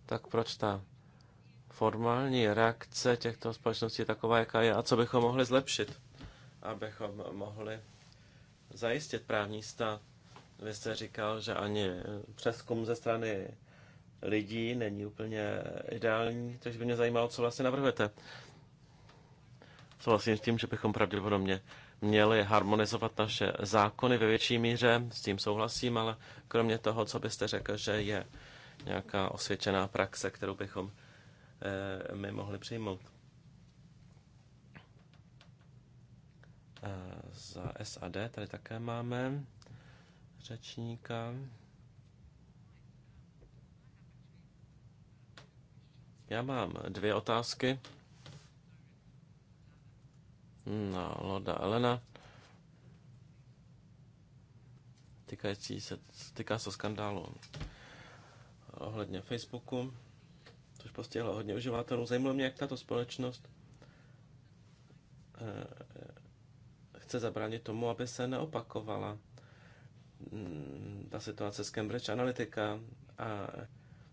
tak proč ta formální reakce těchto společností je taková, jaká je a co bychom mohli zlepšit, abychom mohli zajistit právní stát. Vy jste říkal, že ani přeskum ze strany lidí není úplně ideální, takže by mě zajímalo, co vlastně navrhujete. Souhlasím s tím, že bychom pravděpodobně měli harmonizovat naše zákony ve větší míře, s tím souhlasím, ale kromě toho, co byste řekl, že je nějaká osvědčená praxe, kterou bychom eh, my mohli přijmout. Eh, za SAD tady také máme řečníka. Já mám dvě otázky na no, Loda Elena. Týkající se, týká se skandálu ohledně Facebooku, což postihlo hodně uživatelů. Zajímalo mě, jak tato společnost eh, chce zabránit tomu, aby se neopakovala mm, ta situace s Cambridge Analytica a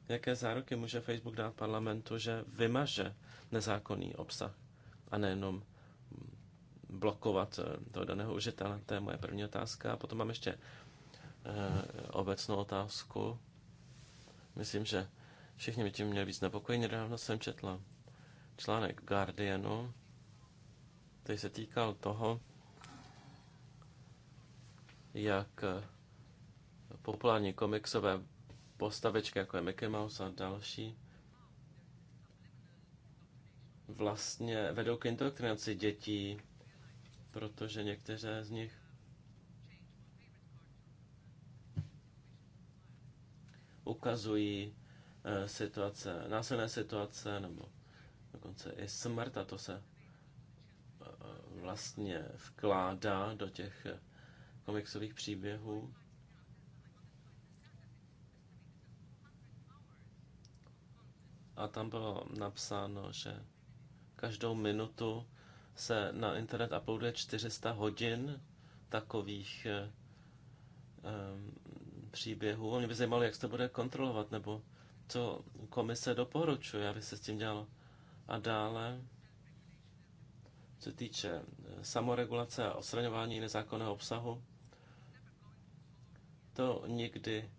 jaké záruky může Facebook dát parlamentu, že vymaže nezákonný obsah a nejenom blokovat eh, toho daného užitele. To je moje první otázka. A potom mám ještě eh, obecnou otázku. Myslím, že všichni by tím měli být znepokojeni. Nedávno jsem četl článek Guardianu, který se týkal toho, jak eh, populární komiksové postavečky jako je Mickey Mouse a další, vlastně vedou k indoktrinaci dětí protože některé z nich ukazují eh, situace, násilné situace nebo dokonce i smrt a to se eh, vlastně vkládá do těch eh, komiksových příběhů. A tam bylo napsáno, že každou minutu se na internet uploaduje 400 hodin takových eh, příběhů. Mě by zajímalo, jak se to bude kontrolovat, nebo co komise doporučuje, aby se s tím dělalo. A dále, co týče eh, samoregulace a odstraňování nezákonného obsahu, to nikdy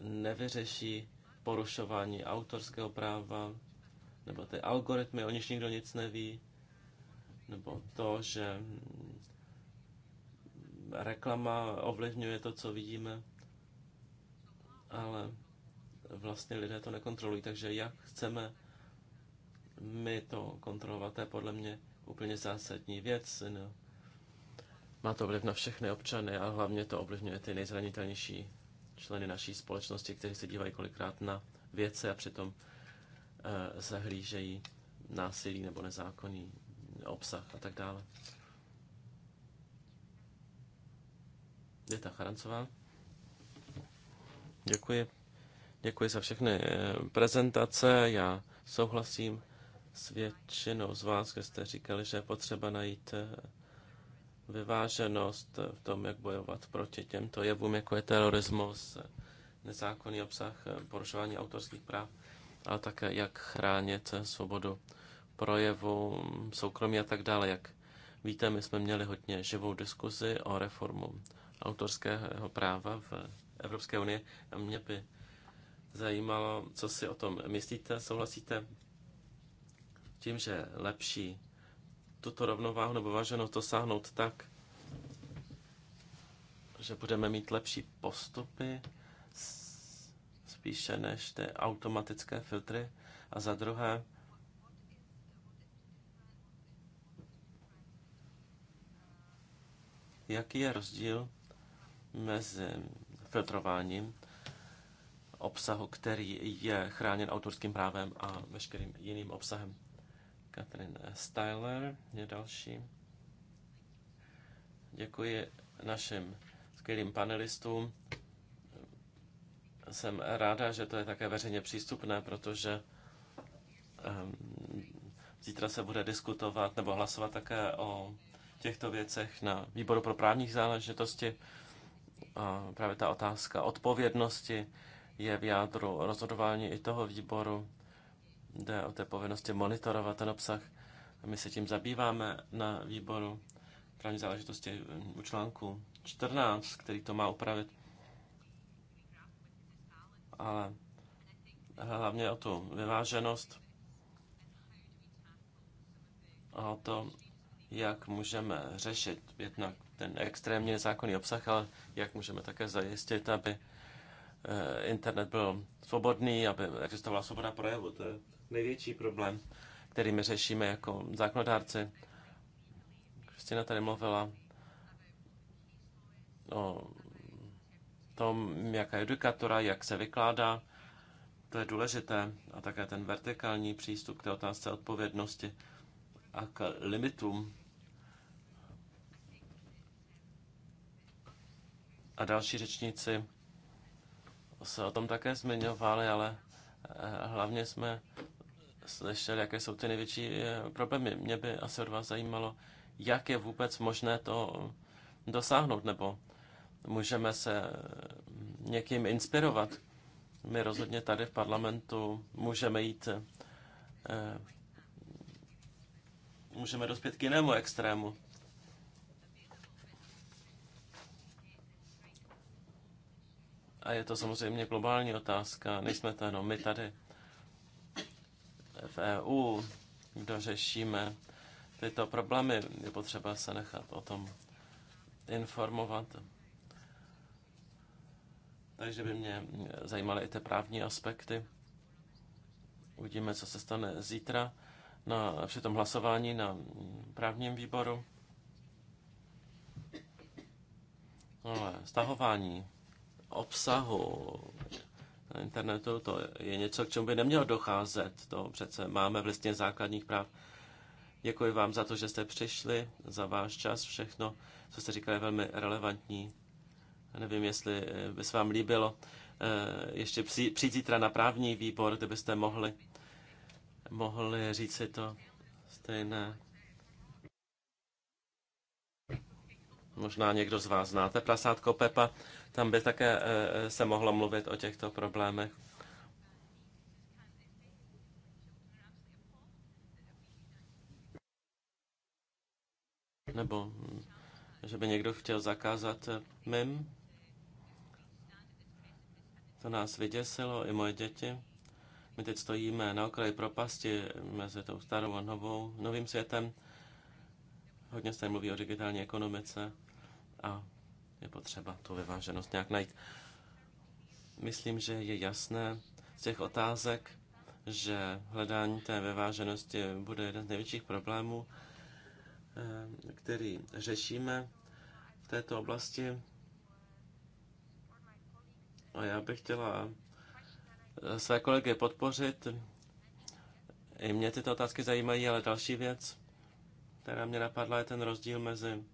nevyřeší porušování autorského práva, nebo ty algoritmy, o nich nikdo nic neví nebo to, že reklama ovlivňuje to, co vidíme, ale vlastně lidé to nekontrolují, takže jak chceme my to kontrolovat, to je podle mě úplně zásadní věc. No. Má to vliv na všechny občany a hlavně to ovlivňuje ty nejzranitelnější členy naší společnosti, kteří se dívají kolikrát na věce a přitom eh, zahlížejí násilí nebo nezákonný obsah a tak dále. Děta Charancová. Děkuji. Děkuji za všechny eh, prezentace. Já souhlasím s většinou z vás, kde jste říkali, že je potřeba najít eh, vyváženost v tom, jak bojovat proti těmto jevům, jako je terorismus, eh, nezákonný obsah, porušování autorských práv, ale také jak chránit svobodu projevu, soukromí a tak dále. Jak víte, my jsme měli hodně živou diskuzi o reformu autorského práva v Evropské unii a mě by zajímalo, co si o tom myslíte, souhlasíte tím, že lepší tuto rovnováhu nebo váženost dosáhnout tak, že budeme mít lepší postupy spíše než ty automatické filtry. A za druhé, Jaký je rozdíl mezi filtrováním obsahu, který je chráněn autorským právem a veškerým jiným obsahem? Katrin Styler je další. Děkuji našim skvělým panelistům. Jsem ráda, že to je také veřejně přístupné, protože ehm, zítra se bude diskutovat nebo hlasovat také o těchto věcech na výboru pro právní záležitosti. A právě ta otázka odpovědnosti je v jádru rozhodování i toho výboru. Jde o té povinnosti monitorovat ten obsah. My se tím zabýváme na výboru právní záležitosti u článku 14, který to má upravit. Ale hlavně o tu vyváženost a o to, jak můžeme řešit jednak ten extrémně zákonný obsah, ale jak můžeme také zajistit, aby eh, internet byl svobodný, aby existovala svoboda projevu. To je největší problém, který my řešíme jako zákonodárci. Kristina tady mluvila o tom, jaká je judikatura, jak se vykládá. To je důležité. A také ten vertikální přístup k té otázce odpovědnosti a k limitům a další řečníci se o tom také zmiňovali, ale eh, hlavně jsme slyšeli, jaké jsou ty největší eh, problémy. Mě by asi od vás zajímalo, jak je vůbec možné to dosáhnout, nebo můžeme se eh, někým inspirovat. My rozhodně tady v parlamentu můžeme jít, můžeme dospět k jinému extrému. A je to samozřejmě globální otázka. Nejsme to jenom my tady v EU, kdo řešíme tyto problémy. Je potřeba se nechat o tom informovat. Takže by mě zajímaly i ty právní aspekty. Uvidíme, co se stane zítra na, při tom hlasování na právním výboru. Ale stahování obsahu na internetu, to je něco, k čemu by nemělo docházet. To přece máme v listině základních práv. Děkuji vám za to, že jste přišli, za váš čas, všechno, co jste říkali, je velmi relevantní. Nevím, jestli eh, by se vám líbilo eh, ještě přijít zítra na právní výbor, kde byste mohli, mohli říct si to stejné. možná někdo z vás znáte prasátko Pepa, tam by také eh, se mohlo mluvit o těchto problémech. Nebo hm, že by někdo chtěl zakázat eh, mim. To nás vyděsilo, i moje děti. My teď stojíme na okraji propasti mezi tou starou a novou, novým světem. Hodně se mluví o digitální ekonomice a je potřeba tu vyváženost nějak najít. Myslím, že je jasné z těch otázek, že hledání té vyváženosti bude jeden z největších problémů, eh, který řešíme v této oblasti. A já bych chtěla eh, své kolegy podpořit. I mě tyto otázky zajímají, ale další věc, která mě napadla, je ten rozdíl mezi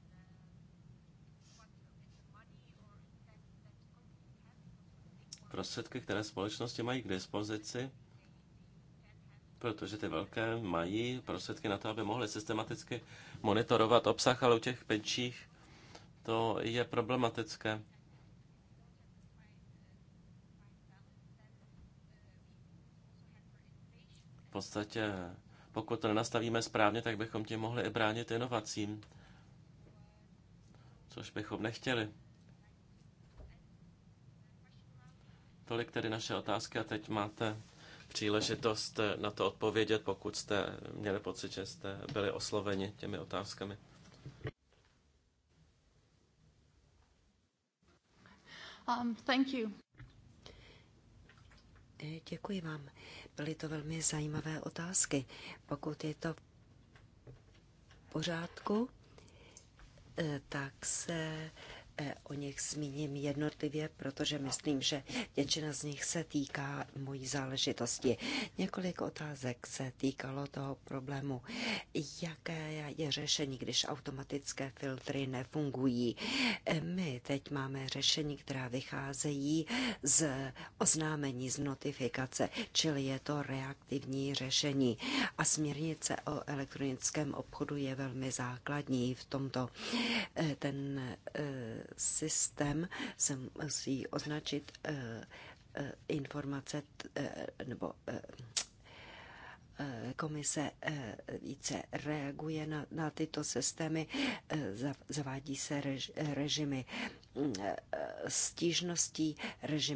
prostředky, které společnosti mají k dispozici, protože ty velké mají prostředky na to, aby mohly systematicky monitorovat obsah, ale u těch menších to je problematické. V podstatě, pokud to nenastavíme správně, tak bychom tím mohli i bránit inovacím, což bychom nechtěli. Tolik tedy naše otázky a teď máte příležitost eh, na to odpovědět, pokud jste měli pocit, že jste byli osloveni těmi otázkami. Um, thank you. Eh, děkuji vám. Byly to velmi zajímavé otázky. Pokud je to v pořádku, eh, tak se E, o nich zmíním jednotlivě, protože myslím, že většina z nich se týká mojí záležitosti. Několik otázek se týkalo toho problému, jaké je řešení, když automatické filtry nefungují. E, my teď máme řešení, která vycházejí z oznámení, z notifikace, čili je to reaktivní řešení. A směrnice o elektronickém obchodu je velmi základní v tomto. E, ten systém se musí označit eh, eh, informace eh, nebo komise více reaguje na, na tyto systémy, zavádí se režimy stížností,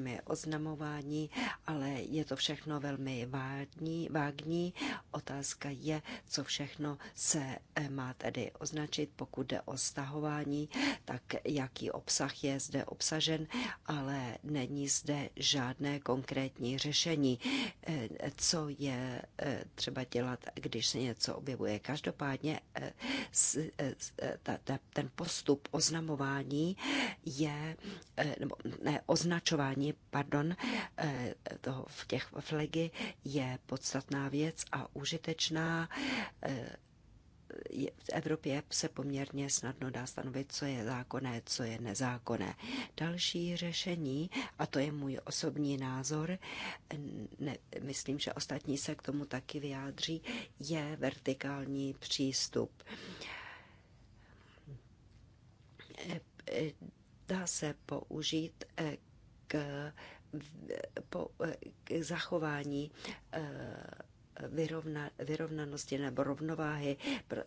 je oznamování, ale je to všechno velmi vágní. vágní. Otázka je, co všechno se eh, má tedy označit, pokud jde o stahování, tak jaký obsah je zde obsažen, ale není zde žádné konkrétní řešení, eh, co je eh, třeba dělat, když se něco objevuje. Každopádně ten postup oznamování je, eh, nebo ne, označování, pardon, eh, toho v těch flegy je podstatná věc a užitečná. Eh, v Evropě se poměrně snadno dá stanovit, co je zákonné, co je nezákonné. Další řešení, a to je můj osobní názor, ne, myslím, že ostatní se k tomu taky vyjádří, je vertikální přístup dá se použít eh, k, po, eh, k zachování eh, vyrovna, vyrovnanosti nebo rovnováhy.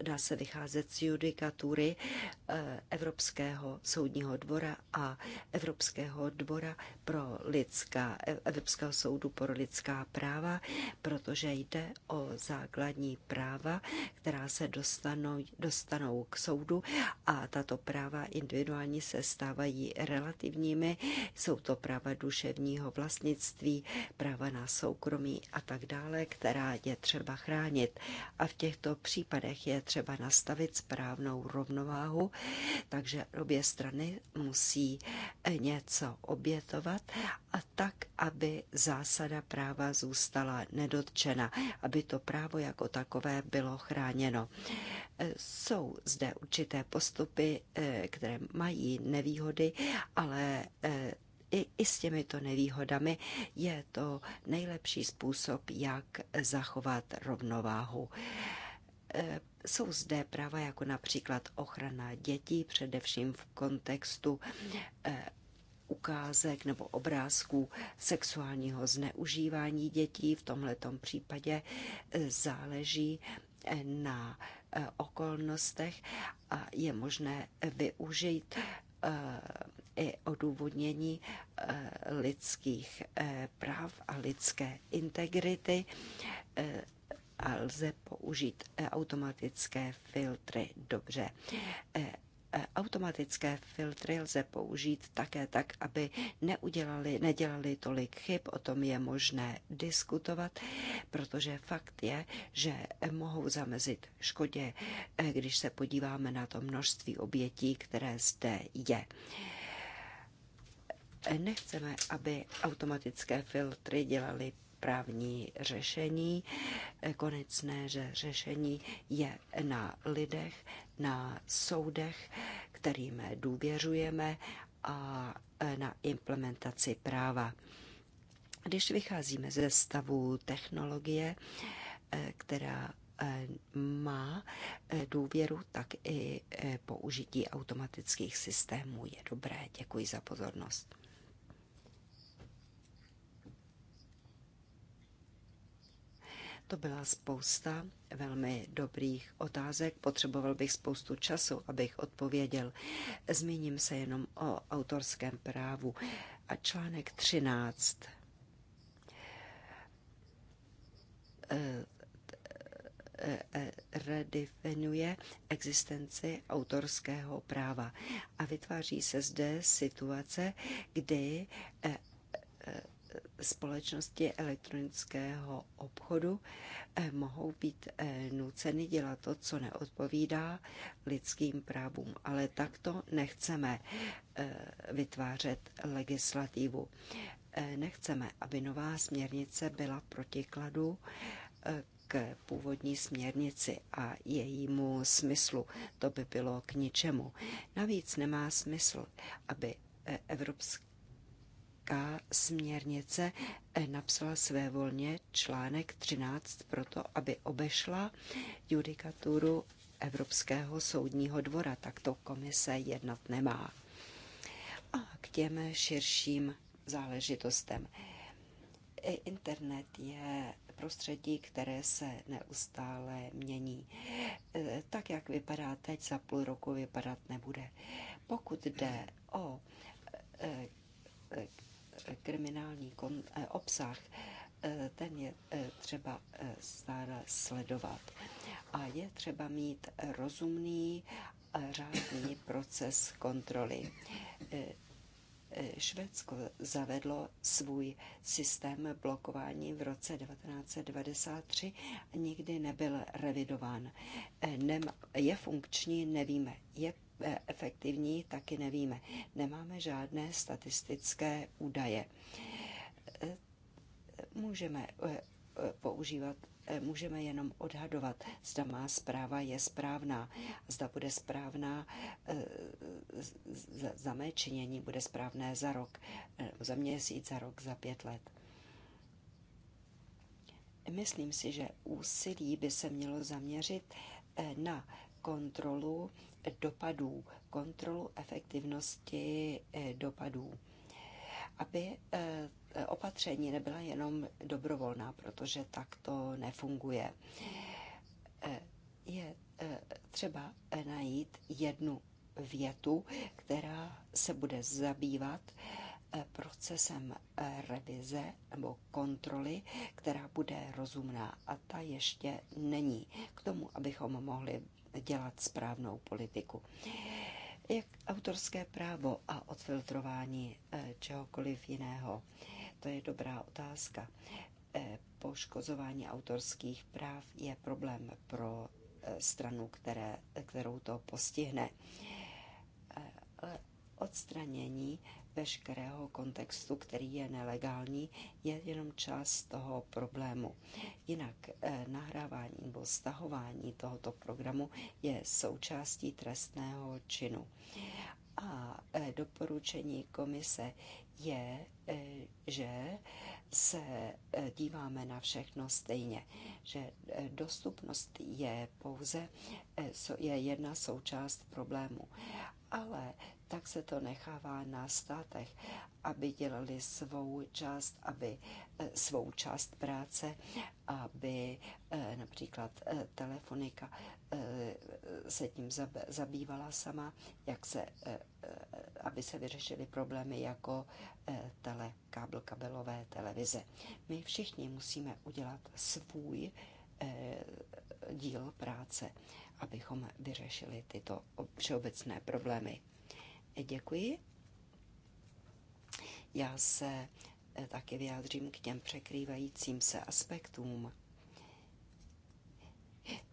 Dá se vycházet z judikatury eh, Evropského soudního dvora a Evropského dvora pro lidská, eh, Evropského soudu pro lidská práva, protože jde o základní práva, která se dostanou, dostanou k soudu a tato práva individuální se stávají relativními. Jsou to práva duševního vlastnictví, práva na soukromí a tak dále, která je třeba chránit. A v těchto případech je třeba nastavit správnou rovnováhu, takže obě strany musí eh, něco obětovat a tak, aby zásada práva zůstala nedotčena, aby to právo jako takové bylo chráněno. Eh, jsou zde určité postupy, eh, které mají nevýhody, ale i, i s těmito nevýhodami je to nejlepší způsob, jak zachovat rovnováhu. E, jsou zde práva jako například ochrana dětí, především v kontextu e, ukázek nebo obrázků sexuálního zneužívání dětí. V tomto případě e, záleží na okolnostech a je možné využít i odůvodnění eh, lidských eh, práv a lidské integrity eh, a lze použít automatické filtry dobře. Automatické filtry lze použít také tak, aby neudělali, nedělali tolik chyb, o tom je možné diskutovat, protože fakt je, že mohou zamezit škodě, když se podíváme na to množství obětí, které zde je. Nechceme, aby automatické filtry dělaly právní řešení. Konečné že řešení je na lidech, na soudech, kterým důvěřujeme a na implementaci práva. Když vycházíme ze stavu technologie, která eh, má eh, důvěru, tak i eh, použití automatických systémů je dobré. Děkuji za pozornost. To byla spousta velmi dobrých otázek. Potřeboval bych spoustu času, abych odpověděl. Zmíním se jenom o autorském právu. A článek 13 eh, eh, redefinuje existenci autorského práva. A vytváří se zde situace, kdy eh, společnosti elektronického obchodu eh, mohou být eh, nuceny dělat to, co neodpovídá lidským právům. Ale takto nechceme eh, vytvářet legislativu. Nechceme, aby nová směrnice byla protikladu k původní směrnici a jejímu smyslu. To by bylo k ničemu. Navíc nemá smysl, aby Evropská evropská směrnice eh, napsala své volně článek 13 proto, aby obešla judikaturu Evropského soudního dvora. Tak to komise jednat nemá. A k těm širším záležitostem. Eh, internet je prostředí, které se neustále mění. Eh, tak, jak vypadá teď, za půl roku vypadat nebude. Pokud jde o kriminální eh, obsah, eh, ten je eh, třeba stále sledovat. A je třeba mít rozumný a řádný proces kontroly. Švédsko zavedlo svůj systém blokování v roce 1993 a nikdy nebyl revidován. Je funkční, nevíme. Je efektivní, taky nevíme. Nemáme žádné statistické údaje. Můžeme eh, eh, používat eh, můžeme jenom odhadovat, zda má zpráva je správná, zda bude správná za mé činění, bude správné za rok, za měsíc, za rok, za pět let. Myslím si, že úsilí by se mělo zaměřit na kontrolu dopadů, kontrolu efektivnosti eh, dopadů, aby eh, opatření nebyla jenom dobrovolná, protože tak to nefunguje. Eh, je třeba najít jednu větu, která se bude zabývat procesem revize nebo kontroly, která bude rozumná a ta ještě není k tomu, abychom mohli dělat správnou politiku. Jak autorské právo a odfiltrování eh, čehokoliv jiného? To je dobrá otázka. Eh, poškozování autorských práv je problém pro eh, stranu, které, kterou to postihne. Odstranění veškerého kontextu, který je nelegální, je jenom část toho problému. Jinak eh, nahrávání nebo stahování tohoto programu je součástí trestného činu. A eh, doporučení komise je, eh, že se díváme na všechno stejně, že dostupnost je pouze je jedna součást problému ale tak se to nechává na státech, aby dělali svou část, aby eh, svou část práce, aby eh, například eh, telefonika se tím zabývala sama, jak se, aby se vyřešily problémy jako telekábl kabelové televize. My všichni musíme udělat svůj díl práce abychom vyřešili tyto všeobecné problémy. Děkuji. Já se eh, taky vyjádřím k těm překrývajícím se aspektům.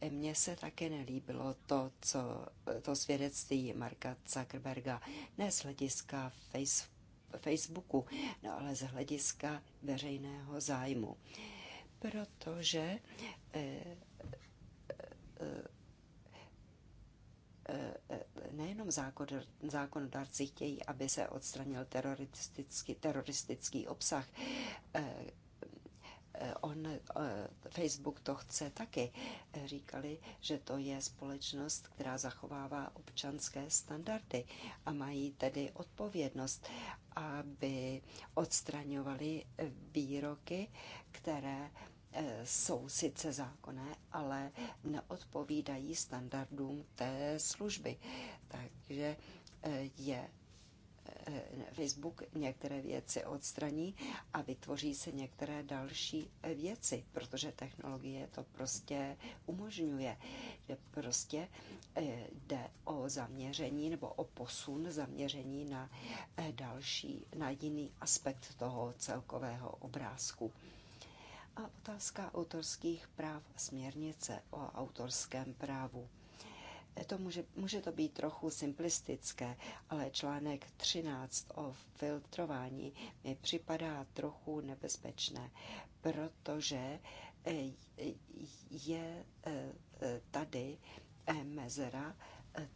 Eh, mně se také nelíbilo to, co, eh, to svědectví Marka Zuckerberga, ne z hlediska face, Facebooku, no ale z hlediska veřejného zájmu. Protože eh, eh, E, e, nejenom zákonodárci chtějí, aby se odstranil teroristický, teroristický obsah, e, on, Facebook to chce taky. Říkali, že to je společnost, která zachovává občanské standardy a mají tedy odpovědnost, aby odstraňovali výroky, které jsou sice zákonné, ale neodpovídají standardům té služby. Takže eh, je eh, Facebook některé věci odstraní a vytvoří se některé další eh, věci, protože technologie to prostě umožňuje. prostě jde o zaměření nebo o posun zaměření na další, na jiný aspekt toho celkového obrázku a otázka autorských práv směrnice o autorském právu. To může, může to být trochu simplistické, ale článek 13 o filtrování mi připadá trochu nebezpečné, protože eh, je eh, tady eh, mezera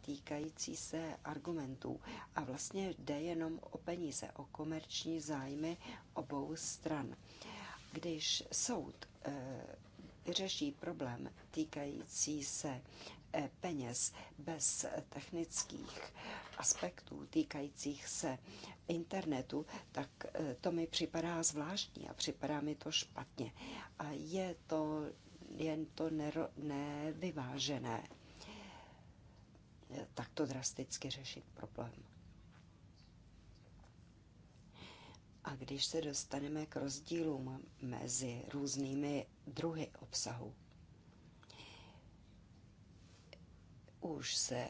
týkající se argumentů. A vlastně jde jenom o peníze, o komerční zájmy obou stran. Když soud eh, vyřeší problém týkající se eh, peněz bez technických aspektů týkajících se internetu, tak eh, to mi připadá zvláštní a připadá mi to špatně. A je to jen to nero, nevyvážené takto drasticky řešit problém. A když se dostaneme k rozdílům mezi různými druhy obsahu, už se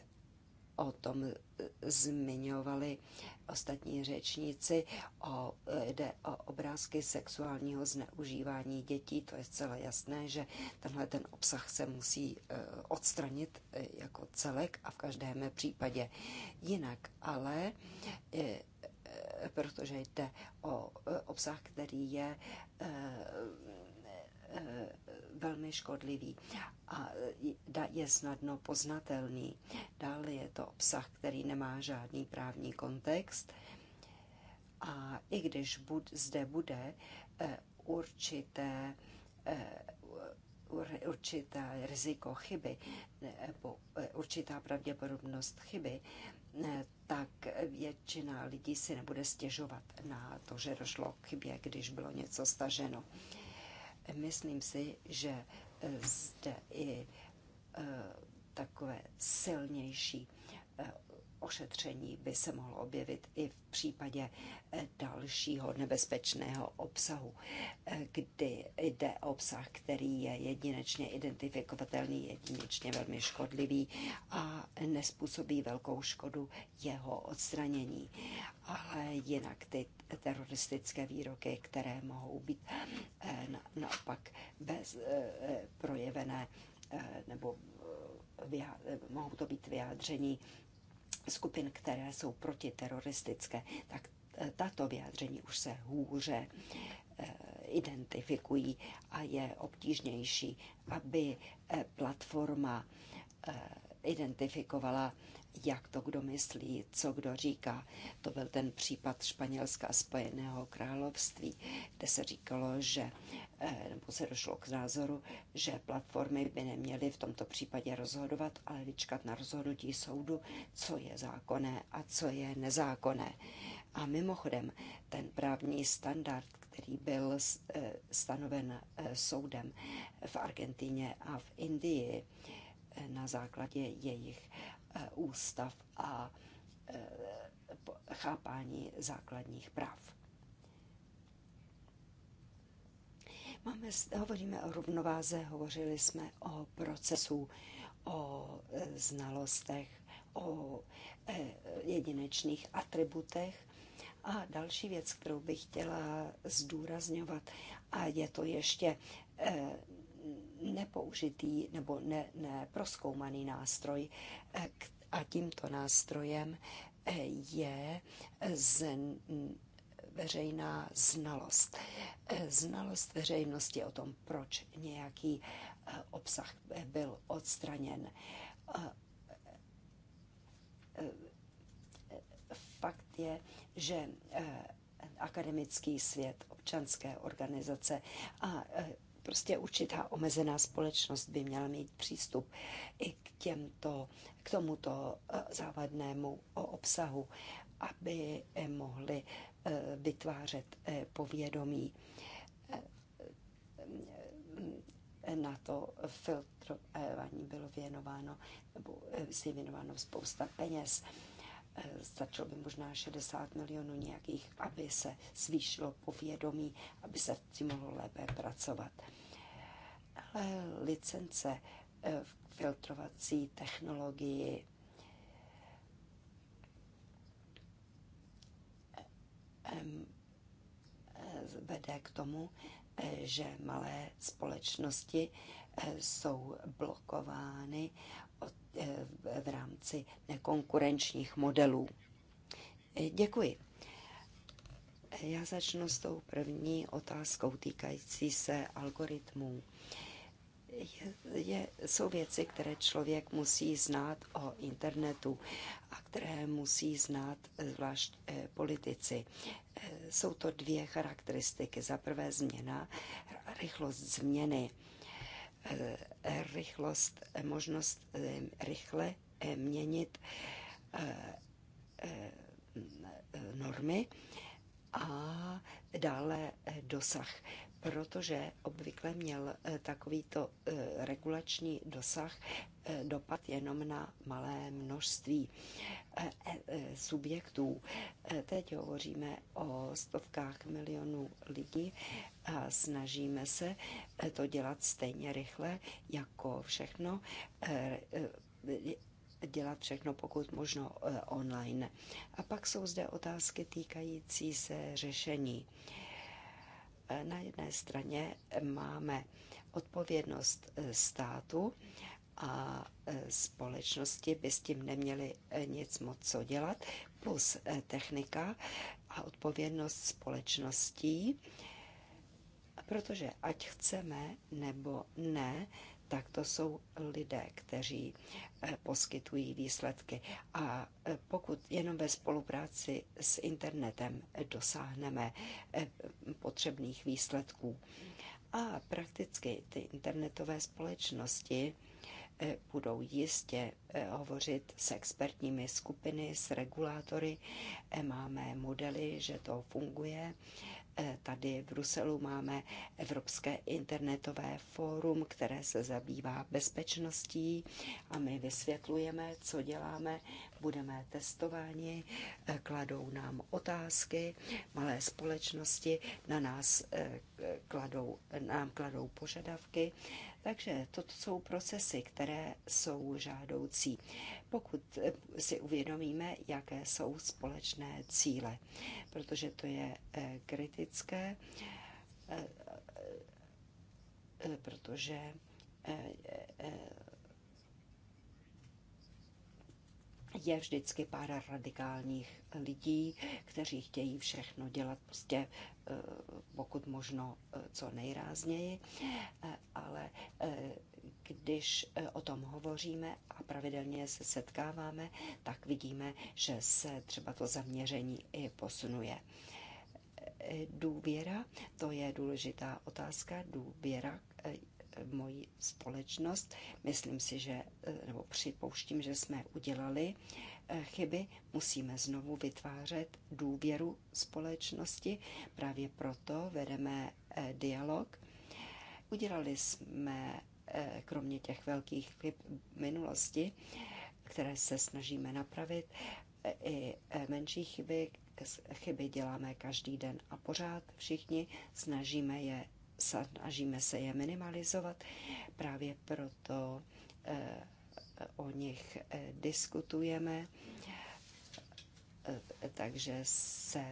o tom zmiňovali ostatní řečníci, o, jde o obrázky sexuálního zneužívání dětí. To je zcela jasné, že tenhle ten obsah se musí e, odstranit e, jako celek a v každém případě jinak. Ale e, protože jde o e, obsah, který je e, e, velmi škodlivý a je snadno poznatelný. Dále je to obsah, který nemá žádný právní kontext a i když bud, zde bude určité určité riziko chyby nebo určitá pravděpodobnost chyby, Eh, tak většina lidí si nebude stěžovat na to, že došlo k chybě, když bylo něco staženo. Eh, myslím si, že eh, zde i takové silnější ošetření by se mohlo objevit i v případě eh, dalšího nebezpečného obsahu, eh, kdy jde o obsah, který je jedinečně identifikovatelný, jedinečně velmi škodlivý a nespůsobí velkou škodu jeho odstranění. Ale jinak ty teroristické výroky, které mohou být eh, naopak bez projevené nebo mohou to být vyjádření skupin, které jsou protiteroristické, tak e, tato vyjádření už se hůře e, identifikují a je obtížnější, aby e, platforma identifikovala, jak to kdo myslí, co kdo říká. To byl ten případ Španělska a Spojeného království, kde se říkalo, že, eh, nebo se došlo k názoru, že platformy by neměly v tomto případě rozhodovat, ale vyčkat na rozhodnutí soudu, co je zákonné a co je nezákonné. A mimochodem, ten právní standard, který byl eh, stanoven eh, soudem v Argentíně a v Indii, na základě jejich eh, ústav a eh, chápání základních práv. Máme, hovoříme o rovnováze, hovořili jsme o procesu, o eh, znalostech, o jedinečných atributech. A další věc, kterou bych chtěla zdůrazňovat, a je to ještě nepoužitý nebo ne, neproskoumaný nástroj eh, a tímto nástrojem eh, je z, veřejná znalost. Eh, znalost veřejnosti o tom, proč nějaký obsah byl odstraněn. Fakt je, že akademický svět, občanské organizace a Prostě určitá omezená společnost by měla mít přístup i k, těmto, k tomuto eh, závadnému obsahu, aby eh, mohli eh, vytvářet povědomí na to filtrování bylo věnováno, nebo si věnováno spousta peněz. Eh, stačilo by možná 60 milionů nějakých, aby se zvýšilo povědomí, aby se tím mohlo lépe pracovat. Ale licence eh, v filtrovací technologii eh, vede k tomu, že malé společnosti jsou blokovány Eh, v rámci konkurenčních modelů. Eh, děkuji. Eh, já začnu s tou první otázkou týkající se algoritmů. Je, je, jsou věci, které člověk musí znát o internetu a které musí znát zvlášť eh, politici. Eh, jsou to dvě charakteristiky. Za prvé změna, rychlost změny. Eh, rychlost, eh, možnost eh, rychle měnit normy a dále dosah protože obvykle měl eh, takovýto eh, regulační dosah eh, dopad jenom na malé množství subjektů. Teď hovoříme o stovkách milionů lidí a snažíme se to dělat stejně rychle jako všechno dělat všechno pokud možno online. A pak jsou zde otázky týkající se řešení. Na jedné straně máme odpovědnost eh, státu a eh, společnosti by s tím neměly eh, nic moc co dělat, plus technika a odpovědnost společností, protože ať chceme nebo ne, tak to jsou lidé, kteří eh, poskytují výsledky. A eh, pokud jenom ve spolupráci s internetem dosáhneme eh, potřebných výsledků, a prakticky ty internetové společnosti budou jistě hovořit s expertními skupiny, s regulátory. Máme modely, že to funguje Eh, tady v Bruselu máme Evropské internetové fórum, které se zabývá bezpečností a my vysvětlujeme, co děláme, budeme testováni, eh, kladou nám otázky, malé společnosti na nás eh, kladou, nám kladou požadavky takže to jsou procesy, které jsou žádoucí, pokud eh, si uvědomíme, jaké jsou společné cíle, protože to je eh, kritické, eh, protože je vždycky pár radikálních lidí, kteří chtějí všechno dělat prostě Eh, pokud možno eh, co nejrázněji, eh, ale když o tom hovoříme a pravidelně se setkáváme, tak vidíme, že se třeba to zaměření i posunuje. Důvěra, to je důležitá otázka, důvěra v moji společnost. Myslím si, že, nebo připouštím, že jsme udělali chyby, musíme znovu vytvářet důvěru společnosti. Právě proto vedeme eh, dialog. Udělali jsme, eh, kromě těch velkých chyb minulosti, které se snažíme napravit, eh, i menší chyby, chyby děláme každý den a pořád všichni, snažíme, je, snažíme se je minimalizovat. Právě proto o nich eh, diskutujeme, eh, takže se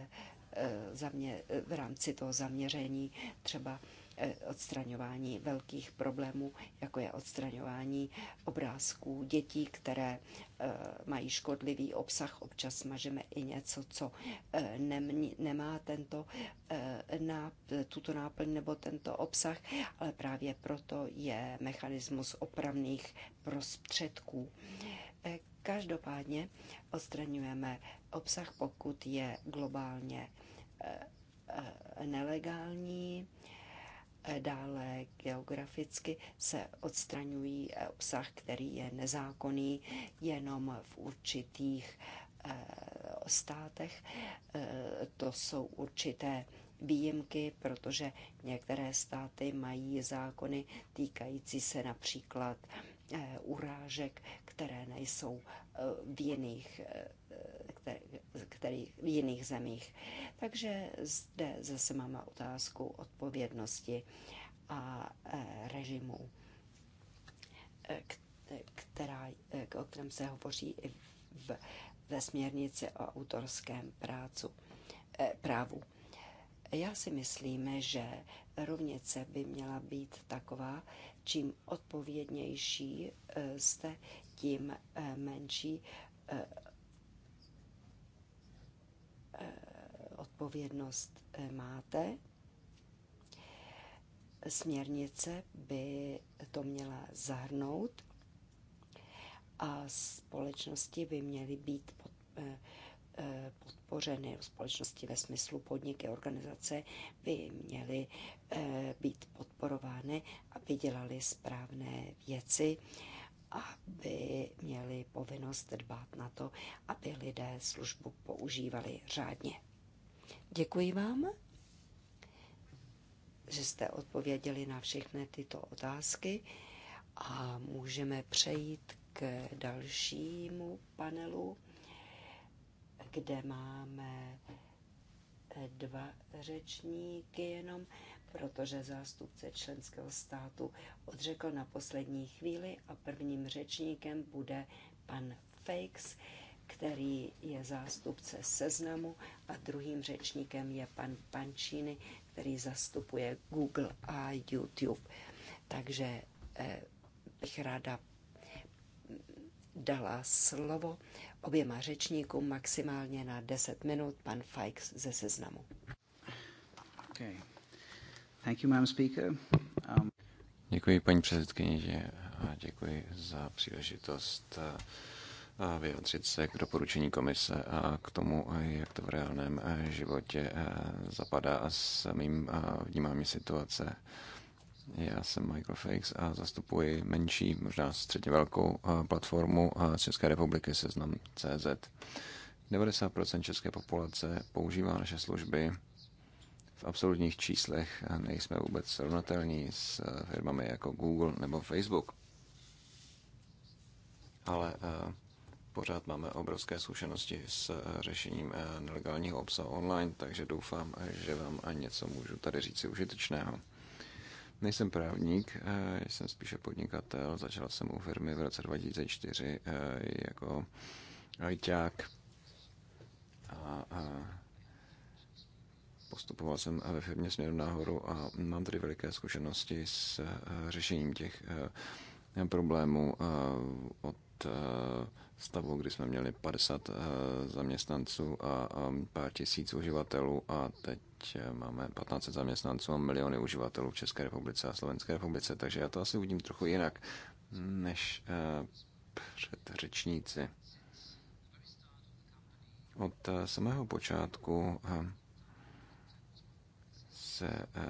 eh, zamě, v rámci toho zaměření třeba Eh, odstraňování velkých problémů, jako je odstraňování obrázků dětí, které eh, mají škodlivý obsah. Občas mažeme i něco, co eh, nemá tento, tuto náplň nebo tento obsah, ale právě proto je mechanismus opravných prostředků. Každopádně odstraňujeme obsah, pokud je globálně nelegální, Eh, dále geograficky se odstraňují eh, obsah, který je nezákonný jenom v určitých eh, státech. To jsou určité výjimky, protože některé státy mají zákony týkající se například urážek, které nejsou v jiných který v jiných zemích. Takže zde zase máme otázku odpovědnosti a e, režimu, e, která, e, o kterém se hovoří i v, ve směrnici o autorském prácu, právu. Já si myslím, že rovnice by měla být taková, čím odpovědnější jste, tím menší odpovědnost eh, máte. Směrnice by to měla zahrnout a společnosti by měly být eh, eh, podpořeny. Společnosti ve smyslu podniky, organizace by měly být podporovány, aby dělali správné věci, aby měli povinnost dbát na to, aby lidé službu používali řádně. Děkuji vám, že jste odpověděli na všechny tyto otázky a můžeme přejít k dalšímu panelu, kde máme dva řečníky jenom, protože zástupce členského státu odřekl na poslední chvíli a prvním řečníkem bude pan Fakes, který je zástupce seznamu a druhým řečníkem je pan Pančíny, který zastupuje Google a YouTube. Takže eh, bych ráda dala slovo oběma řečníkům maximálně na 10 minut, pan Fikes ze seznamu. Okay. Thank you, Madam Speaker. Um... Děkuji, paní předsedkyně, a děkuji za příležitost uh, vyjádřit se k doporučení komise a k tomu, jak to v reálném eh, životě eh, zapadá a s mým eh, vnímáním situace. Já jsem Michael Fix a zastupuji menší, možná středně velkou platformu z České republiky Seznam CZ. 90% české populace používá naše služby. V absolutních číslech nejsme vůbec srovnatelní s firmami jako Google nebo Facebook. Ale pořád máme obrovské zkušenosti s eh, řešením eh, nelegálního obsahu online, takže doufám, že vám něco můžu tady říct si užitečného. Nejsem právník, eh, jsem spíše podnikatel. Začal jsem u firmy v roce 2004 jako ajťák. A, postupoval jsem ve firmě směrem nahoru a mám tady veliké zkušenosti s řešením těch problémů od stavu, kdy jsme měli 50 eh, zaměstnanců a pár tisíc uživatelů a teď eh, máme 15 zaměstnanců a miliony uživatelů v České republice a Slovenské republice, takže já to asi uvidím trochu jinak než eh, předřečníci. Od samého počátku se eh,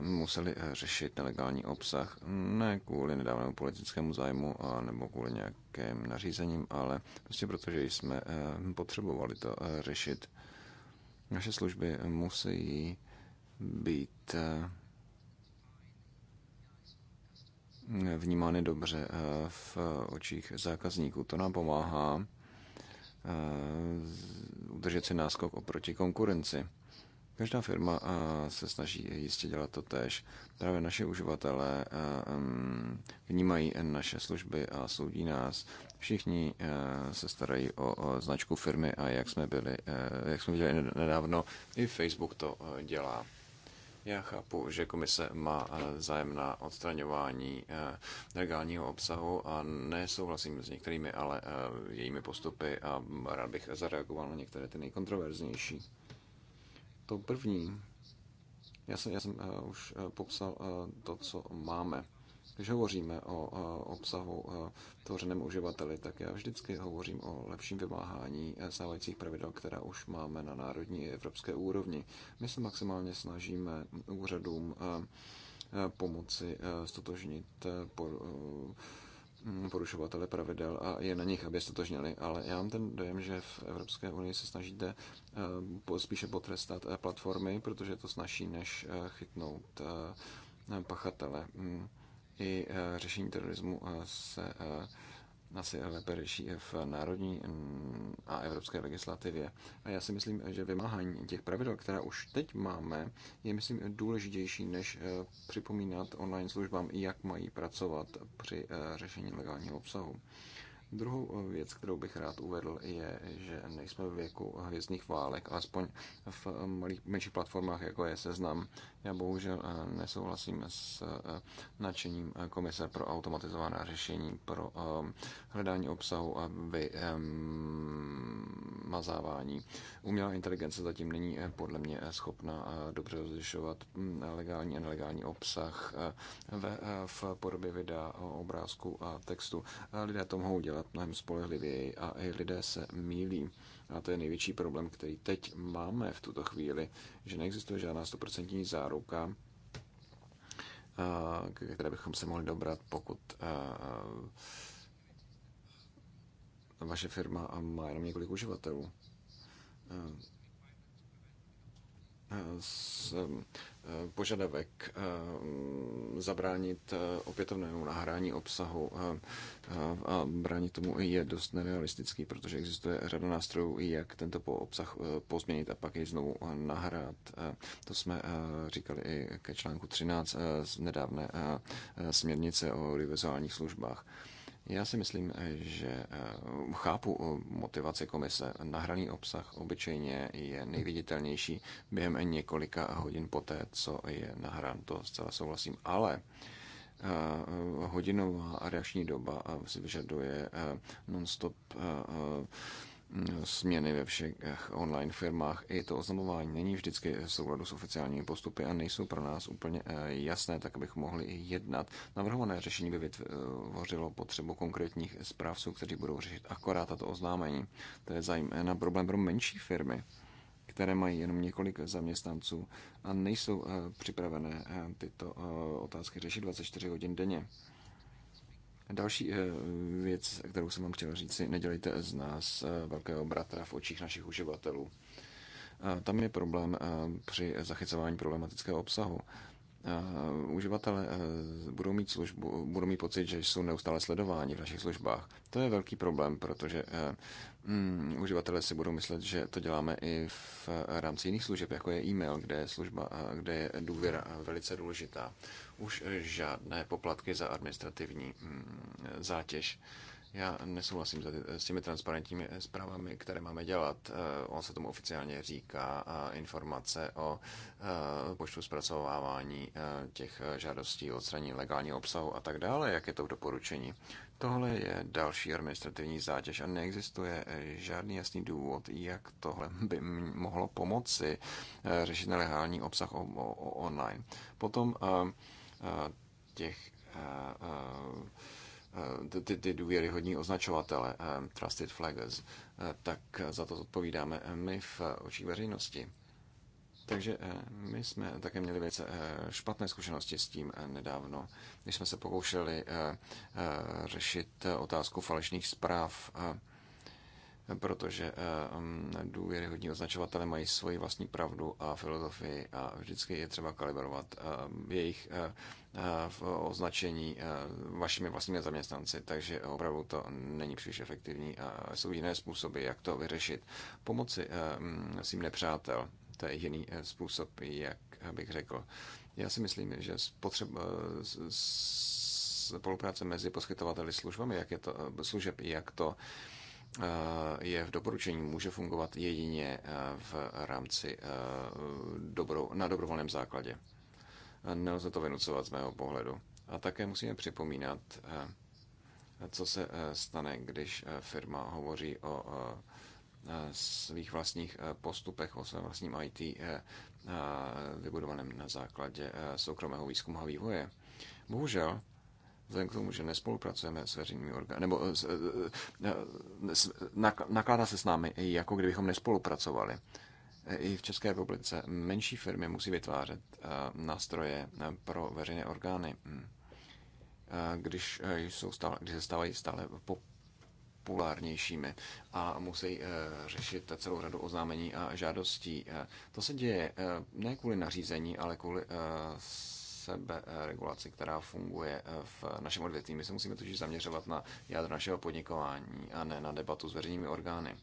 museli eh, řešit nelegální obsah ne kvůli nedávnému politickému zájmu a nebo kvůli nějakým nařízením, ale prostě protože jsme eh, potřebovali to řešit. Naše služby musí být vnímány dobře v očích zákazníků. To nám pomáhá udržet si náskok oproti konkurenci. Každá firma eh, se snaží jistě dělat to tež. Právě naše uživatelé eh, vnímají naše služby a soudí nás. Všichni eh, se starají o značku firmy a jak jsme byli, jak jsme viděli nedávno, i Facebook to dělá. Já chápu, že komise má zájem na odstraňování legálního obsahu a nesouhlasím s některými, ale jejími postupy a rád bych zareagoval na některé ty nejkontroverznější tou první, já jsem, já jsem uh, už uh, popsal uh, to, co máme. Když hovoříme o uh, obsahu uh, tvořeném uživateli, tak já vždycky hovořím o lepším vymáhání stávajících pravidel, která už máme na národní i evropské úrovni. My se maximálně snažíme úřadům uh, pomoci uh, stotožnit uh, po, uh, Mm, porušovatele pravidel a je na nich, aby žněli. Ale já mám ten dojem, že v Evropské unii se snažíte eh, spíše potrestat eh, platformy, protože je to snaží, než eh, chytnout pachatele. Mm, I řešení terorismu se asi lépe řeší v národní mm, a evropské legislativě. A já si myslím, že vymáhání těch pravidel, která už teď máme, je, myslím, důležitější, než eh, připomínat online službám, jak mají pracovat při eh, řešení legálního obsahu. Druhou eh, věc, kterou bych rád uvedl, je, že nejsme ve věku hvězdných válek, alespoň v eh, malých, menších platformách, jako je Seznam. Já bohužel eh, nesouhlasím s nadšením Komise pro automatizovaná řešení pro hledání obsahu a vymazávání. Ehm, Umělá inteligence zatím není podle mě schopna dobře rozlišovat hm, legální a nelegální obsah v, v podobě videa, obrázku a textu. Lidé to mohou dělat mnohem spolehlivěji a i lidé se mílí. A to je největší problém, který teď máme v tuto chvíli, že neexistuje žádná stoprocentní záruka, které bychom se mohli dobrat, pokud vaše firma má jenom několik uživatelů s, eh, požadavek eh, zabránit eh, opětovnému nahrání obsahu a bránit tomu je dost nerealistický, protože existuje řada nástrojů, jak tento obsah pozměnit a pak jej znovu nahrát. To jsme říkali i ke článku 13 z nedávné směrnice o audiovizuálních službách já si myslím, že eh, chápu eh, motivaci komise. Nahraný obsah obyčejně je nejviditelnější během několika hodin poté, co je nahrán. To zcela souhlasím. Ale eh, hodinová reakční doba si vyžaduje non-stop směny ve všech online firmách. I to oznamování není vždycky v souladu s oficiálními postupy a nejsou pro nás úplně eh, jasné, tak abychom mohli jednat. Navrhované řešení by vytvořilo potřebu konkrétních zprávců, kteří budou řešit akorát tato oznámení. To je zajímavé eh, problém pro menší firmy které mají jenom několik zaměstnanců a nejsou eh, připravené tyto otázky řešit 24 hodin denně. Další eh, věc, kterou jsem vám chtěl říct, si nedělejte z nás eh, velkého bratra v očích našich uživatelů. Eh, tam je problém při zachycování problematického obsahu. Eh, uživatelé eh, budou mít, službu, budou mít pocit, že jsou neustále sledováni v našich službách. To je velký problém, protože um, uživatelé si budou myslet, že to děláme i v rámci jiných služeb, jako je e-mail, kde je, služba, kde je důvěra velice důležitá. Už žádné poplatky za administrativní mm, zátěž já nesouhlasím s eh, těmi transparentními eh, zprávami, které máme dělat. Eh, On se tomu oficiálně říká informace o počtu zpracovávání těch žádostí o odstranění legálního obsahu a tak dále, jak je to v doporučení. Tohle je další administrativní zátěž a neexistuje žádný jasný důvod, jak tohle by mohlo pomoci řešit nelegální obsah online. Potom těch Eh, ty, ty důvěryhodní označovatele, eh, trusted flaggers, eh, tak za to odpovídáme my v očích veřejnosti. Takže my jsme také měli velice špatné zkušenosti s tím nedávno, když jsme se pokoušeli řešit otázku falešných zpráv protože eh, mm, důvěryhodní označovatele mají svoji vlastní pravdu a filozofii a vždycky je třeba kalibrovat eh, jejich eh, označení vašimi vlastními zaměstnanci, takže opravdu to není příliš efektivní a jsou jiné způsoby, jak to vyřešit. Pomoci mm, svým nepřátel, to je jiný způsob, jak bych řekl. Já si myslím, že spotřeba, spolupráce mezi poskytovateli službami, jak je to, služeb, jak to Eh, je v doporučení, může fungovat jedině eh, v rámci eh, dobrou, na dobrovolném základě. Nelze to vynucovat z mého pohledu. A také musíme připomínat, co se stane, když firma hovoří o svých vlastních postupech, o svém vlastním IT vybudovaném na základě soukromého výzkumu a vývoje. Bohužel vzhledem k tomu, že nespolupracujeme s veřejnými orgány, nebo eh, s, eh, eh, s, nakládá se s námi, jako kdybychom nespolupracovali. I v České republice menší firmy musí vytvářet nástroje pro veřejné orgány, hm. když, jsou stále, když se stávají stále populárnějšími a musí řešit celou řadu oznámení a žádostí. To se děje ne kvůli nařízení, ale kvůli seberegulaci, eh, která funguje eh, v našem odvětví. My se musíme totiž zaměřovat na jádro našeho podnikování a ne na debatu s veřejnými orgány.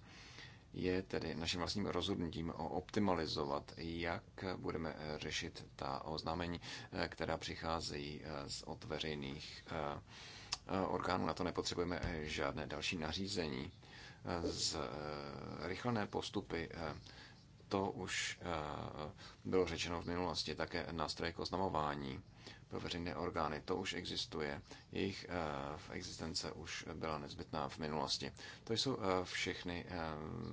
Je tedy naším vlastním rozhodnutím o optimalizovat, jak budeme eh, řešit ta oznámení, která přicházejí od veřejných orgánů. Na to nepotřebujeme žádné další nařízení. Z rychlené postupy to už eh, bylo řečeno v minulosti, také nástroje k oznamování pro veřejné orgány, to už existuje. Jejich eh, existence už byla nezbytná v minulosti. To jsou eh, všechny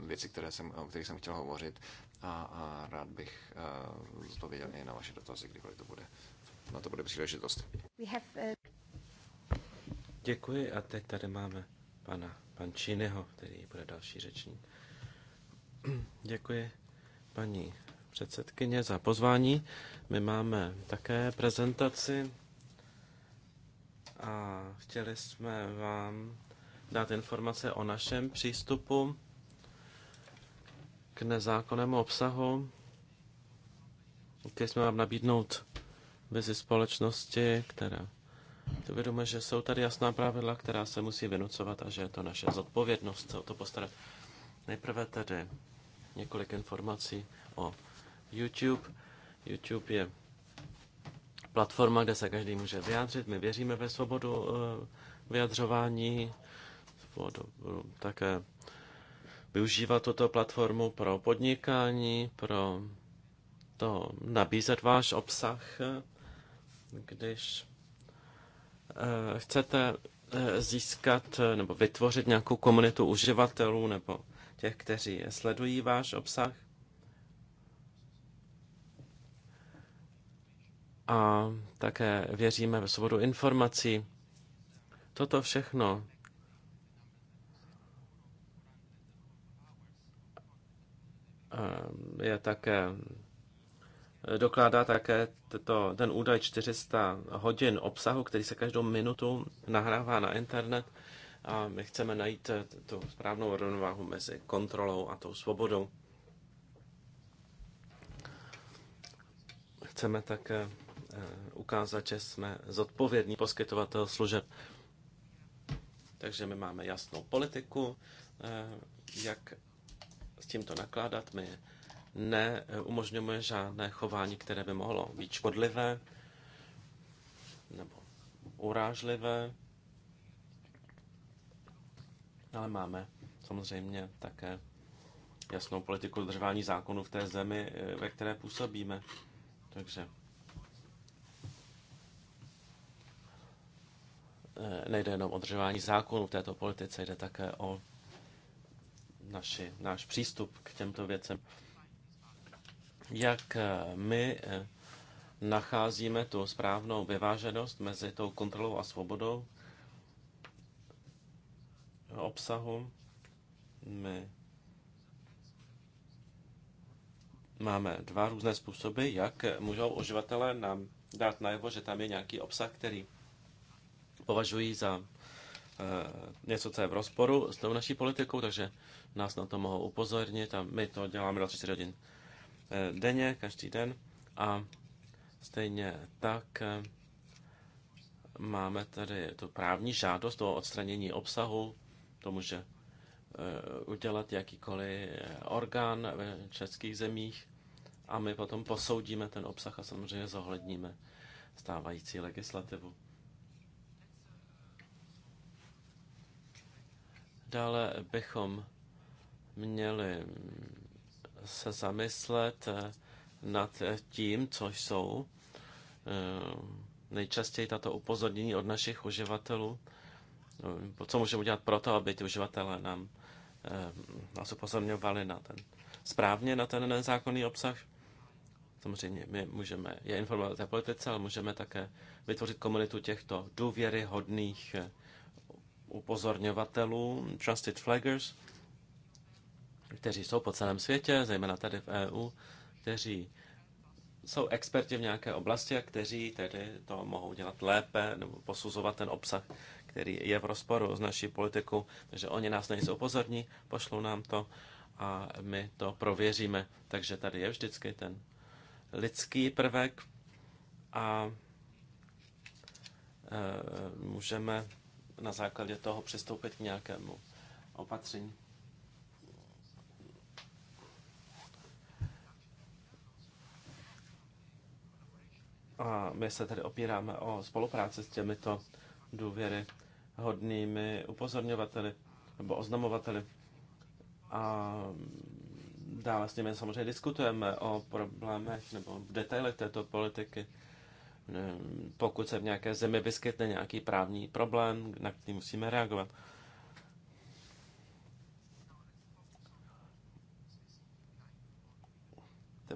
věci, které jsem, o kterých jsem chtěl hovořit a rád bych věděl, i na vaše dotazy, kdykoliv to bude. Na to bude příležitost. Děkuji a teď tady máme pana pančíneho, který bude další řečník. Děkuji paní předsedkyně, za pozvání. My máme také prezentaci a chtěli jsme vám dát informace o našem přístupu k nezákonnému obsahu. Chtěli jsme vám nabídnout vizi společnosti, která to vědomé, že jsou tady jasná pravidla, která se musí vynucovat a že je to naše zodpovědnost se o to postarat. Nejprve tedy několik informací o YouTube. YouTube je platforma, kde se každý může vyjádřit. My věříme ve svobodu eh, vyjadřování, svobodu také využívat tuto platformu pro podnikání, pro to nabízet váš obsah, když eh, chcete eh, získat nebo vytvořit nějakou komunitu uživatelů nebo těch, kteří sledují váš obsah. A také věříme ve svobodu informací. Toto všechno je také dokládá také tato, ten údaj 400 hodin obsahu, který se každou minutu nahrává na internet a my chceme najít eh, tu správnou rovnováhu mezi kontrolou a tou svobodou. Chceme také eh, ukázat, že jsme zodpovědní poskytovatel služeb. Takže my máme jasnou politiku, eh, jak s tímto nakládat. My neumožňujeme žádné chování, které by mohlo být škodlivé nebo urážlivé ale máme samozřejmě také jasnou politiku držování zákonů v té zemi, eh, ve které působíme. Takže eh, nejde jenom o držování zákonů v této politice, jde také o naši, náš přístup k těmto věcem. Jak eh, my nacházíme tu správnou vyváženost mezi tou kontrolou a svobodou, obsahu. My máme dva různé způsoby, jak můžou uživatelé nám dát najevo, že tam je nějaký obsah, který považují za eh, něco, co je v rozporu s tou naší politikou, takže nás na to mohou upozornit a my to děláme 24 hodin eh, denně, každý den a stejně tak eh, máme tady tu právní žádost o odstranění obsahu to může eh, udělat jakýkoliv eh, orgán v českých zemích a my potom posoudíme ten obsah a samozřejmě zohledníme stávající legislativu. Dále bychom měli se zamyslet eh, nad tím, co jsou nejčastěji tato upozornění od našich uživatelů No, co můžeme udělat pro to, aby ti uživatelé nám, eh, nás upozorňovali na ten správně na ten nezákonný obsah. Samozřejmě my můžeme je informovat o politice, ale můžeme také vytvořit komunitu těchto důvěryhodných eh, upozorňovatelů, trusted flaggers, kteří jsou po celém světě, zejména tady v EU, kteří jsou experti v nějaké oblasti a kteří tedy to mohou dělat lépe nebo posuzovat ten obsah, který je v rozporu s naší politikou, takže oni nás nejsou něco upozorní, pošlou nám to a my to prověříme. Takže tady je vždycky ten lidský prvek a e, můžeme na základě toho přistoupit k nějakému opatření. A my se tady opíráme o spolupráci s těmito důvěry hodnými upozorňovateli nebo oznamovateli. A dále s nimi samozřejmě diskutujeme o problémech nebo v detailech této politiky. Pokud se v nějaké zemi vyskytne nějaký právní problém, na který musíme reagovat.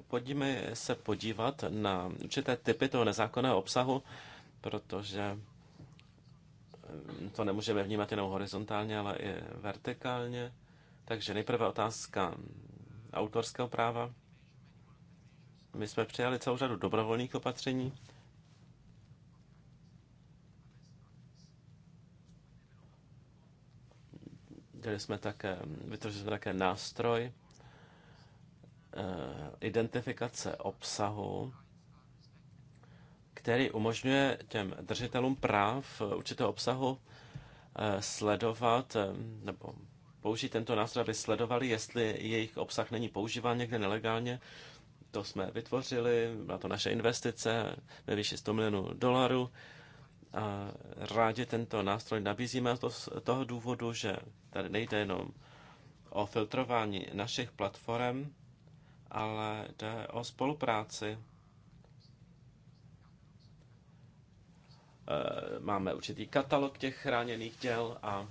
Pojďme se podívat na určité typy toho nezákonného obsahu, protože to nemůžeme vnímat jenom horizontálně, ale i vertikálně. Takže nejprve otázka autorského práva. My jsme přijali celou řadu dobrovolných opatření. Dělali jsme také, vytvořili jsme také nástroj eh, identifikace obsahu který umožňuje těm držitelům práv eh, určitého obsahu eh, sledovat eh, nebo použít tento nástroj, aby sledovali, jestli jejich obsah není používán někde nelegálně. To jsme vytvořili, byla to naše investice ve výši 100 milionů dolarů. A rádi tento nástroj nabízíme to z toho důvodu, že tady nejde jenom o filtrování našich platform, ale jde o spolupráci Eh, máme určitý katalog těch chráněných děl a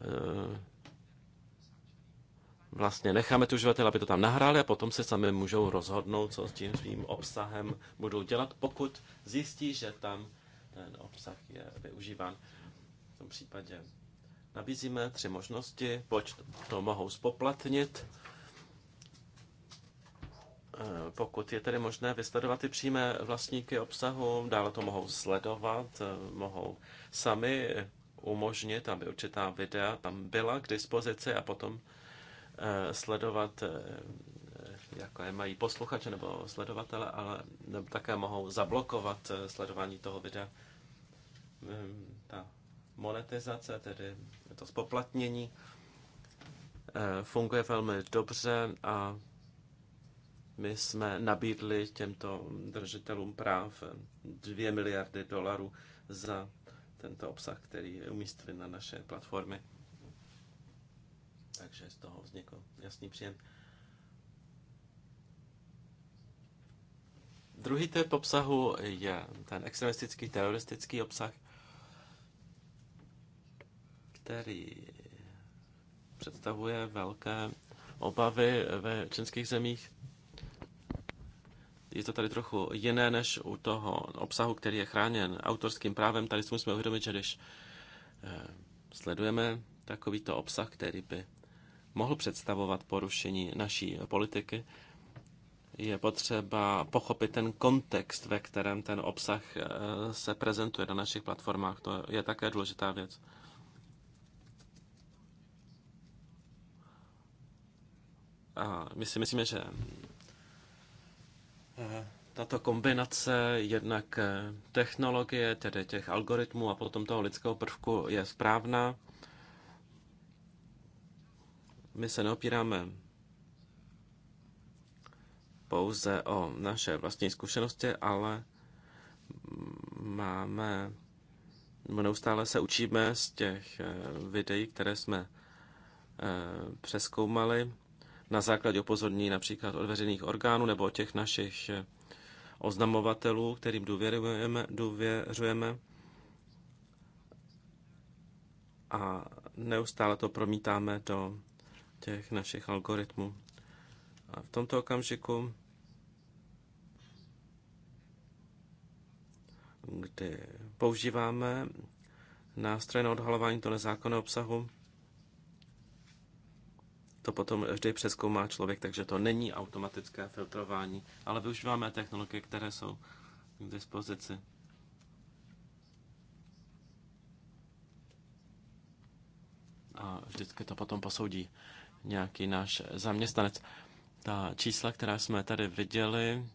eh, vlastně necháme tu uživatele, aby to tam nahráli a potom se sami můžou rozhodnout, co s tím svým obsahem budou dělat, pokud zjistí, že tam ten obsah je využíván. V tom případě nabízíme tři možnosti, buď to mohou spoplatnit, Eh, pokud je tedy možné vysledovat ty přímé vlastníky obsahu, dále to mohou sledovat, eh, mohou sami umožnit, aby určitá videa tam byla k dispozici a potom eh, sledovat, jaké mají posluchače nebo sledovatele, ale také mohou zablokovat sledování toho videa. Ehm, ta monetizace, tedy to spoplatnění, funguje velmi dobře a my jsme nabídli těmto držitelům práv 2 miliardy dolarů za tento obsah, který umístili na naše platformy. Takže z toho vznikl jasný příjem. Druhý typ obsahu je ten extremistický, teroristický obsah, který představuje velké obavy ve čínských zemích je to tady trochu jiné než u toho obsahu, který je chráněn autorským právem. Tady si musíme uvědomit, že když eh, sledujeme takovýto obsah, který by mohl představovat porušení naší politiky, je potřeba pochopit ten kontext, ve kterém ten obsah eh, se prezentuje na našich platformách. To je také důležitá věc. A my si myslíme, že tato kombinace jednak eh, technologie, tedy těch algoritmů a potom toho lidského prvku je správná. My se neopíráme pouze o naše vlastní zkušenosti, ale máme, neustále se učíme z těch eh, videí, které jsme eh, přeskoumali na základě upozornění například od veřejných orgánů nebo od těch našich eh, oznamovatelů, kterým důvěřujeme, důvěřujeme. A neustále to promítáme do těch našich algoritmů. A v tomto okamžiku, kdy používáme nástroje na odhalování toho nezákonného obsahu, to potom vždy přeskoumá člověk, takže to není automatické filtrování, ale využíváme technologie, které jsou k dispozici. A vždycky to potom posoudí nějaký náš zaměstnanec. Ta čísla, která jsme tady viděli,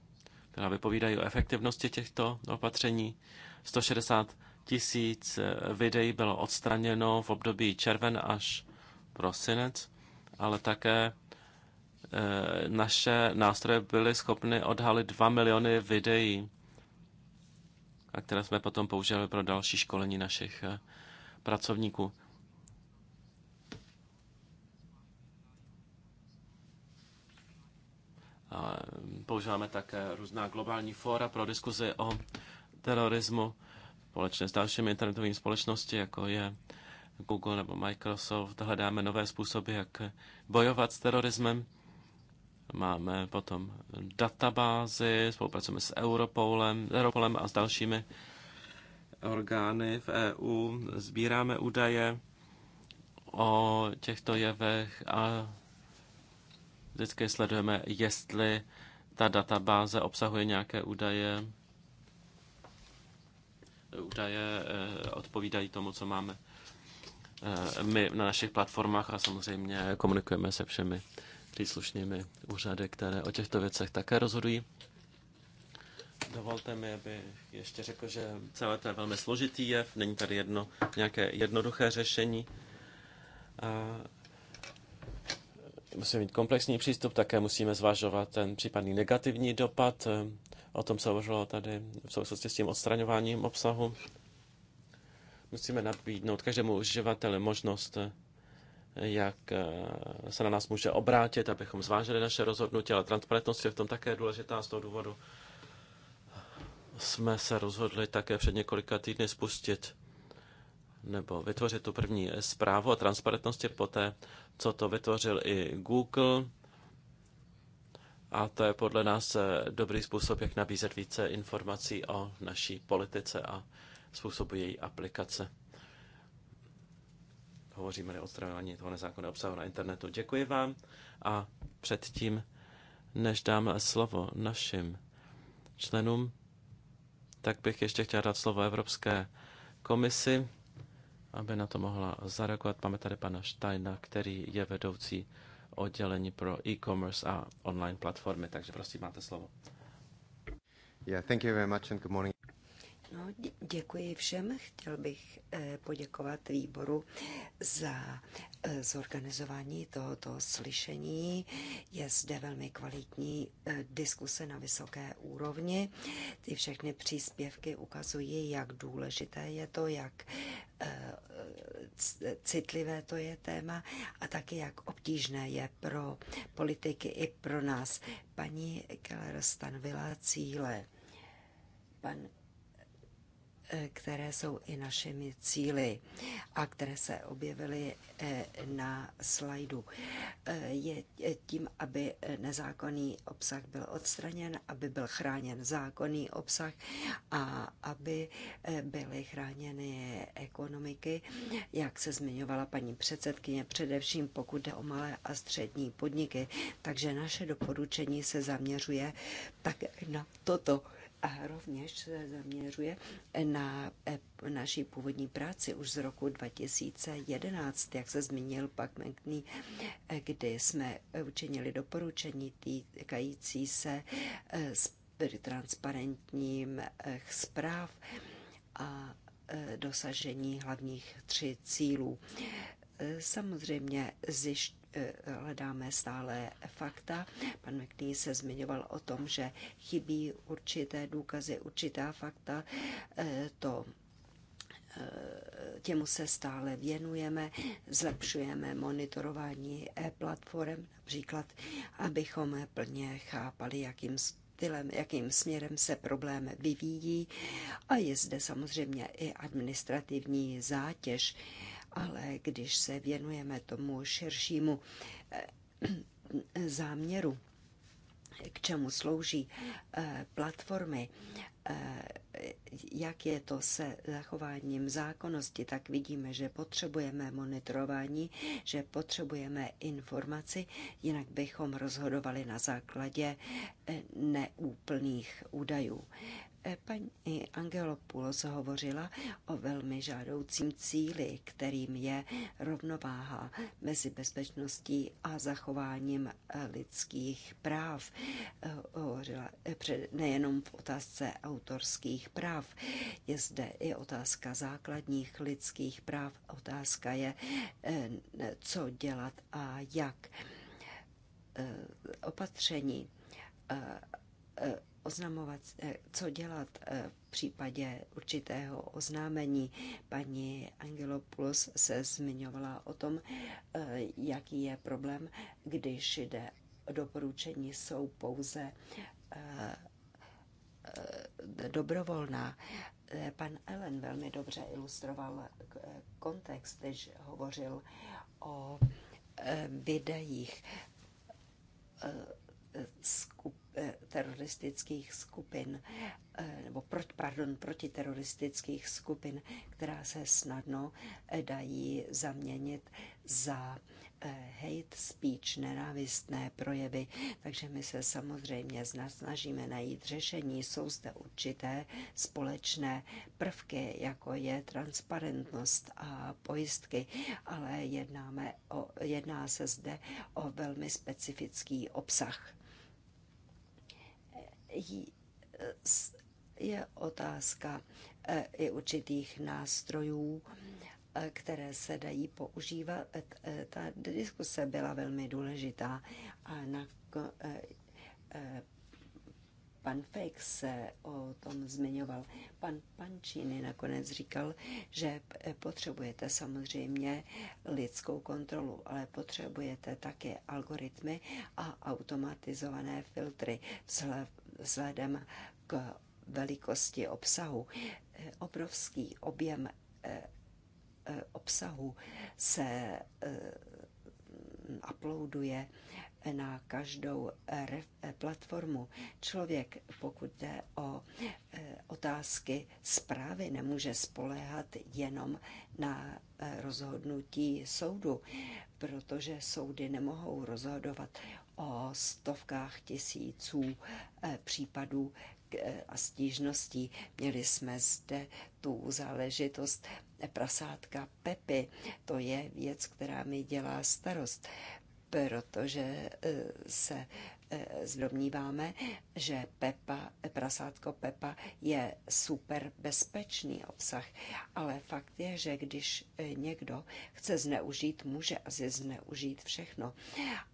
která vypovídají o efektivnosti těchto opatření, 160 tisíc videí bylo odstraněno v období červen až prosinec ale také eh, naše nástroje byly schopny odhalit 2 miliony videí, a které jsme potom použili pro další školení našich eh, pracovníků. A mm, používáme také různá globální fóra pro diskuzi o terorismu společně s dalšími internetovými společnosti, jako je Google nebo Microsoft, hledáme nové způsoby, jak bojovat s terorismem. Máme potom databázy, spolupracujeme s Europolem, Europolem a s dalšími orgány v EU, sbíráme údaje o těchto jevech a vždycky sledujeme, jestli ta databáze obsahuje nějaké údaje, údaje eh, odpovídají tomu, co máme Eh, my na našich platformách a samozřejmě komunikujeme se všemi příslušnými úřady, které o těchto věcech také rozhodují. Dovolte mi, aby ještě řekl, že celé to je velmi složitý jev, není tady jedno, nějaké jednoduché řešení. A musíme mít komplexní přístup, také musíme zvažovat ten případný negativní dopad. Eh, o tom se hovořilo tady v souvislosti s tím odstraňováním obsahu. Musíme nabídnout každému uživateli možnost, eh, jak eh, se na nás může obrátit, abychom zvážili naše rozhodnutí, ale transparentnost je v tom také důležitá z toho důvodu. Jsme se rozhodli také před několika týdny spustit nebo vytvořit tu první zprávu o transparentnosti poté, co to vytvořil i Google. A to je podle nás eh, dobrý způsob, jak nabízet více informací o naší politice a způsobu její aplikace. Hovoříme o odstraňování toho nezákonného obsahu na internetu. Děkuji vám a předtím, než dám slovo našim členům, tak bych ještě chtěl dát slovo Evropské komisi, aby na to mohla zareagovat. Máme tady pana Steina, který je vedoucí oddělení pro e-commerce a online platformy, takže prosím, máte slovo. Yeah, thank you very much and good morning. No, děkuji všem. Chtěl bych eh, poděkovat výboru za eh, zorganizování tohoto slyšení. Je zde velmi kvalitní eh, diskuse na vysoké úrovni. Ty všechny příspěvky ukazují, jak důležité je to, jak citlivé to je téma a taky jak obtížné je pro politiky i pro nás. Paní Keller stanovila cíle. Pan Eh, které jsou i našimi cíly a které se objevily eh, na slajdu. Eh, je tím, aby nezákonný obsah byl odstraněn, aby byl chráněn zákonný obsah a aby byly chráněny ekonomiky, jak se zmiňovala paní předsedkyně, především pokud jde o malé a střední podniky. Takže naše doporučení se zaměřuje tak na toto a rovněž se zaměřuje na eh, naší původní práci už z roku 2011, jak se zmínil pak Mekný, eh, kdy jsme eh, učinili doporučení týkající se transparentním zpráv a dosažení hlavních tři cílů. Samozřejmě zjišť hledáme stále fakta. Pan McDee se zmiňoval o tom, že chybí určité důkazy, určitá fakta. Eh, to eh, těmu se stále věnujeme, zlepšujeme monitorování e platform například, abychom plně chápali, jakým stylem, jakým směrem se problém vyvíjí a je zde samozřejmě i administrativní zátěž ale když se věnujeme tomu širšímu eh, záměru, k čemu slouží eh, platformy, eh, jak je to se zachováním zákonnosti, tak vidíme, že potřebujeme monitorování, že potřebujeme informaci, jinak bychom rozhodovali na základě neúplných údajů. Eh, paní Angelopoulos hovořila o velmi žádoucím cíli, kterým je rovnováha mezi bezpečností a zachováním eh, lidských práv. Eh, hovořila nejenom v otázce autorských práv. Je zde i otázka základních lidských práv. Otázka je, co dělat a jak. Opatření oznamovat, eh, co dělat eh, v případě určitého oznámení. Paní Angelopoulos se zmiňovala o tom, eh, jaký je problém, když jde doporučení jsou pouze dobrovolná. Pan Ellen velmi dobře ilustroval kontext, když hovořil o videích skup Eh, teroristických skupin, eh, nebo proti, pardon, protiteroristických skupin, která se snadno eh, dají zaměnit za hate speech, nenávistné projevy. Takže my se samozřejmě snažíme najít řešení. Jsou zde určité společné prvky, jako je transparentnost a pojistky, ale jednáme o, jedná se zde o velmi specifický obsah je otázka e, i určitých nástrojů, e, které se dají používat. E, ta diskuse byla velmi důležitá a na, pan Fejk se o tom zmiňoval. Pan Pančíny nakonec říkal, že potřebujete samozřejmě lidskou kontrolu, ale potřebujete také algoritmy a automatizované filtry vzhledem k velikosti obsahu. Obrovský objem eh, eh, obsahu se eh, uploaduje na každou platformu. Člověk, pokud jde o otázky zprávy, nemůže spoléhat jenom na rozhodnutí soudu, protože soudy nemohou rozhodovat o stovkách tisíců eh, případů eh, a stížností. Měli jsme zde tu záležitost prasátka Pepy. To je věc, která mi dělá starost, protože eh, se Eh, zdomníváme, že Pepa, prasátko Pepa je super bezpečný obsah, ale fakt je, že když eh, někdo chce zneužít, může asi zneužít všechno,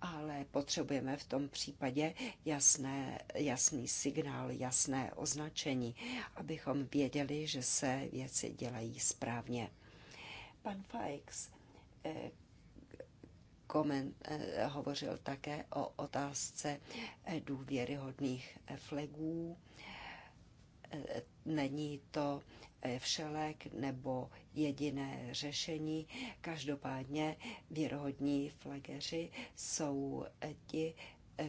ale potřebujeme v tom případě jasné, jasný signál, jasné označení, abychom věděli, že se věci dělají správně. Pan Fajks koment, eh, hovořil také o otázce eh, důvěryhodných eh, flegů. Není to všelek nebo jediné řešení. Každopádně věrohodní flegeři jsou ti,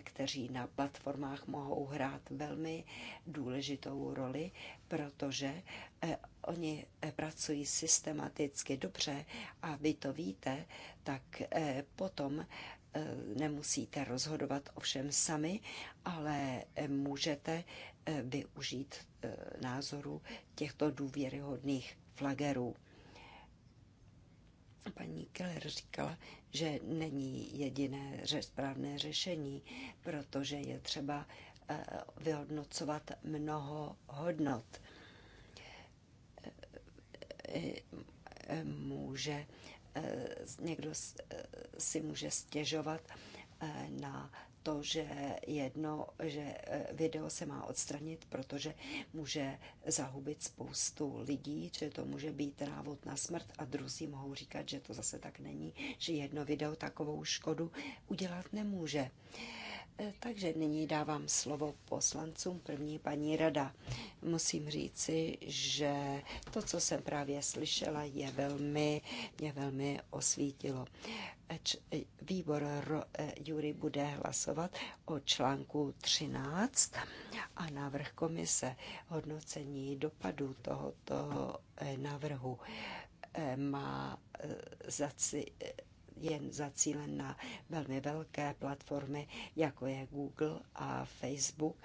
kteří na platformách mohou hrát velmi důležitou roli, protože Oni eh, pracují systematicky dobře a vy to víte, tak eh, potom eh, nemusíte rozhodovat o všem sami, ale můžete využít názoru těchto důvěryhodných flagerů. Paní Keller říkala, že není jediné správné řešení, protože je třeba vyhodnocovat mnoho hodnot Eh, může eh, někdo eh, si může stěžovat na to, že jedno, že video se má odstranit, protože může zahubit spoustu lidí, že to může být návod na smrt a druzí mohou říkat, že to zase tak není, že jedno video takovou škodu udělat nemůže. Uh, takže nyní dávám slovo poslancům. První paní rada. Musím říci, že to, co jsem právě slyšela, je velmi, mě velmi osvítilo. Výbor eh, Jury bude hlasovat o článku 13 a návrh komise hodnocení dopadu tohoto eh, návrhu eh, má za, jen zacílen na velmi velké platformy, jako je Google a Facebook.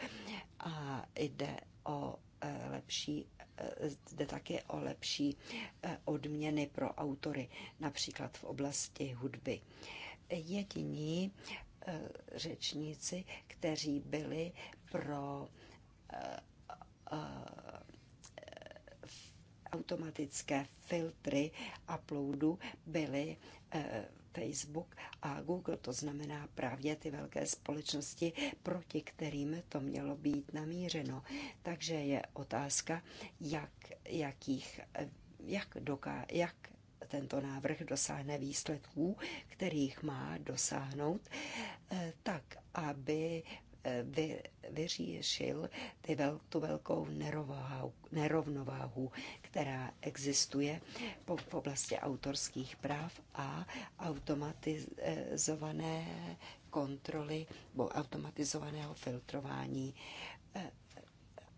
A jde o e, lepší e, jde také o lepší e, odměny pro autory, například v oblasti hudby. Jediní řečníci, kteří byli pro automatické filtry uploadu byli Facebook a Google, to znamená právě ty velké společnosti, proti kterým to mělo být namířeno. Takže je otázka, jak, jakých, jak, doká, jak tento návrh dosáhne výsledků, kterých má dosáhnout, eh, tak aby vy, vyřešil ty vel, tu velkou nerovnováhu, nerovnováhu, která existuje po, v oblasti autorských práv a automatizované kontroly nebo automatizovaného filtrování eh,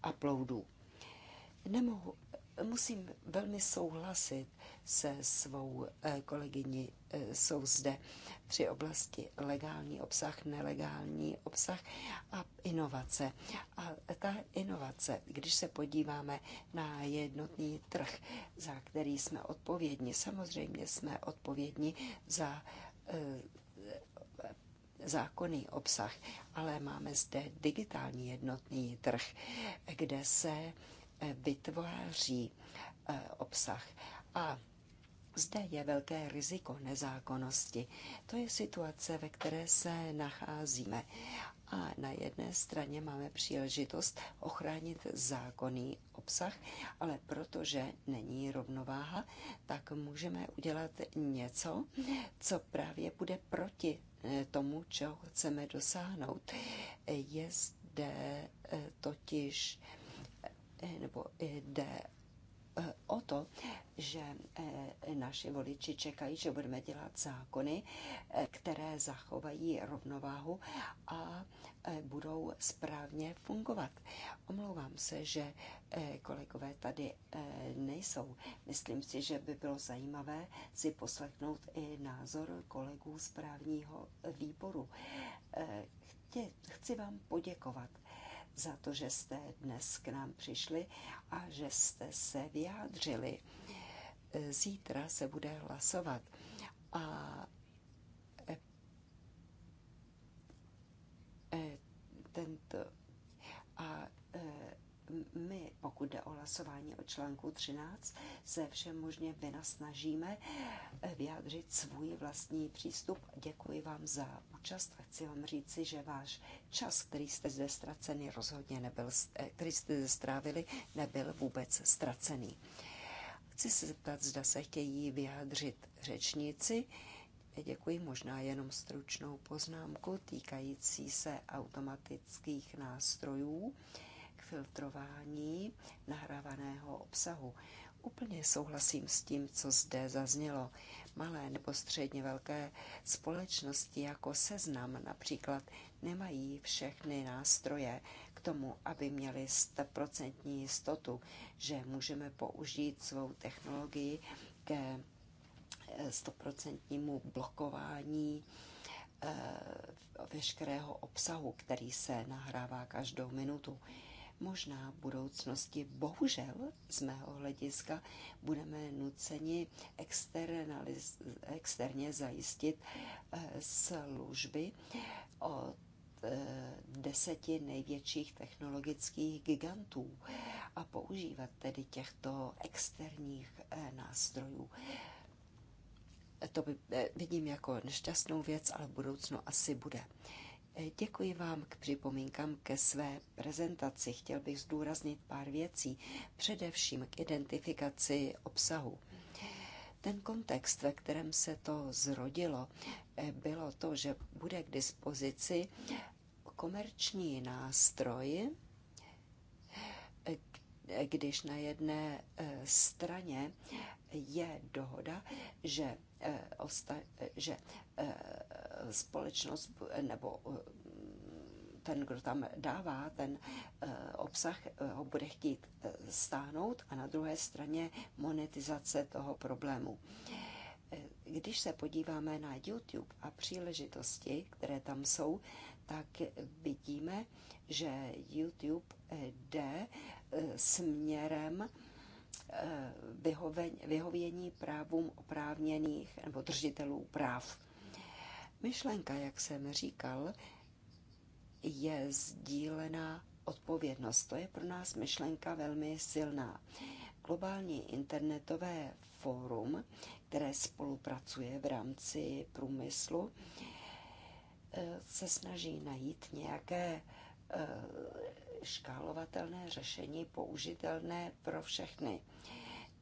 uploadů. Nemohu, Musím velmi souhlasit se svou eh, kolegyni. Eh, jsou zde tři oblasti. Legální obsah, nelegální obsah a inovace. A ta inovace, když se podíváme na jednotný trh, za který jsme odpovědní, samozřejmě jsme odpovědní za eh, zákonný obsah, ale máme zde digitální jednotný trh, kde se Eh, vytváří eh, obsah. A zde je velké riziko nezákonnosti. To je situace, ve které se nacházíme. A na jedné straně máme příležitost ochránit zákonný obsah, ale protože není rovnováha, tak můžeme udělat něco, co právě bude proti eh, tomu, čeho chceme dosáhnout. Je zde totiž Eh, nebo eh, jde eh, o to, že naši voliči čekají, že budeme dělat zákony, které zachovají rovnováhu a budou správně fungovat. Omlouvám se, že kolegové tady nejsou. Myslím si, že by bylo zajímavé si poslechnout i názor kolegů správního výboru. Chci vám poděkovat za to, že jste dnes k nám přišli a že jste se vyjádřili. E, zítra se bude hlasovat a e, e, tento a my, pokud jde o hlasování o článku 13, se všem možně vynasnažíme eh, vyjádřit svůj vlastní přístup. Děkuji vám za účast a chci vám říci, že váš čas, který jste zde ztracený, rozhodně nebyl, eh, který jste zde strávili, nebyl vůbec ztracený. Chci se zeptat, zda se chtějí vyjádřit řečníci. Děkuji možná jenom stručnou poznámku týkající se automatických nástrojů filtrování nahrávaného obsahu. Úplně souhlasím s tím, co zde zaznělo. Malé nebo středně velké společnosti jako seznam například nemají všechny nástroje k tomu, aby měli 100% jistotu, že můžeme použít svou technologii ke 100% eh, blokování eh, veškerého obsahu, který se nahrává každou minutu. Možná v budoucnosti, bohužel z mého hlediska, budeme nuceni externě zajistit eh, služby od eh, deseti největších technologických gigantů a používat tedy těchto externích eh, nástrojů. To by, vidím jako nešťastnou věc, ale v budoucnu asi bude. Děkuji vám k připomínkám ke své prezentaci. Chtěl bych zdůraznit pár věcí, především k identifikaci obsahu. Ten kontext, ve kterém se to zrodilo, eh, bylo to, že bude k dispozici komerční nástroj, eh, eh, když na jedné straně je dohoda, že, že společnost nebo eh, ten, kdo tam dává ten eh, obsah, eh, ho bude chtít stáhnout a na druhé straně monetizace toho problému. Když se podíváme na YouTube a příležitosti, které tam jsou, tak vidíme, že YouTube jde směrem vyhovění právům oprávněných nebo držitelů práv Myšlenka, jak jsem říkal, je sdílená odpovědnost. To je pro nás myšlenka velmi silná. Globální internetové fórum, které spolupracuje v rámci průmyslu, eh, se snaží najít nějaké eh, škálovatelné řešení použitelné pro všechny.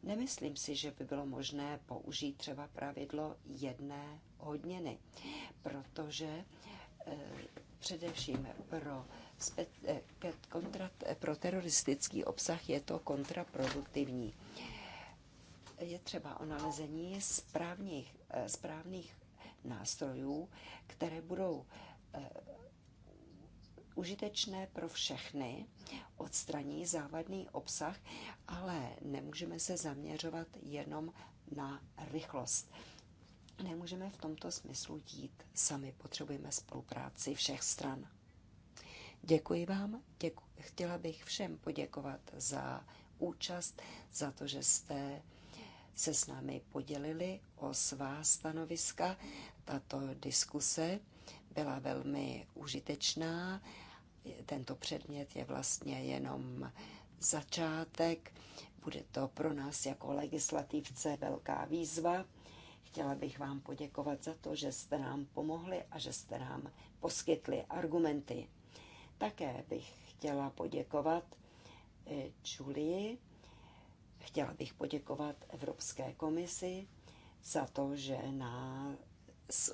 Nemyslím si, že by bylo možné použít třeba pravidlo jedné hodiny, protože eh, především pro, eh, kontra, eh, pro teroristický obsah je to kontraproduktivní. Je třeba o nalezení správných, správných nástrojů, které budou užitečné pro všechny, odstraní závadný obsah, ale nemůžeme se zaměřovat jenom na rychlost. Nemůžeme v tomto smyslu jít sami, potřebujeme spolupráci všech stran. Děkuji vám, děku, chtěla bych všem poděkovat za účast, za to, že jste se s námi podělili o svá stanoviska. Tato diskuse byla velmi užitečná. Tento předmět je vlastně jenom začátek. Bude to pro nás jako legislativce velká výzva. Chtěla bych vám poděkovat za to, že jste nám pomohli a že jste nám poskytli argumenty. Také bych chtěla poděkovat eh, Julii, chtěla bych poděkovat Evropské komisi za to, že nás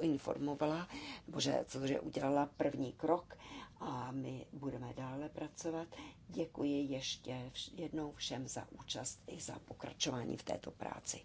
informovala, nebo že, že udělala první krok a my budeme dále pracovat. Děkuji ještě jednou všem za účast i za pokračování v této práci.